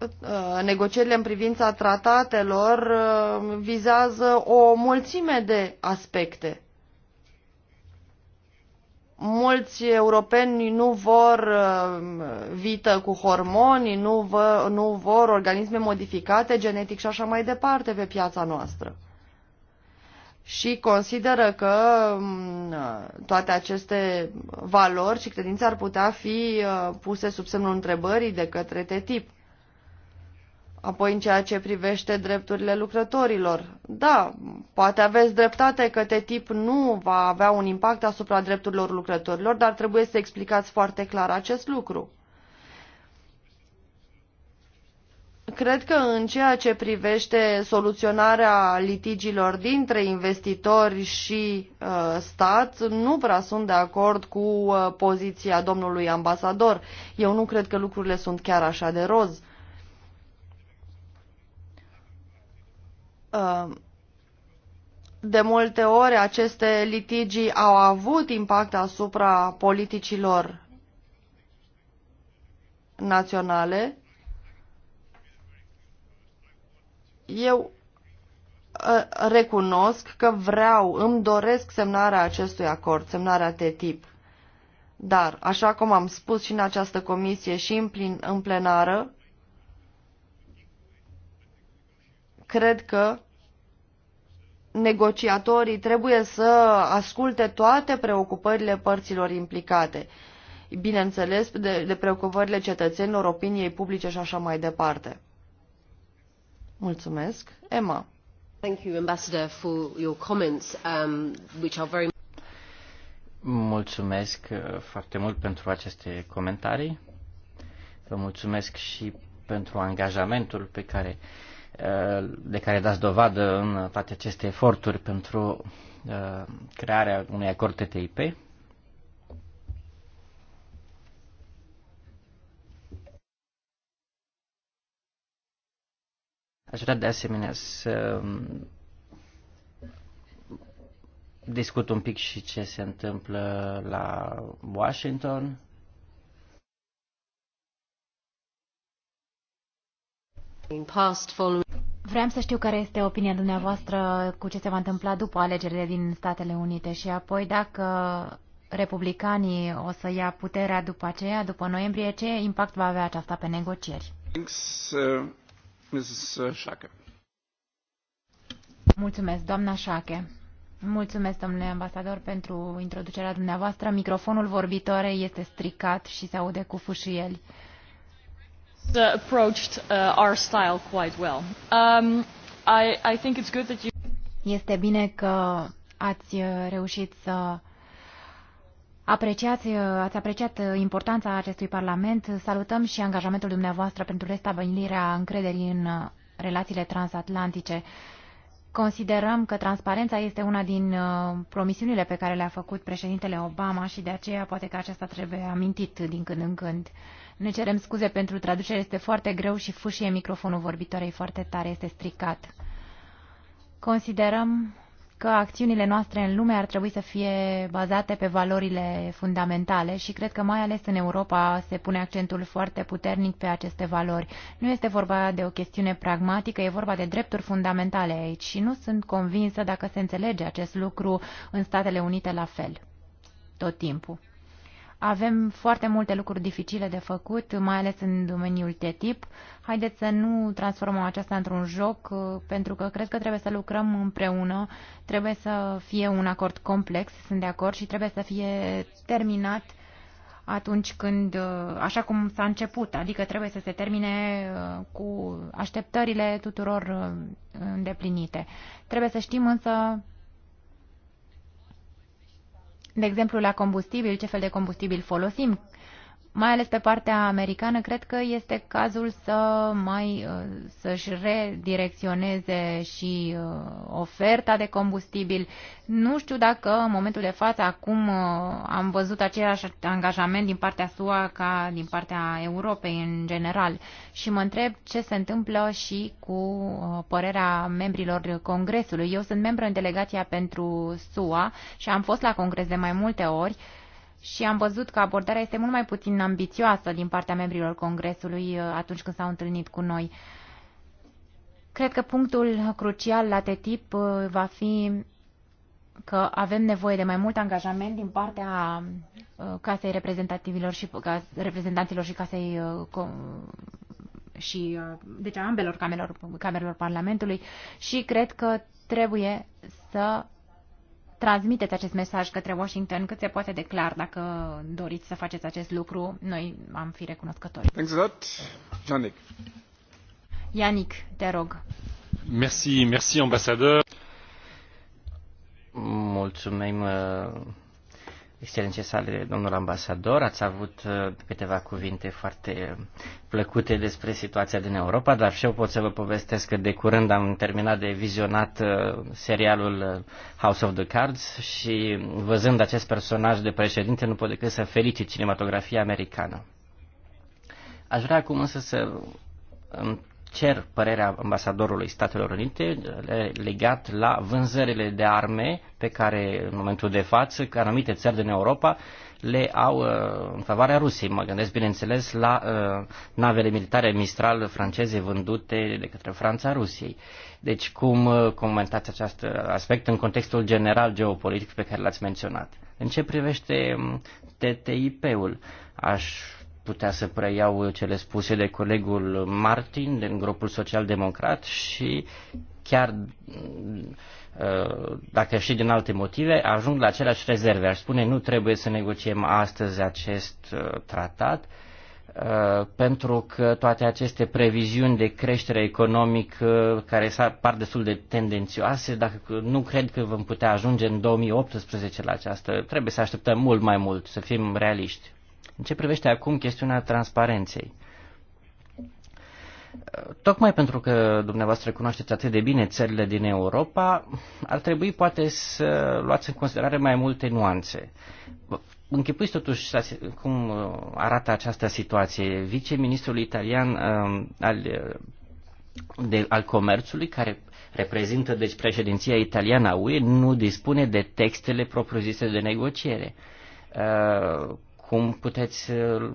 Uh, negocierile în privința tratatelor uh, vizează o mulțime de aspecte. Mulți europeni nu vor uh, vită cu hormoni, nu, vă, nu vor organisme modificate genetic și așa mai departe pe piața noastră. Și consideră că um, toate aceste valori și credințe ar putea fi puse sub semnul întrebării de către tip. Apoi, în ceea ce privește drepturile lucrătorilor, da, poate aveți dreptate că TTIP nu va avea un impact asupra drepturilor lucrătorilor, dar trebuie să explicați foarte clar acest lucru. Cred că în ceea ce privește soluționarea litigiilor dintre investitori și uh, stat, nu prea sunt de acord cu uh, poziția domnului ambasador. Eu nu cred că lucrurile sunt chiar așa de roz. Uh, Uh, de multe ori aceste litigii au avut impact asupra politicilor naționale. Eu uh, recunosc că vreau, îmi doresc semnarea acestui acord, semnarea TTIP. Dar, așa cum am spus și în această comisie și în, plin, în plenară, Cred că negociatorii trebuie să asculte toate preocupările părților implicate, bineînțeles de, de preocupările cetățenilor, opiniei publice și așa mai departe. Mulțumesc. Emma. Thank you, Ambassador, for your comments, um, which are very... Mulțumesc uh, foarte mult pentru aceste comentarii. Vă mulțumesc și pentru angajamentul pe care uh, Uh, de care dați dovadă în toate aceste eforturi pentru uh, crearea unui acord TTIP. Aș vrea de asemenea să um, discut un pic și ce se întâmplă la Washington. following Vreau să știu care este opinia dumneavoastră cu ce se va întâmpla după alegerile din Statele Unite și apoi dacă republicanii o să ia puterea după aceea, după noiembrie, ce impact va avea aceasta pe negocieri? Uh, Mulțumesc, doamna Șache. Mulțumesc, domnule ambasador, pentru introducerea dumneavoastră. Microfonul vorbitoare este stricat și se aude cu fâșieli. Este bine că ați uh, reușit să apreciați, uh, ați apreciat uh, importanța acestui Parlament. Salutăm și angajamentul dumneavoastră pentru restabilirea încrederii în relațiile transatlantice. Considerăm că transparența este una din uh, promisiunile pe care le-a făcut președintele Obama și de aceea poate că aceasta trebuie amintit din când în când. Ne cerem scuze pentru traducere, este foarte greu și fâșie microfonul vorbitoarei foarte tare, este stricat. Considerăm că acțiunile noastre în lume ar trebui să fie bazate pe valorile fundamentale și cred că mai ales în Europa se pune accentul foarte puternic pe aceste valori. Nu este vorba de o chestiune pragmatică, e vorba de drepturi fundamentale aici și nu sunt convinsă dacă se înțelege acest lucru în Statele Unite la fel, tot timpul. Avem foarte multe lucruri dificile de făcut, mai ales în domeniul TTIP. Haideți să nu transformăm aceasta într-un joc, uh, pentru că cred că trebuie să lucrăm împreună, trebuie să fie un acord complex, sunt de acord, și trebuie să fie terminat atunci când, uh, așa cum s-a început, adică trebuie să se termine uh, cu așteptările tuturor îndeplinite. Trebuie să știm însă de exemplu, la combustibil, ce fel de combustibil folosim, mai ales pe partea americană, cred că este cazul să mai uh, să-și redirecționeze și uh, oferta de combustibil. Nu știu dacă în momentul de față acum uh, am văzut același angajament din partea SUA ca din partea Europei în general și mă întreb ce se întâmplă și cu părerea membrilor Congresului. Eu sunt membru în delegația pentru SUA și am fost la Congres de mai multe ori. Uh, și am văzut că abordarea este mult mai puțin ambițioasă din partea membrilor Congresului uh, atunci când s-au întâlnit cu noi. Cred că punctul crucial la TTIP uh, va fi că avem nevoie de mai mult angajament din partea uh, casei reprezentativilor și reprezentanților și casei și deci a ambelor camerelor, camerelor Parlamentului și cred că trebuie să transmiteți acest mesaj către Washington cât se poate de clar. Dacă doriți să faceți acest lucru, noi am fi recunoscători. Thanks a lot, Yannick. Yannick, te rog. Merci, merci, ambasador. Mulțumim, uh, Excelențe sale, domnul ambasador, ați avut uh, câteva cuvinte foarte plăcute despre situația din Europa, dar și eu pot să vă povestesc că de curând am terminat de vizionat uh, serialul uh, House of the Cards și văzând acest personaj de președinte nu pot decât să felicit cinematografia americană. Aș vrea acum însă să cer părerea ambasadorului Statelor Unite legat la vânzările de arme pe care în momentul de față că anumite țări din Europa le au uh, în favoarea Rusiei. Mă gândesc, bineînțeles, la uh, navele militare Mistral franceze vândute de către Franța Rusiei. Deci, cum uh, comentați acest aspect în contextul general geopolitic pe care l-ați menționat? În ce privește um, TTIP-ul, aș putea să preiau cele spuse de colegul Martin din grupul social-democrat și chiar uh, dacă și din alte motive, ajung la aceleași rezerve. Aș spune, nu trebuie să negociem astăzi acest uh, tratat, uh, pentru că toate aceste previziuni de creștere economică care par destul de tendențioase, dacă nu cred că vom putea ajunge în 2018 la această, trebuie să așteptăm mult mai mult, să fim realiști. În ce privește acum chestiunea transparenței? Tocmai pentru că dumneavoastră cunoașteți atât de bine țările din Europa, ar trebui poate să luați în considerare mai multe nuanțe. Închipuiți totuși cum arată această situație. Viceministrul italian um, al, de, al comerțului, care reprezintă deci președinția italiană a UE, nu dispune de textele propriu-zise de negociere uh, cum puteți uh,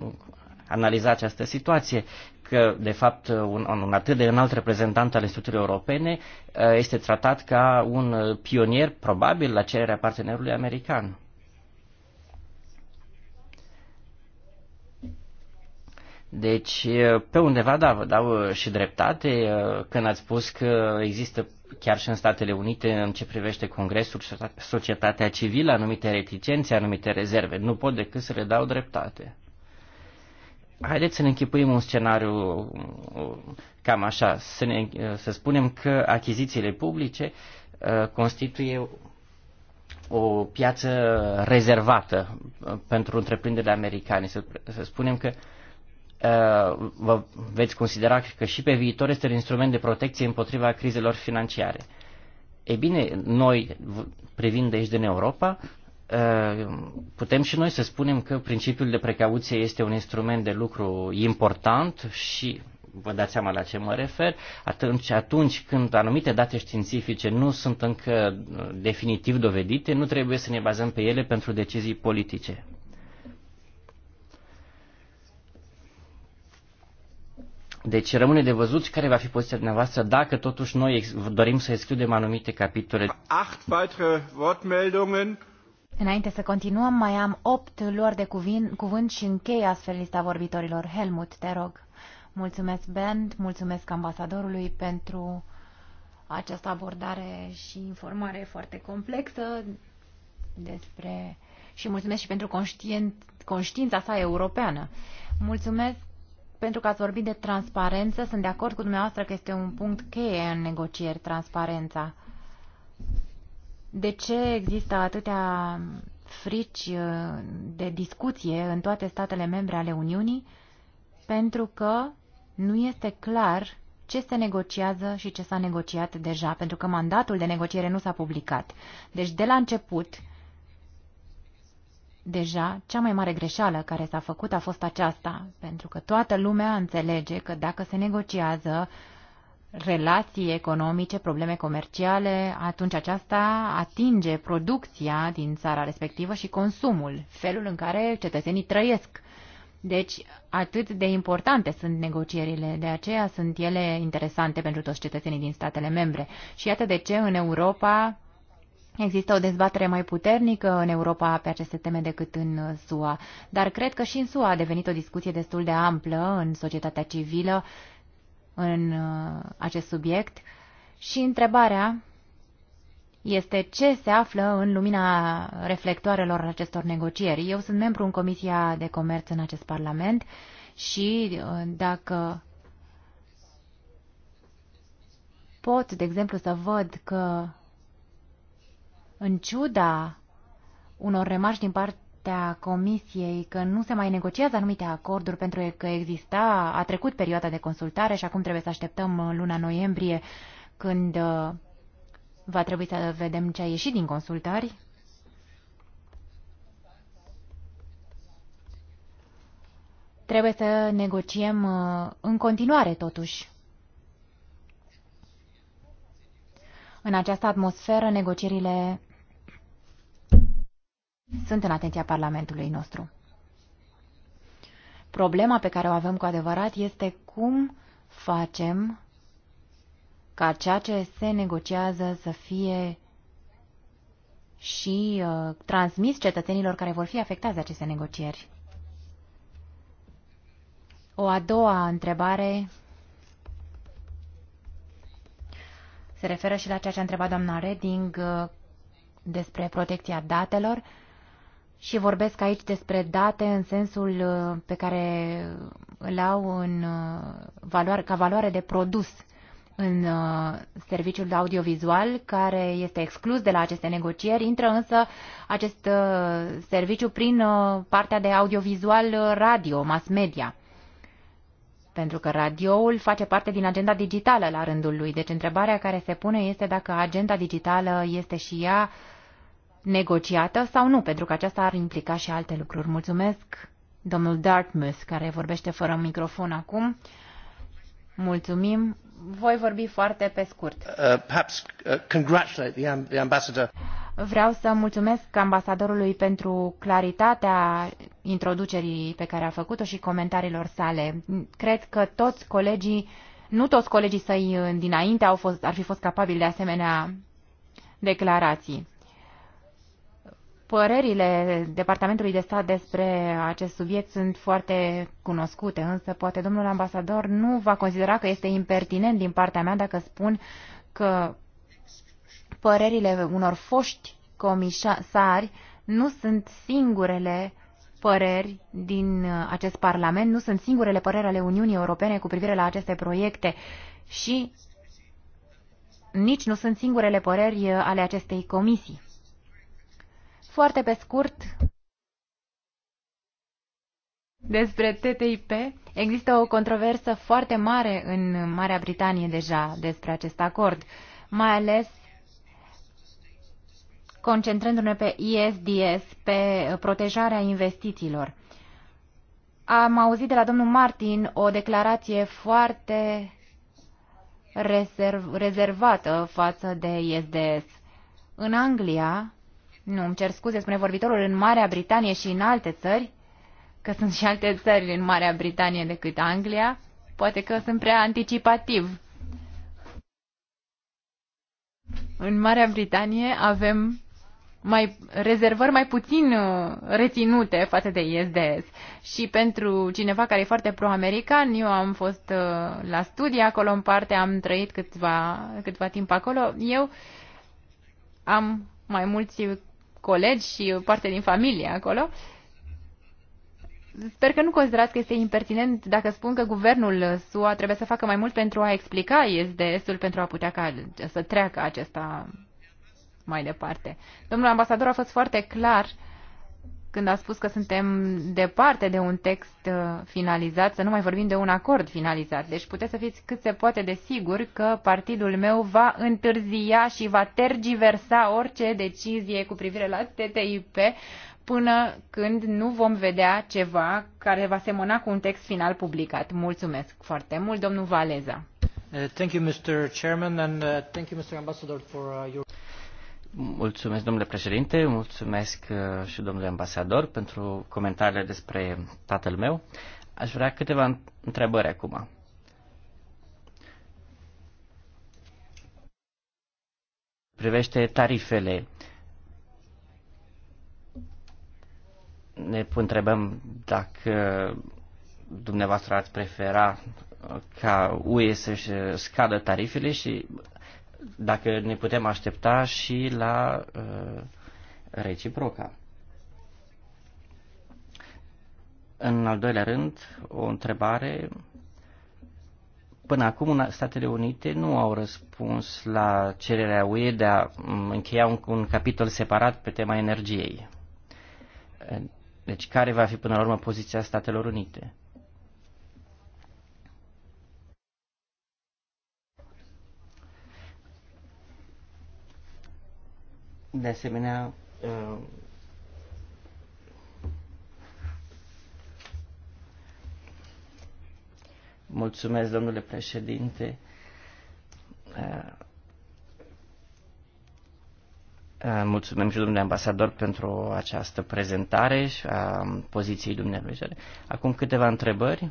analiza această situație, că de fapt uh, un, un atât de înalt reprezentant al instituțiilor europene uh, este tratat ca un pionier probabil la cererea partenerului american. Deci, pe undeva, da, vă dau și dreptate când ați spus că există chiar și în Statele Unite, în ce privește Congresul, societatea civilă, anumite reticențe, anumite rezerve. Nu pot decât să le dau dreptate. Haideți să ne închipuim un scenariu uh, cam așa, să, ne, uh, să spunem că achizițiile publice uh, constituie o piață rezervată pentru întreprinderile americane. Să, să spunem că uh, Uh, vă veți considera că și pe viitor este un instrument de protecție împotriva crizelor financiare. Ei bine, noi, privind de aici din Europa, uh, putem și noi să spunem că principiul de precauție este un instrument de lucru important și vă dați seama la ce mă refer, atunci, atunci când anumite date științifice nu sunt încă definitiv dovedite, nu trebuie să ne bazăm pe ele pentru decizii politice. Deci rămâne de văzut care va fi poziția dumneavoastră dacă totuși noi dorim să excludem anumite capitole. Înainte să continuăm, mai am opt luări de cuvin, cuvânt și închei astfel lista vorbitorilor. Helmut, te rog. Mulțumesc, Bernd, mulțumesc ambasadorului pentru această abordare și informare foarte complexă despre... și mulțumesc și pentru conștiința sa europeană. Mulțumesc pentru că ați vorbit de transparență. Sunt de acord cu dumneavoastră că este un punct cheie în negocieri, transparența. De ce există atâtea frici uh, de discuție în toate statele membre ale Uniunii? Pentru că nu este clar ce se negociază și ce s-a negociat deja, pentru că mandatul de negociere nu s-a publicat. Deci, de la început, deja cea mai mare greșeală care s-a făcut a fost aceasta, pentru că toată lumea înțelege că dacă se negociază relații economice, probleme comerciale, atunci aceasta atinge producția din țara respectivă și consumul, felul în care cetățenii trăiesc. Deci, atât de importante sunt negocierile, de aceea sunt ele interesante pentru toți cetățenii din statele membre. Și iată de ce în Europa Există o dezbatere mai puternică în Europa pe aceste teme decât în uh, SUA, dar cred că și în SUA a devenit o discuție destul de amplă în societatea civilă în uh, acest subiect și întrebarea este ce se află în lumina reflectoarelor acestor negocieri. Eu sunt membru în Comisia de Comerț în acest Parlament și uh, dacă pot, de exemplu, să văd că în ciuda unor remarci din partea Comisiei că nu se mai negociază anumite acorduri pentru că exista, a trecut perioada de consultare și acum trebuie să așteptăm uh, luna noiembrie când uh, va trebui să vedem ce a ieșit din consultări. Trebuie să negociem uh, în continuare, totuși. În această atmosferă, negocierile sunt în atenția Parlamentului nostru. Problema pe care o avem cu adevărat este cum facem ca ceea ce se negociază să fie și uh, transmis cetățenilor care vor fi afectați de aceste negocieri. O a doua întrebare se referă și la ceea ce a întrebat doamna Reding uh, despre protecția datelor. Uh, și vorbesc aici despre date în sensul uh, pe care îl au în uh, valoare, ca valoare de produs în uh, serviciul audiovizual, care este exclus de la aceste negocieri. Intră însă acest serviciu prin partea de audiovizual radio, mass media. Pentru că radioul face parte din agenda digitală la rândul lui. Deci întrebarea care se pune este dacă agenda digitală este și ea uh, negociată sau nu, pentru că aceasta ar implica și alte lucruri. Mulțumesc, domnul Dartmouth, care vorbește fără microfon acum. Mulțumim. Voi vorbi foarte pe scurt. Uh, uh, Vreau să mulțumesc ambasadorului pentru claritatea introducerii pe care a făcut-o și comentariilor sale. Cred că toți colegii, nu toți colegii săi dinainte au fost, ar fi fost capabili de asemenea declarații. Părerile Departamentului de Stat despre acest subiect sunt foarte cunoscute, însă poate domnul ambasador nu va considera că este impertinent din partea mea dacă spun că părerile unor foști comisari nu sunt singurele păreri din acest Parlament, nu sunt singurele păreri ale Uniunii Europene cu privire la aceste proiecte și nici nu sunt singurele păreri ale acestei comisii. Foarte pe scurt, despre TTIP, există o controversă foarte mare în Marea Britanie deja despre acest acord, mai ales concentrându-ne pe ISDS, pe protejarea investițiilor. Am auzit de la domnul Martin o declarație foarte rezerv, rezervată față de ISDS. În Anglia, nu, îmi cer scuze, spune vorbitorul, în Marea Britanie și în alte țări, că sunt și alte țări în Marea Britanie decât Anglia, poate că sunt prea anticipativ. În Marea Britanie avem mai rezervări mai puțin uh, reținute față de ISDS. Și pentru cineva care e foarte pro-american, eu am fost uh, la studii acolo în parte, am trăit câtva, câtva timp acolo, eu am mai mulți colegi și parte din familie acolo. Sper că nu considerați că este impertinent dacă spun că guvernul SUA trebuie să facă mai mult pentru a explica ISDS-ul pentru a putea ca să treacă acesta mai departe. Domnul ambasador a fost foarte clar uh, când a spus că suntem departe de un text uh, finalizat, să nu mai vorbim de un acord finalizat. Deci puteți să fiți cât se poate de sigur că partidul meu va întârzia și va tergiversa orice decizie cu privire la TTIP până când nu vom vedea ceva care va semăna cu un text final publicat. Mulțumesc foarte mult, domnul Valeza. Uh, thank you, Mr. Chairman, and uh, thank you, Mr. Ambassador, for your... Mulțumesc, domnule președinte, mulțumesc uh, și domnule ambasador pentru comentariile despre tatăl meu. Aș vrea câteva întrebări acum. Privește tarifele. Ne întrebăm dacă dumneavoastră ați prefera ca UE să-și scadă tarifele și dacă ne putem aștepta și la uh, reciproca. În al doilea rând, o întrebare. Până acum, Statele Unite nu au răspuns la cererea UE de a încheia un, un capitol separat pe tema energiei. Deci, care va fi până la urmă poziția Statelor Unite? de asemenea, uh, mulțumesc, domnule președinte, uh, uh, Mulțumim și domnule ambasador pentru această prezentare și a poziției dumneavoastră. Acum câteva întrebări.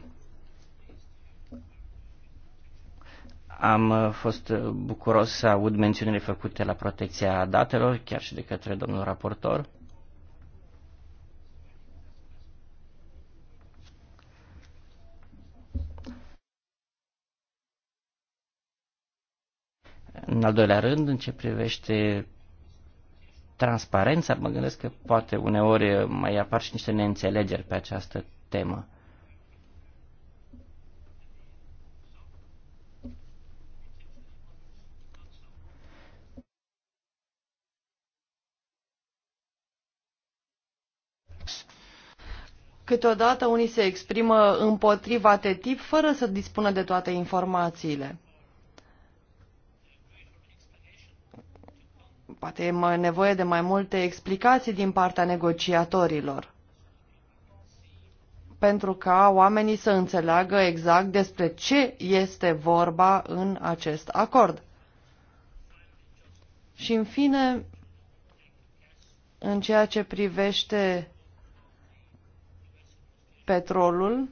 Am uh, fost uh, bucuros să aud mențiunile făcute la protecția datelor, chiar și de către domnul raportor. În al doilea rând, în ce privește transparența, mă gândesc că poate uneori mai apar și niște neînțelegeri pe această temă. Câteodată unii se exprimă împotriva TTIP fără să dispună de toate informațiile. Poate e nevoie de mai multe explicații din partea negociatorilor pentru ca oamenii să înțeleagă exact despre ce este vorba în acest acord. Și în fine, în ceea ce privește petrolul,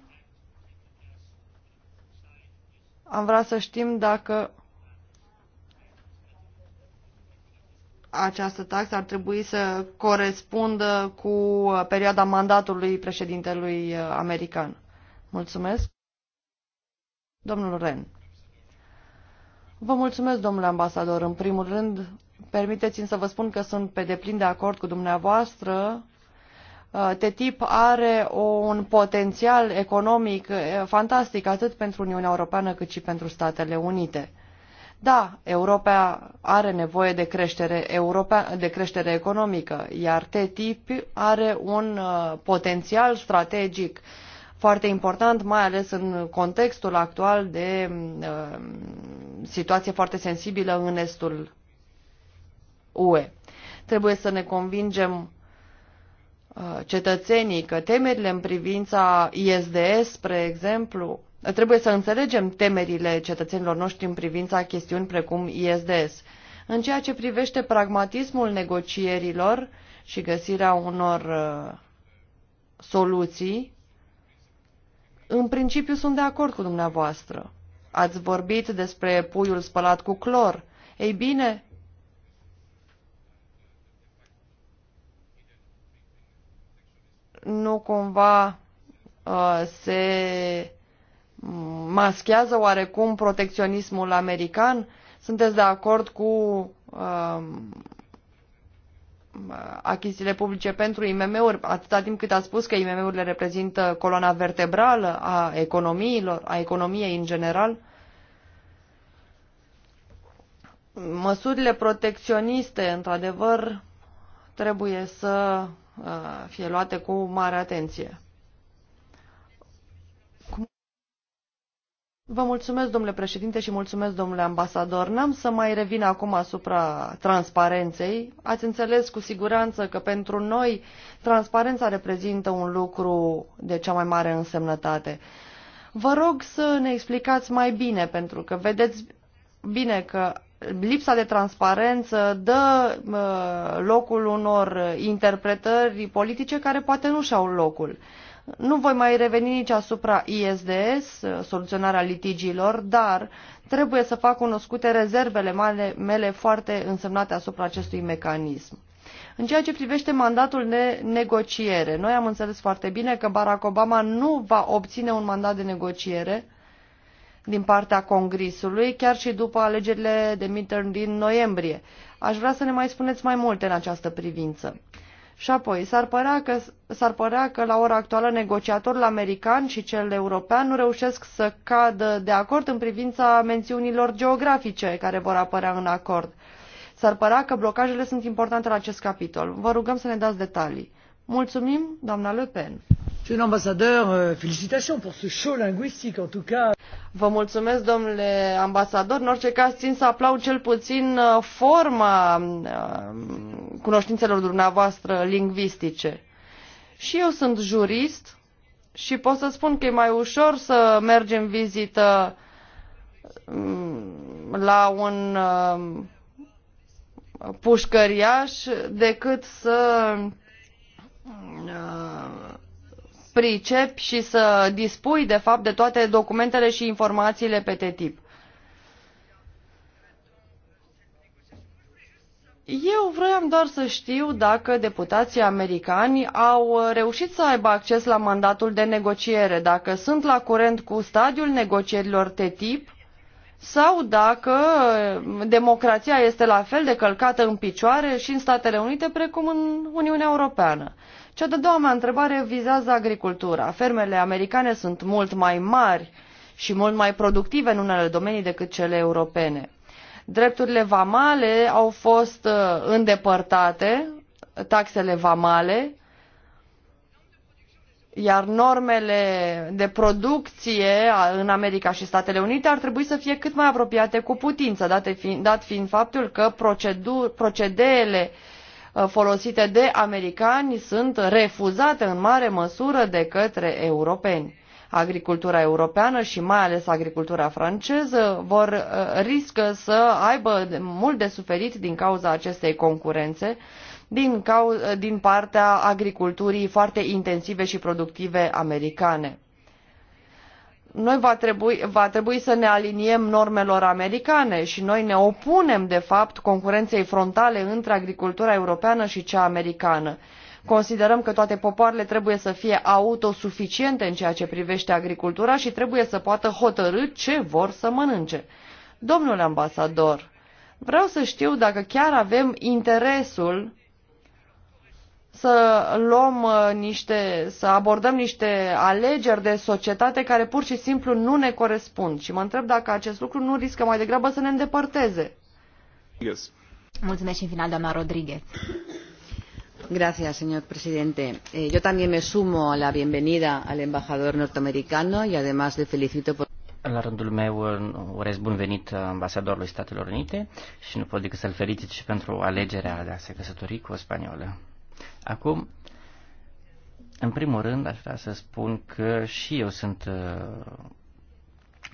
am vrea să știm dacă această taxă ar trebui să corespundă cu perioada mandatului președintelui american. Mulțumesc. Domnul Ren. Vă mulțumesc, domnule ambasador. În primul rând, permiteți-mi să vă spun că sunt pe deplin de acord cu dumneavoastră Uh, TTIP are un potențial economic uh, fantastic atât pentru Uniunea Europeană cât și pentru Statele Unite. Da, Europa are nevoie de creștere, europea, de creștere economică, iar TTIP are un uh, potențial strategic foarte important, mai ales în contextul actual de uh, situație foarte sensibilă în estul UE. Trebuie să ne convingem Uh, cetățenii că temerile în privința ISDS, spre exemplu, trebuie să înțelegem temerile cetățenilor noștri în privința chestiuni precum ISDS. În ceea ce privește pragmatismul negocierilor și găsirea unor uh, soluții, în principiu sunt de acord cu dumneavoastră. Ați vorbit despre puiul spălat cu clor. Ei bine, nu cumva uh, se maschează oarecum protecționismul american? Sunteți de acord cu uh, achizițiile publice pentru IMM-uri, atâta timp cât a spus că IMM-urile reprezintă coloana vertebrală a economiilor, a economiei în general? Măsurile protecționiste, într-adevăr, trebuie să Uh, fie luate cu mare atenție. Vă mulțumesc, domnule președinte, și mulțumesc, domnule ambasador. N-am să mai revin acum asupra transparenței. Ați înțeles cu siguranță că pentru noi transparența reprezintă un lucru de cea mai mare însemnătate. Vă rog să ne explicați mai bine, pentru că vedeți bine că lipsa de transparență dă locul unor interpretări politice care poate nu și-au locul. Nu voi mai reveni nici asupra ISDS, soluționarea litigiilor, dar trebuie să fac cunoscute rezervele mele, mele foarte însemnate asupra acestui mecanism. În ceea ce privește mandatul de negociere, noi am înțeles foarte bine că Barack Obama nu va obține un mandat de negociere din partea Congresului, chiar și după alegerile de midterm din noiembrie. Aș vrea să ne mai spuneți mai multe în această privință. Și apoi, s-ar părea, că, s-ar părea că la ora actuală negociatorul american și cel european nu reușesc să cadă de acord în privința mențiunilor geografice care vor apărea în acord. S-ar părea că blocajele sunt importante la acest capitol. Vă rugăm să ne dați detalii. Mulțumim, doamna Le Pen. Monsieur l'ambassadeur, euh, félicitations pour ce show linguistique en tout cas. Vă mulțumesc, domnule ambasador. În orice caz, țin să aplaud cel puțin uh, forma uh, cunoștințelor dumneavoastră lingvistice. Și eu sunt jurist și pot să spun că e mai ușor să mergem vizită mm, la un uh, pușcăriaș decât să pricepi și să dispui, de fapt, de toate documentele și informațiile pe TTIP. Eu vreau doar să știu dacă deputații americani au reușit să aibă acces la mandatul de negociere, dacă sunt la curent cu stadiul negocierilor TTIP sau dacă democrația este la fel de călcată în picioare și în Statele Unite precum în Uniunea Europeană. Cea de-a doua mea întrebare vizează agricultura. Fermele americane sunt mult mai mari și mult mai productive în unele domenii decât cele europene. Drepturile vamale au fost uh, îndepărtate, taxele vamale, iar normele de producție în America și Statele Unite ar trebui să fie cât mai apropiate cu putință, dat fiind, faptul că procedeele Uh, folosite de americani sunt refuzate în mare măsură de către europeni. Agricultura europeană și mai ales agricultura franceză vor uh, riscă să aibă mult de suferit din cauza acestei concurențe, din, cau- uh, din partea agriculturii foarte intensive și productive americane noi va trebui, va trebui să ne aliniem normelor americane și noi ne opunem, de fapt, concurenței frontale între agricultura europeană și cea americană. Considerăm că toate popoarele trebuie să fie autosuficiente în ceea ce privește agricultura și trebuie să poată hotărâ ce vor să mănânce. Domnule ambasador, vreau să știu dacă chiar avem interesul să luăm uh, niște, să abordăm niște alegeri de societate care pur și simplu nu ne corespund. Și mă întreb dacă acest lucru nu riscă mai degrabă să ne îndepărteze. Yes. Mulțumesc și în final, doamna Rodriguez. Gracias, señor presidente. Eh, yo también me sumo a la bienvenida al embajador norteamericano y además le felicito por. La rândul meu urez bun venit ambasadorului Statelor Unite și nu pot decât să-l felicit și pentru alegerea de a se căsători cu o spaniolă. Acum, în primul rând, aș vrea să spun că și eu sunt uh,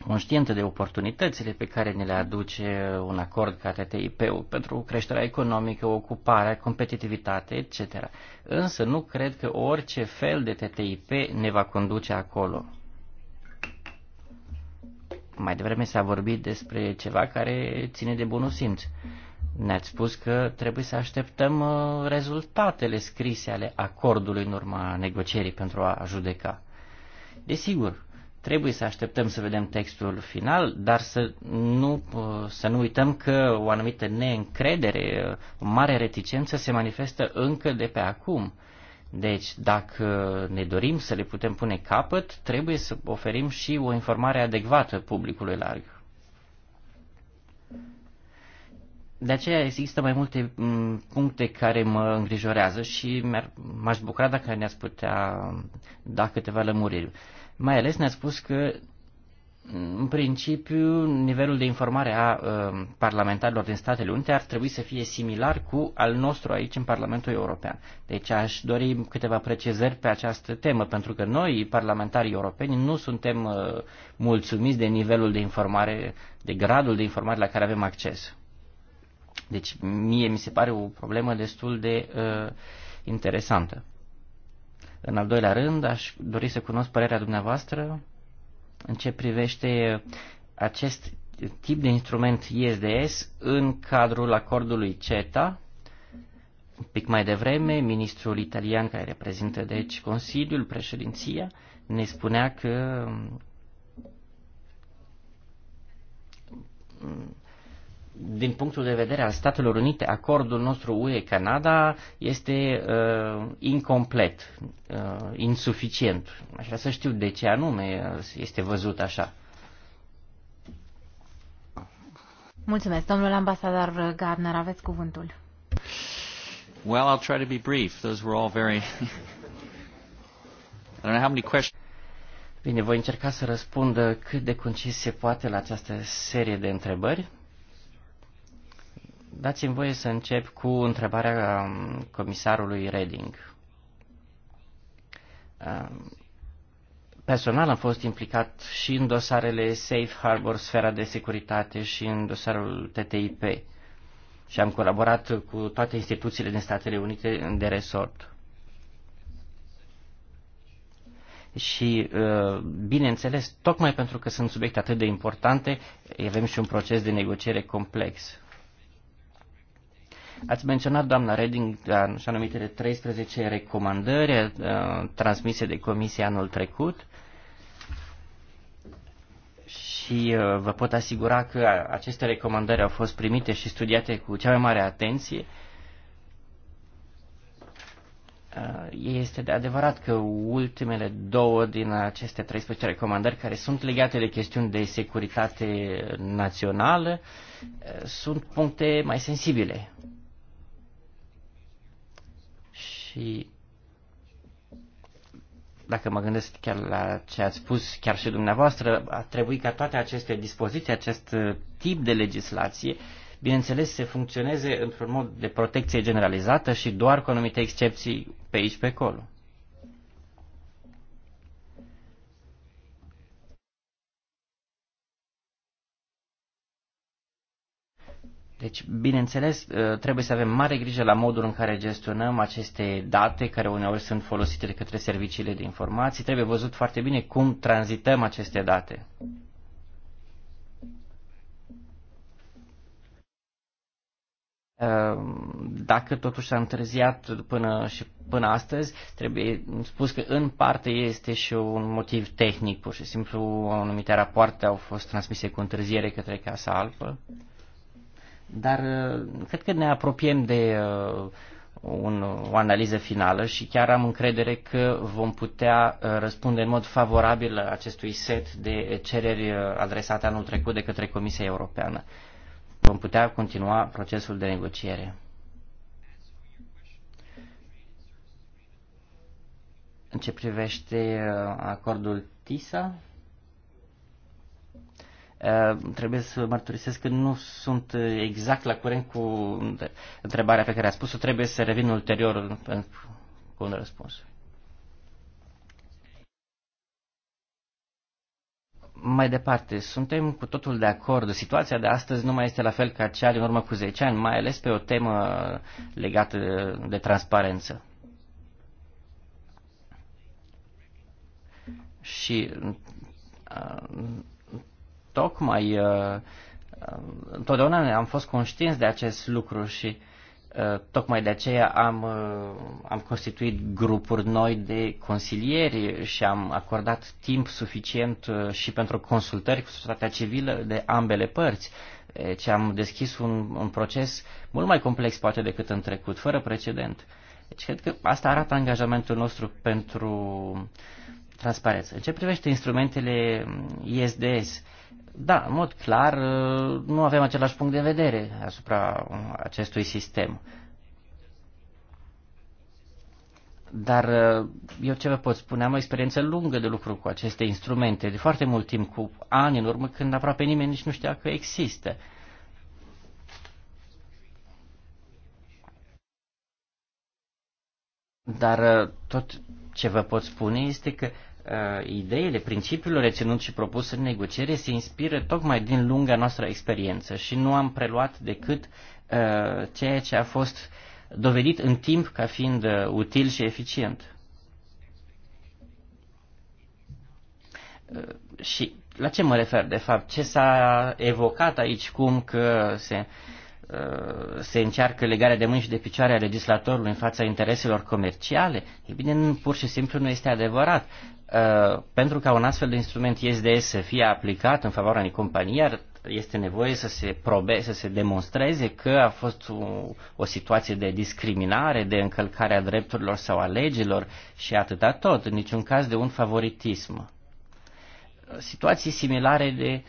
conștientă de oportunitățile pe care ne le aduce un acord ca ttip pentru creșterea economică, ocuparea, competitivitate, etc. Însă nu cred că orice fel de TTIP ne va conduce acolo. Mai devreme s-a vorbit despre ceva care ține de bunul simț. Ne-ați spus că trebuie să așteptăm uh, rezultatele scrise ale acordului în urma negocierii pentru a judeca. Desigur, trebuie să așteptăm să vedem textul final, dar să nu, uh, să nu uităm că o anumită neîncredere, uh, o mare reticență se manifestă încă de pe acum. Deci, dacă ne dorim să le putem pune capăt, trebuie să oferim și o informare adecvată publicului larg. De aceea există mai multe mm, puncte care mă îngrijorează și m-aș bucura dacă ne-ați putea mm, da câteva lămuriri. Mai ales ne-a spus că mm, în principiu, nivelul de informare a uh, parlamentarilor din Statele Unite ar trebui să fie similar cu al nostru aici în Parlamentul European. Deci aș dori câteva precizări pe această temă, pentru că noi, parlamentarii europeni, nu suntem uh, mulțumiți de nivelul de informare, de gradul de informare la care avem acces. Deci mie mi se pare o problemă destul de uh, interesantă. În al doilea rând, aș dori să cunosc părerea dumneavoastră în ce privește acest tip de instrument ISDS în cadrul acordului CETA. Un pic mai devreme, ministrul italian care reprezintă deci Consiliul, președinția, ne spunea că din punctul de vedere al Statelor Unite, acordul nostru UE-Canada este uh, incomplet, uh, insuficient. Aș vrea să știu de ce anume este văzut așa. Mulțumesc, domnul ambasador Gardner, aveți cuvântul. Well, I'll try to be brief. Those were all very... I don't know how many questions... Bine, voi încerca să răspund cât de concis se poate la această serie de întrebări. Dați-mi voie să încep cu întrebarea um, comisarului Reding. Um, personal am fost implicat și în dosarele Safe Harbor, sfera de securitate și în dosarul TTIP și am colaborat cu toate instituțiile din Statele Unite de resort. Și, uh, bineînțeles, tocmai pentru că sunt subiecte atât de importante, avem și un proces de negociere complex. Ați menționat, doamna Reding, așa numitele 13 recomandări uh, transmise de comisie anul trecut și uh, vă pot asigura că aceste recomandări au fost primite și studiate cu cea mai mare atenție. Uh, este de adevărat că ultimele două din aceste 13 recomandări, care sunt legate de chestiuni de securitate națională, sunt puncte mai sensibile. Și dacă mă gândesc chiar la ce ați spus chiar și dumneavoastră, a trebuit ca toate aceste dispoziții, acest uh, tip de legislație, bineînțeles, să funcționeze într-un mod de protecție generalizată și doar cu anumite excepții pe aici, pe acolo. Deci, bineînțeles, uh, trebuie să avem mare grijă la modul în care gestionăm aceste date care uneori sunt folosite de către serviciile de informații. Trebuie văzut foarte bine cum tranzităm aceste date. Uh, dacă totuși s-a întârziat până și până astăzi, trebuie spus că în parte este și un motiv tehnic, pur și simplu anumite rapoarte au fost transmise cu întârziere către Casa Alpă. Dar uh, cred că ne apropiem de uh, un, o analiză finală și chiar am încredere că vom putea uh, răspunde în mod favorabil acestui set de cereri adresate anul trecut de către Comisia Europeană. Vom putea continua procesul de negociere. În ce privește acordul TISA, Uh, trebuie să mărturisesc că nu sunt exact la curent cu întrebarea pe care a spus-o. Trebuie să revin ulterior cu un răspuns. Mai departe, suntem cu totul de acord. Situația de astăzi nu mai este la fel ca cea din urmă cu 10 ani, mai ales pe o temă legată de transparență. Și uh, tocmai uh, uh, întotdeauna am fost conștienți de acest lucru și uh, tocmai de aceea am, am constituit grupuri noi de consilieri și am acordat timp suficient și pentru consultări cu societatea civilă de ambele părți. Ce deci am deschis un, un proces mult mai complex poate decât în trecut, fără precedent. Deci cred că asta arată angajamentul nostru pentru transparență. În ce privește instrumentele ISDS, uh, da, în mod clar, uh, nu avem același punct de vedere asupra acestui sistem. Dar uh, eu ce vă pot spune, am o experiență lungă de lucru cu aceste instrumente, de foarte mult timp, cu ani în urmă, când aproape nimeni nici nu știa că există. Dar uh, tot ce vă pot spune este că uh, ideile, principiul reținut și propus în negociere se inspiră tocmai din lunga noastră experiență și nu am preluat decât uh, ceea ce a fost dovedit în timp ca fiind uh, util și eficient. Uh, și la ce mă refer de fapt? Ce s-a evocat aici cum că se, uh, se încearcă legarea de mâini și de picioare a legislatorului în fața intereselor comerciale? E bine, pur și simplu nu este adevărat. Uh, pentru ca un astfel de instrument ISDS să fie aplicat în favoarea unei companii, ar este nevoie să se probe, să se demonstreze că a fost o, o situație de discriminare, de încălcare a drepturilor sau a legilor și atâta tot, în niciun caz de un favoritism. Situații similare de,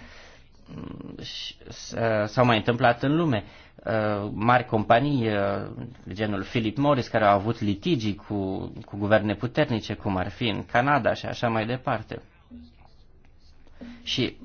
mm, uh, s-au mai întâmplat în lume. Uh, mari companii, uh, genul Philip Morris, care au avut litigii cu, cu guverne puternice, cum ar fi în Canada și așa mai departe. Și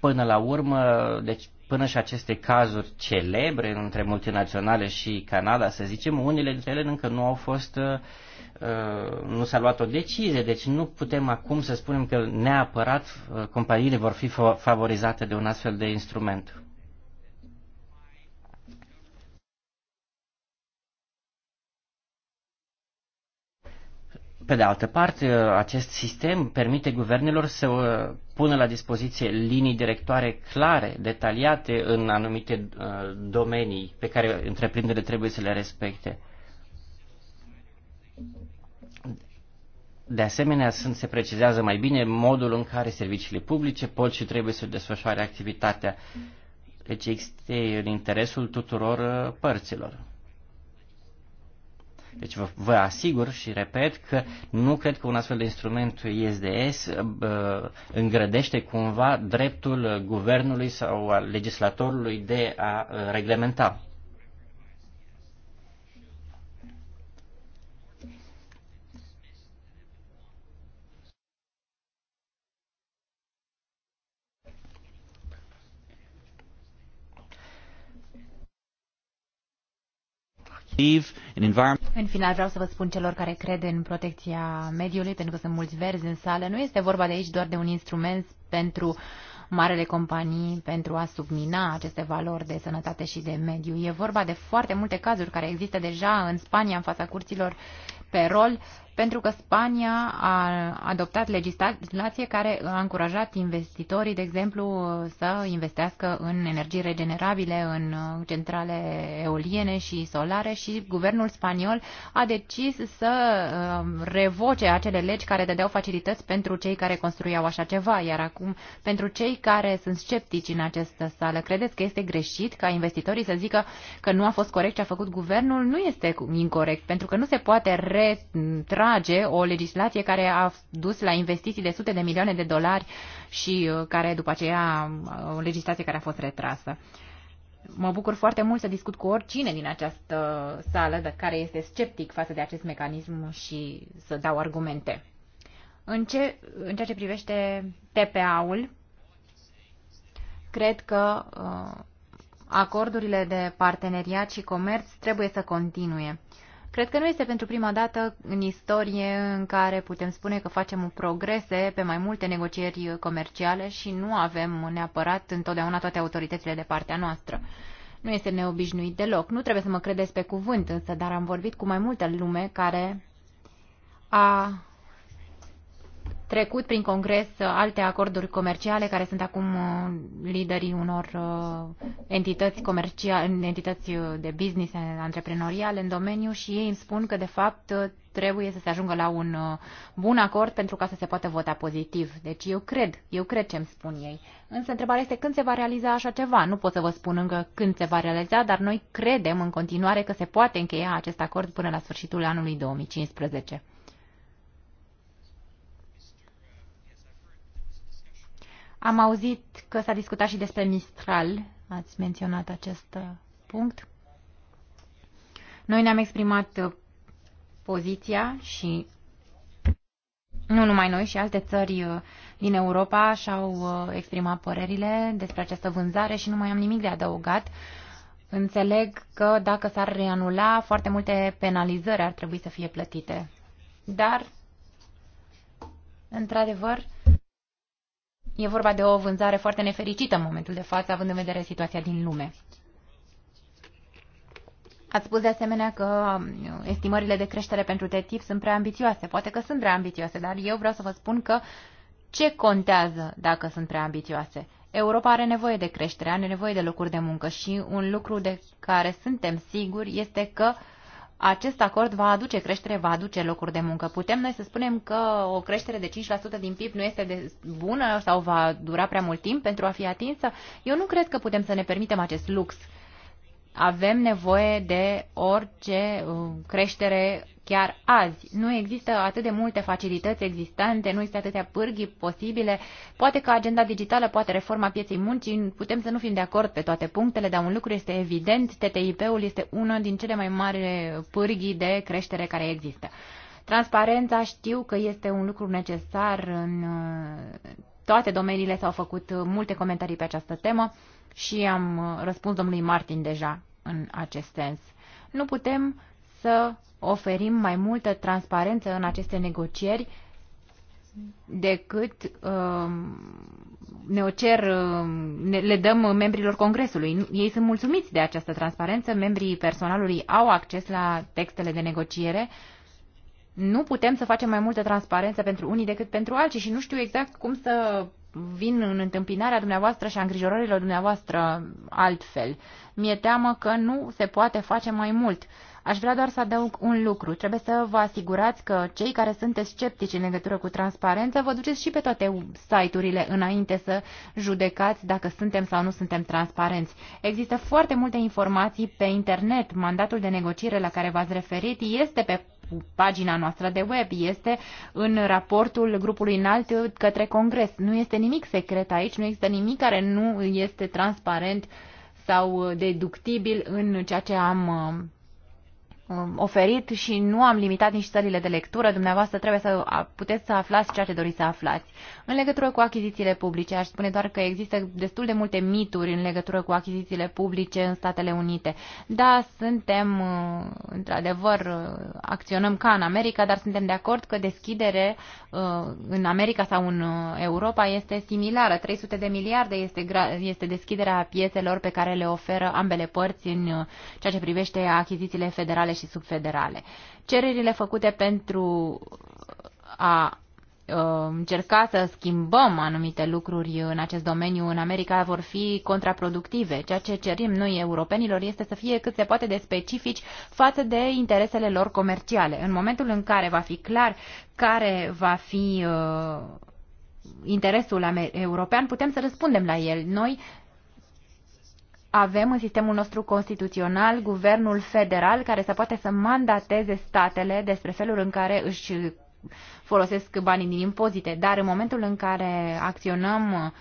până la urmă, deci până și aceste cazuri celebre între multinaționale și Canada, să zicem, unele dintre ele încă nu au fost, uh, nu s-a luat o decizie, deci nu putem acum să spunem că neapărat companiile vor fi favorizate de un astfel de instrument. Pe de altă parte, acest sistem permite guvernelor să uh, pună la dispoziție linii directoare clare, detaliate în anumite uh, domenii pe care întreprinderile trebuie să le respecte. De asemenea, sunt, se precizează mai bine modul în care serviciile publice pot și trebuie să desfășoare activitatea. Deci este în interesul tuturor uh, părților. Deci vă, vă asigur și repet că nu cred că un astfel de instrument ISDS îngrădește cumva dreptul guvernului sau al legislatorului de a uh, reglementa. În final vreau să vă spun celor care cred în protecția mediului, pentru că sunt mulți verzi în sală, nu este vorba de aici doar de un instrument pentru marele companii pentru a submina aceste valori de sănătate și de mediu. E vorba de foarte multe cazuri care există deja în Spania în fața curților pe rol pentru că Spania a adoptat legislație care a încurajat investitorii, de exemplu, să investească în energii regenerabile, în centrale eoliene și solare și guvernul spaniol a decis să um, revoce acele legi care dădeau facilități pentru cei care construiau așa ceva, iar acum pentru cei care sunt sceptici în această sală, credeți că este greșit ca investitorii să zică că nu a fost corect ce a făcut guvernul? Nu este incorrect, pentru că nu se poate retra retrage o legislație care a dus la investiții de sute de milioane de dolari și uh, care după aceea uh, o legislație care a fost retrasă. Mă bucur foarte mult să discut cu oricine din această sală de care este sceptic față de acest mecanism și să dau argumente. În, ce, în ceea ce privește TPA-ul, cred că uh, acordurile de parteneriat și comerț trebuie să continue. Cred că nu este pentru prima dată în istorie în care putem spune că facem progrese pe mai multe negocieri comerciale și nu avem neapărat întotdeauna toate autoritățile de partea noastră. Nu este neobișnuit deloc. Nu trebuie să mă credeți pe cuvânt, însă, dar am vorbit cu mai multă lume care a trecut prin Congres uh, alte acorduri comerciale care sunt acum uh, liderii unor uh, entități, comerciale, entități de business antreprenoriale în domeniu și ei îmi spun că, de fapt, trebuie să se ajungă la un bun acord pentru ca să se poată vota pozitiv. Deci eu cred, eu cred ce îmi spun ei. Însă întrebarea este când se va realiza așa ceva. Nu pot să vă spun încă când se va realiza, dar noi credem în continuare că se poate încheia acest acord până la sfârșitul anului 2015. Am auzit că s-a discutat și despre Mistral, ați menționat acest uh, punct. Noi ne-am exprimat uh, poziția și nu numai noi și alte țări uh, din Europa și-au exprimat părerile despre această vânzare și nu mai am nimic de adăugat. Înțeleg că dacă s-ar reanula, foarte multe penalizări ar trebui să fie plătite. Dar, într-adevăr, E vorba de o vânzare foarte nefericită în momentul de față, având în vedere situația din lume. Ați spus de asemenea că um, estimările de creștere pentru TTIP sunt prea ambițioase. Poate că sunt prea ambițioase, dar eu vreau să vă spun că ce contează dacă sunt prea ambițioase? Europa are nevoie de creștere, are nevoie de locuri de muncă și un lucru de care suntem siguri este că uh, acest acord va aduce creștere, va aduce locuri de muncă. Putem noi să spunem că o creștere de 5% din PIB nu este de bună sau va dura prea mult timp pentru a fi atinsă? Eu nu cred că putem să ne permitem acest lux. Avem nevoie de orice uh, creștere chiar azi. Nu există atât de multe facilități existente, nu există atâtea pârghii posibile. Poate că agenda digitală, poate reforma pieței muncii, putem să nu fim de acord pe toate punctele, dar un lucru este evident, TTIP-ul este una din cele mai mari pârghii de creștere care există. Transparența știu că este un lucru necesar în uh, toate domeniile, s-au făcut multe comentarii pe această temă și am uh, răspuns domnului Martin deja în acest sens. Nu putem să oferim mai multă transparență în aceste negocieri decât uh, ne o cer, uh, ne, le dăm membrilor Congresului. Ei sunt mulțumiți de această transparență, membrii personalului au acces la textele de negociere. Nu putem să facem mai multă transparență pentru unii decât pentru alții și nu știu exact cum să vin în întâmpinarea dumneavoastră și a îngrijorărilor dumneavoastră altfel. Mi-e teamă că nu se poate face mai mult. Uh, Aș vrea doar să adaug un lucru. Trebuie să vă asigurați că cei care sunteți sceptici în legătură cu transparența vă duceți și pe toate site-urile înainte să judecați dacă suntem sau nu suntem transparenți. Există foarte multe informații pe internet. Mandatul de negociere la care v-ați referit este pe pagina noastră de web, este în raportul grupului înalt către Congres. Nu este nimic secret aici, nu există nimic care nu este transparent sau deductibil în ceea ce am Um, oferit și nu am limitat nici țările de lectură. Dumneavoastră trebuie să puteți să aflați ceea ce doriți să aflați. În legătură cu achizițiile publice, aș spune doar că există destul de multe mituri în legătură cu achizițiile publice în Statele Unite. Da, suntem, uh, într-adevăr, uh, acționăm ca în America, dar suntem de acord că deschidere uh, în America sau în Europa este similară. 300 de miliarde este, este deschiderea piețelor pe care le oferă ambele părți în ceea ce privește achizițiile federale și subfederale. Cererile făcute pentru a ă, încerca să schimbăm anumite lucruri în acest domeniu în America vor fi contraproductive. Ceea ce cerim noi europenilor este să fie cât se poate de specifici față de interesele lor comerciale. În momentul în care va fi clar care va fi uh, interesul european, putem să răspundem la el. Noi avem în sistemul nostru constituțional guvernul federal care să poate să mandateze statele despre felul în care își folosesc banii din impozite, dar în momentul în care acționăm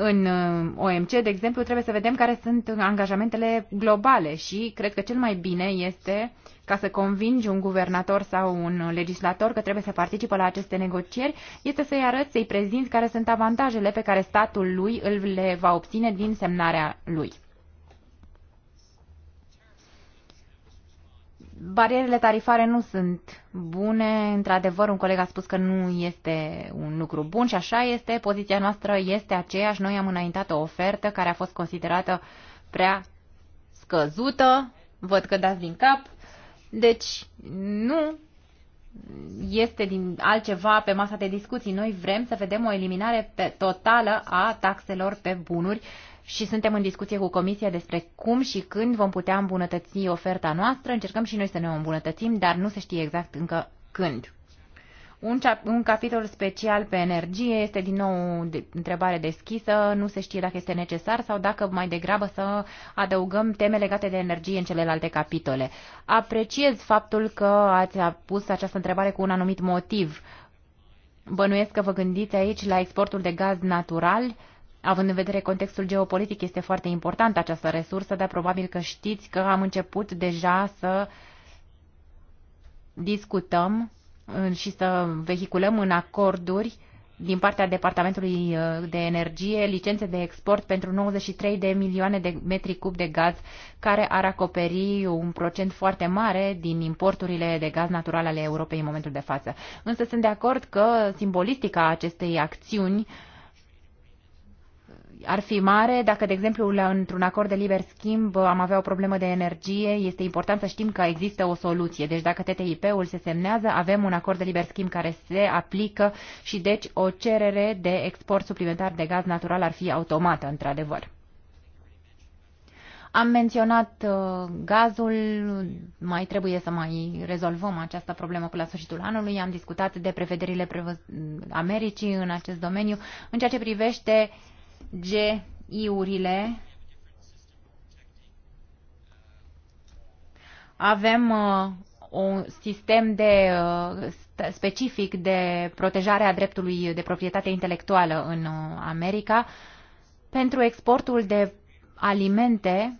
în uh, OMC, de exemplu, trebuie să vedem care sunt angajamentele globale și cred că cel mai bine este ca să convingi un guvernator sau un legislator că trebuie să participe la aceste negocieri, este să-i arăți, să-i prezinți care sunt avantajele pe care statul lui îl le va obține din semnarea lui. Barierele tarifare nu sunt bune, într-adevăr un coleg a spus că nu este un lucru bun și așa este, poziția noastră este aceeași, noi am înaintat o ofertă care a fost considerată prea scăzută, văd că dați din cap, deci nu este din altceva pe masa de discuții. Noi vrem să vedem o eliminare pe totală a taxelor pe bunuri și suntem în discuție cu Comisia despre cum și când vom putea îmbunătăți oferta noastră. Încercăm și noi să ne o îmbunătățim, dar nu se știe exact încă când. Un, un capitol special pe energie este din nou de, întrebare deschisă, nu se știe dacă este necesar sau dacă mai degrabă să adăugăm teme legate de energie în celelalte capitole. Apreciez faptul că ați pus această întrebare cu un anumit motiv. Bănuiesc că vă gândiți aici la exportul de gaz natural, uh, Având în vedere contextul geopolitic, este foarte importantă această resursă, dar probabil că știți că am început deja să discutăm și să vehiculăm în acorduri din partea Departamentului uh, de Energie licențe de export pentru 93 de milioane de metri cub de gaz, care ar acoperi un procent foarte mare din importurile de gaz natural ale Europei în momentul de față. Însă sunt de acord că simbolistica acestei acțiuni uh, ar fi mare dacă, de exemplu, la, într-un acord de liber schimb am avea o problemă de energie. Este important să știm că există o soluție. Deci dacă TTIP-ul se semnează, avem un acord de liber schimb care se aplică și deci o cerere de export suplimentar de gaz natural ar fi automată, într-adevăr. Am menționat uh, gazul, mai trebuie să mai rezolvăm această problemă până la sfârșitul anului. Am discutat de prevederile Americii în acest domeniu. În ceea ce privește uh, GI-urile. Avem uh, un sistem de, uh, specific de protejare a dreptului de proprietate intelectuală în uh, America pentru exportul de alimente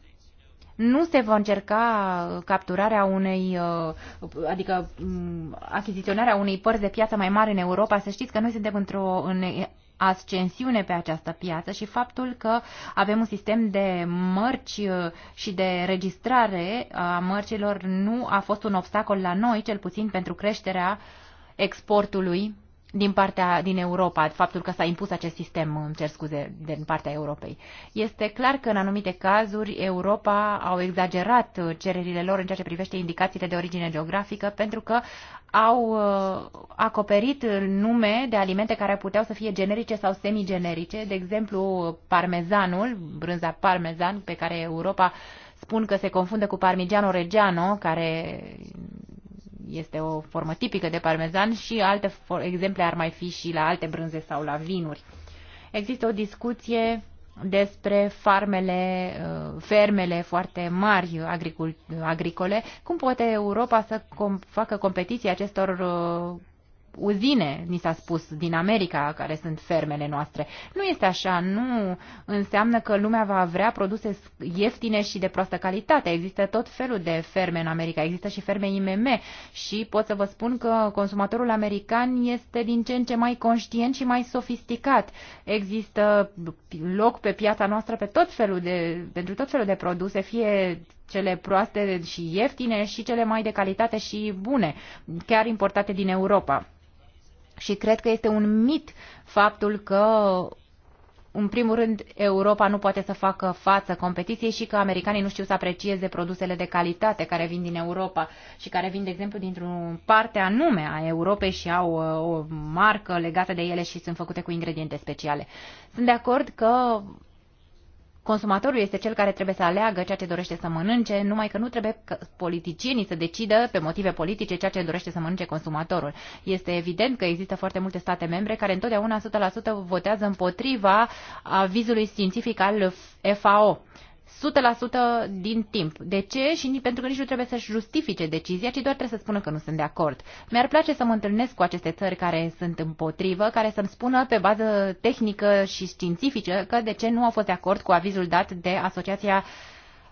nu se va încerca capturarea unei, uh, adică mm, achiziționarea unei părți de piață mai mare în Europa. Să știți că noi suntem într-o în ascensiune pe această piață și faptul că avem un sistem de mărci uh, și de registrare uh, a mărcilor nu a fost un obstacol la noi, cel puțin pentru creșterea exportului din partea din Europa, faptul că s-a impus acest sistem, îmi cer scuze, din partea Europei. Este clar că în anumite cazuri Europa au exagerat cererile lor în ceea ce privește indicațiile de origine geografică pentru că au uh, acoperit nume de alimente care puteau să fie generice sau semigenerice, de exemplu parmezanul, brânza parmezan pe care Europa spun că se confundă cu parmigiano reggiano, care este o formă tipică de parmezan și alte exemple ar mai fi și la alte brânze sau la vinuri. Există o discuție despre farmele, uh, fermele foarte mari agricole, cum poate Europa să com facă competiție acestor uh, uzine, ni s-a spus, din America, care sunt fermele noastre. Nu este așa, nu înseamnă că lumea va vrea produse ieftine și de proastă calitate. Există tot felul de ferme în America, există și ferme IMM și pot să vă spun că consumatorul american este din ce în ce mai conștient și mai sofisticat. Există loc pe piața noastră pe tot felul de, pentru tot felul de produse, fie cele proaste și ieftine și cele mai de calitate și bune, chiar importate din Europa. Și cred că este un mit faptul că, în primul rând, Europa nu poate să facă față competiției și că americanii nu știu să aprecieze produsele de calitate care vin din Europa și care vin, de exemplu, dintr-o parte anume a Europei și au uh, o marcă legată de ele și sunt făcute cu ingrediente speciale. Sunt de acord că Consumatorul este cel care trebuie să aleagă ceea ce dorește să mănânce, numai că nu trebuie că politicienii să decidă pe motive politice ceea ce dorește să mănânce consumatorul. Este evident că există foarte multe state membre care întotdeauna 100% votează împotriva avizului științific al FAO. 100% din timp. De ce? Și pentru că nici nu trebuie să-și justifice decizia, ci doar trebuie să spună că nu sunt de acord. Mi-ar place să mă întâlnesc cu aceste țări care sunt împotrivă, care să-mi spună pe bază tehnică și științifică că de ce nu au fost de acord cu avizul dat de Asociația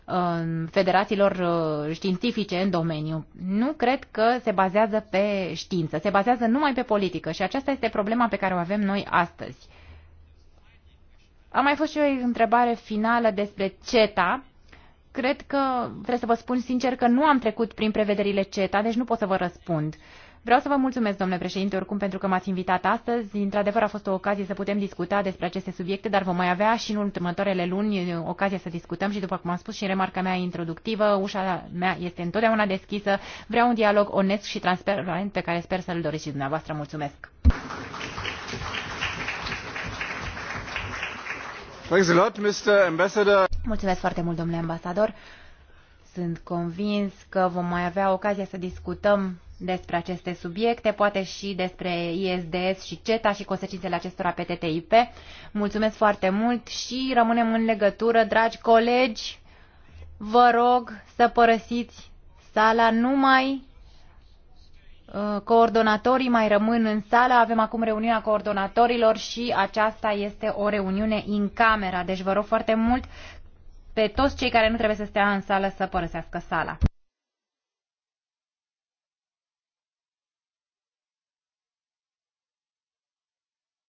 um, federațiilor uh, științifice în domeniu. Nu cred că se bazează pe știință, se bazează numai pe politică și aceasta este problema pe care o avem noi astăzi. Am mai fost și o întrebare finală despre CETA. Cred că, trebuie să vă spun sincer, că nu am trecut prin prevederile CETA, deci nu pot să vă răspund. Vreau să vă mulțumesc, domnule președinte, oricum pentru că m-ați invitat astăzi. Într-adevăr, a fost o ocazie să putem discuta despre aceste subiecte, dar vom mai avea și în următoarele luni ocazia să discutăm și, după cum am spus și în remarca mea introductivă, ușa mea este întotdeauna deschisă. Vreau un dialog onest și transparent pe care sper să-l doriți și dumneavoastră. Mulțumesc! Mulțumesc foarte mult, domnule ambasador. Sunt convins că vom mai avea ocazia să discutăm despre aceste subiecte, poate și despre ISDS și CETA și consecințele acestora pe TTIP. Mulțumesc foarte mult și rămânem în legătură, dragi colegi. Vă rog să părăsiți sala numai Uh, coordonatorii mai rămân în sală, avem acum reuniunea coordonatorilor și aceasta este o reuniune în camera, deci vă rog foarte mult pe toți cei care nu trebuie să stea în sală să părăsească sala.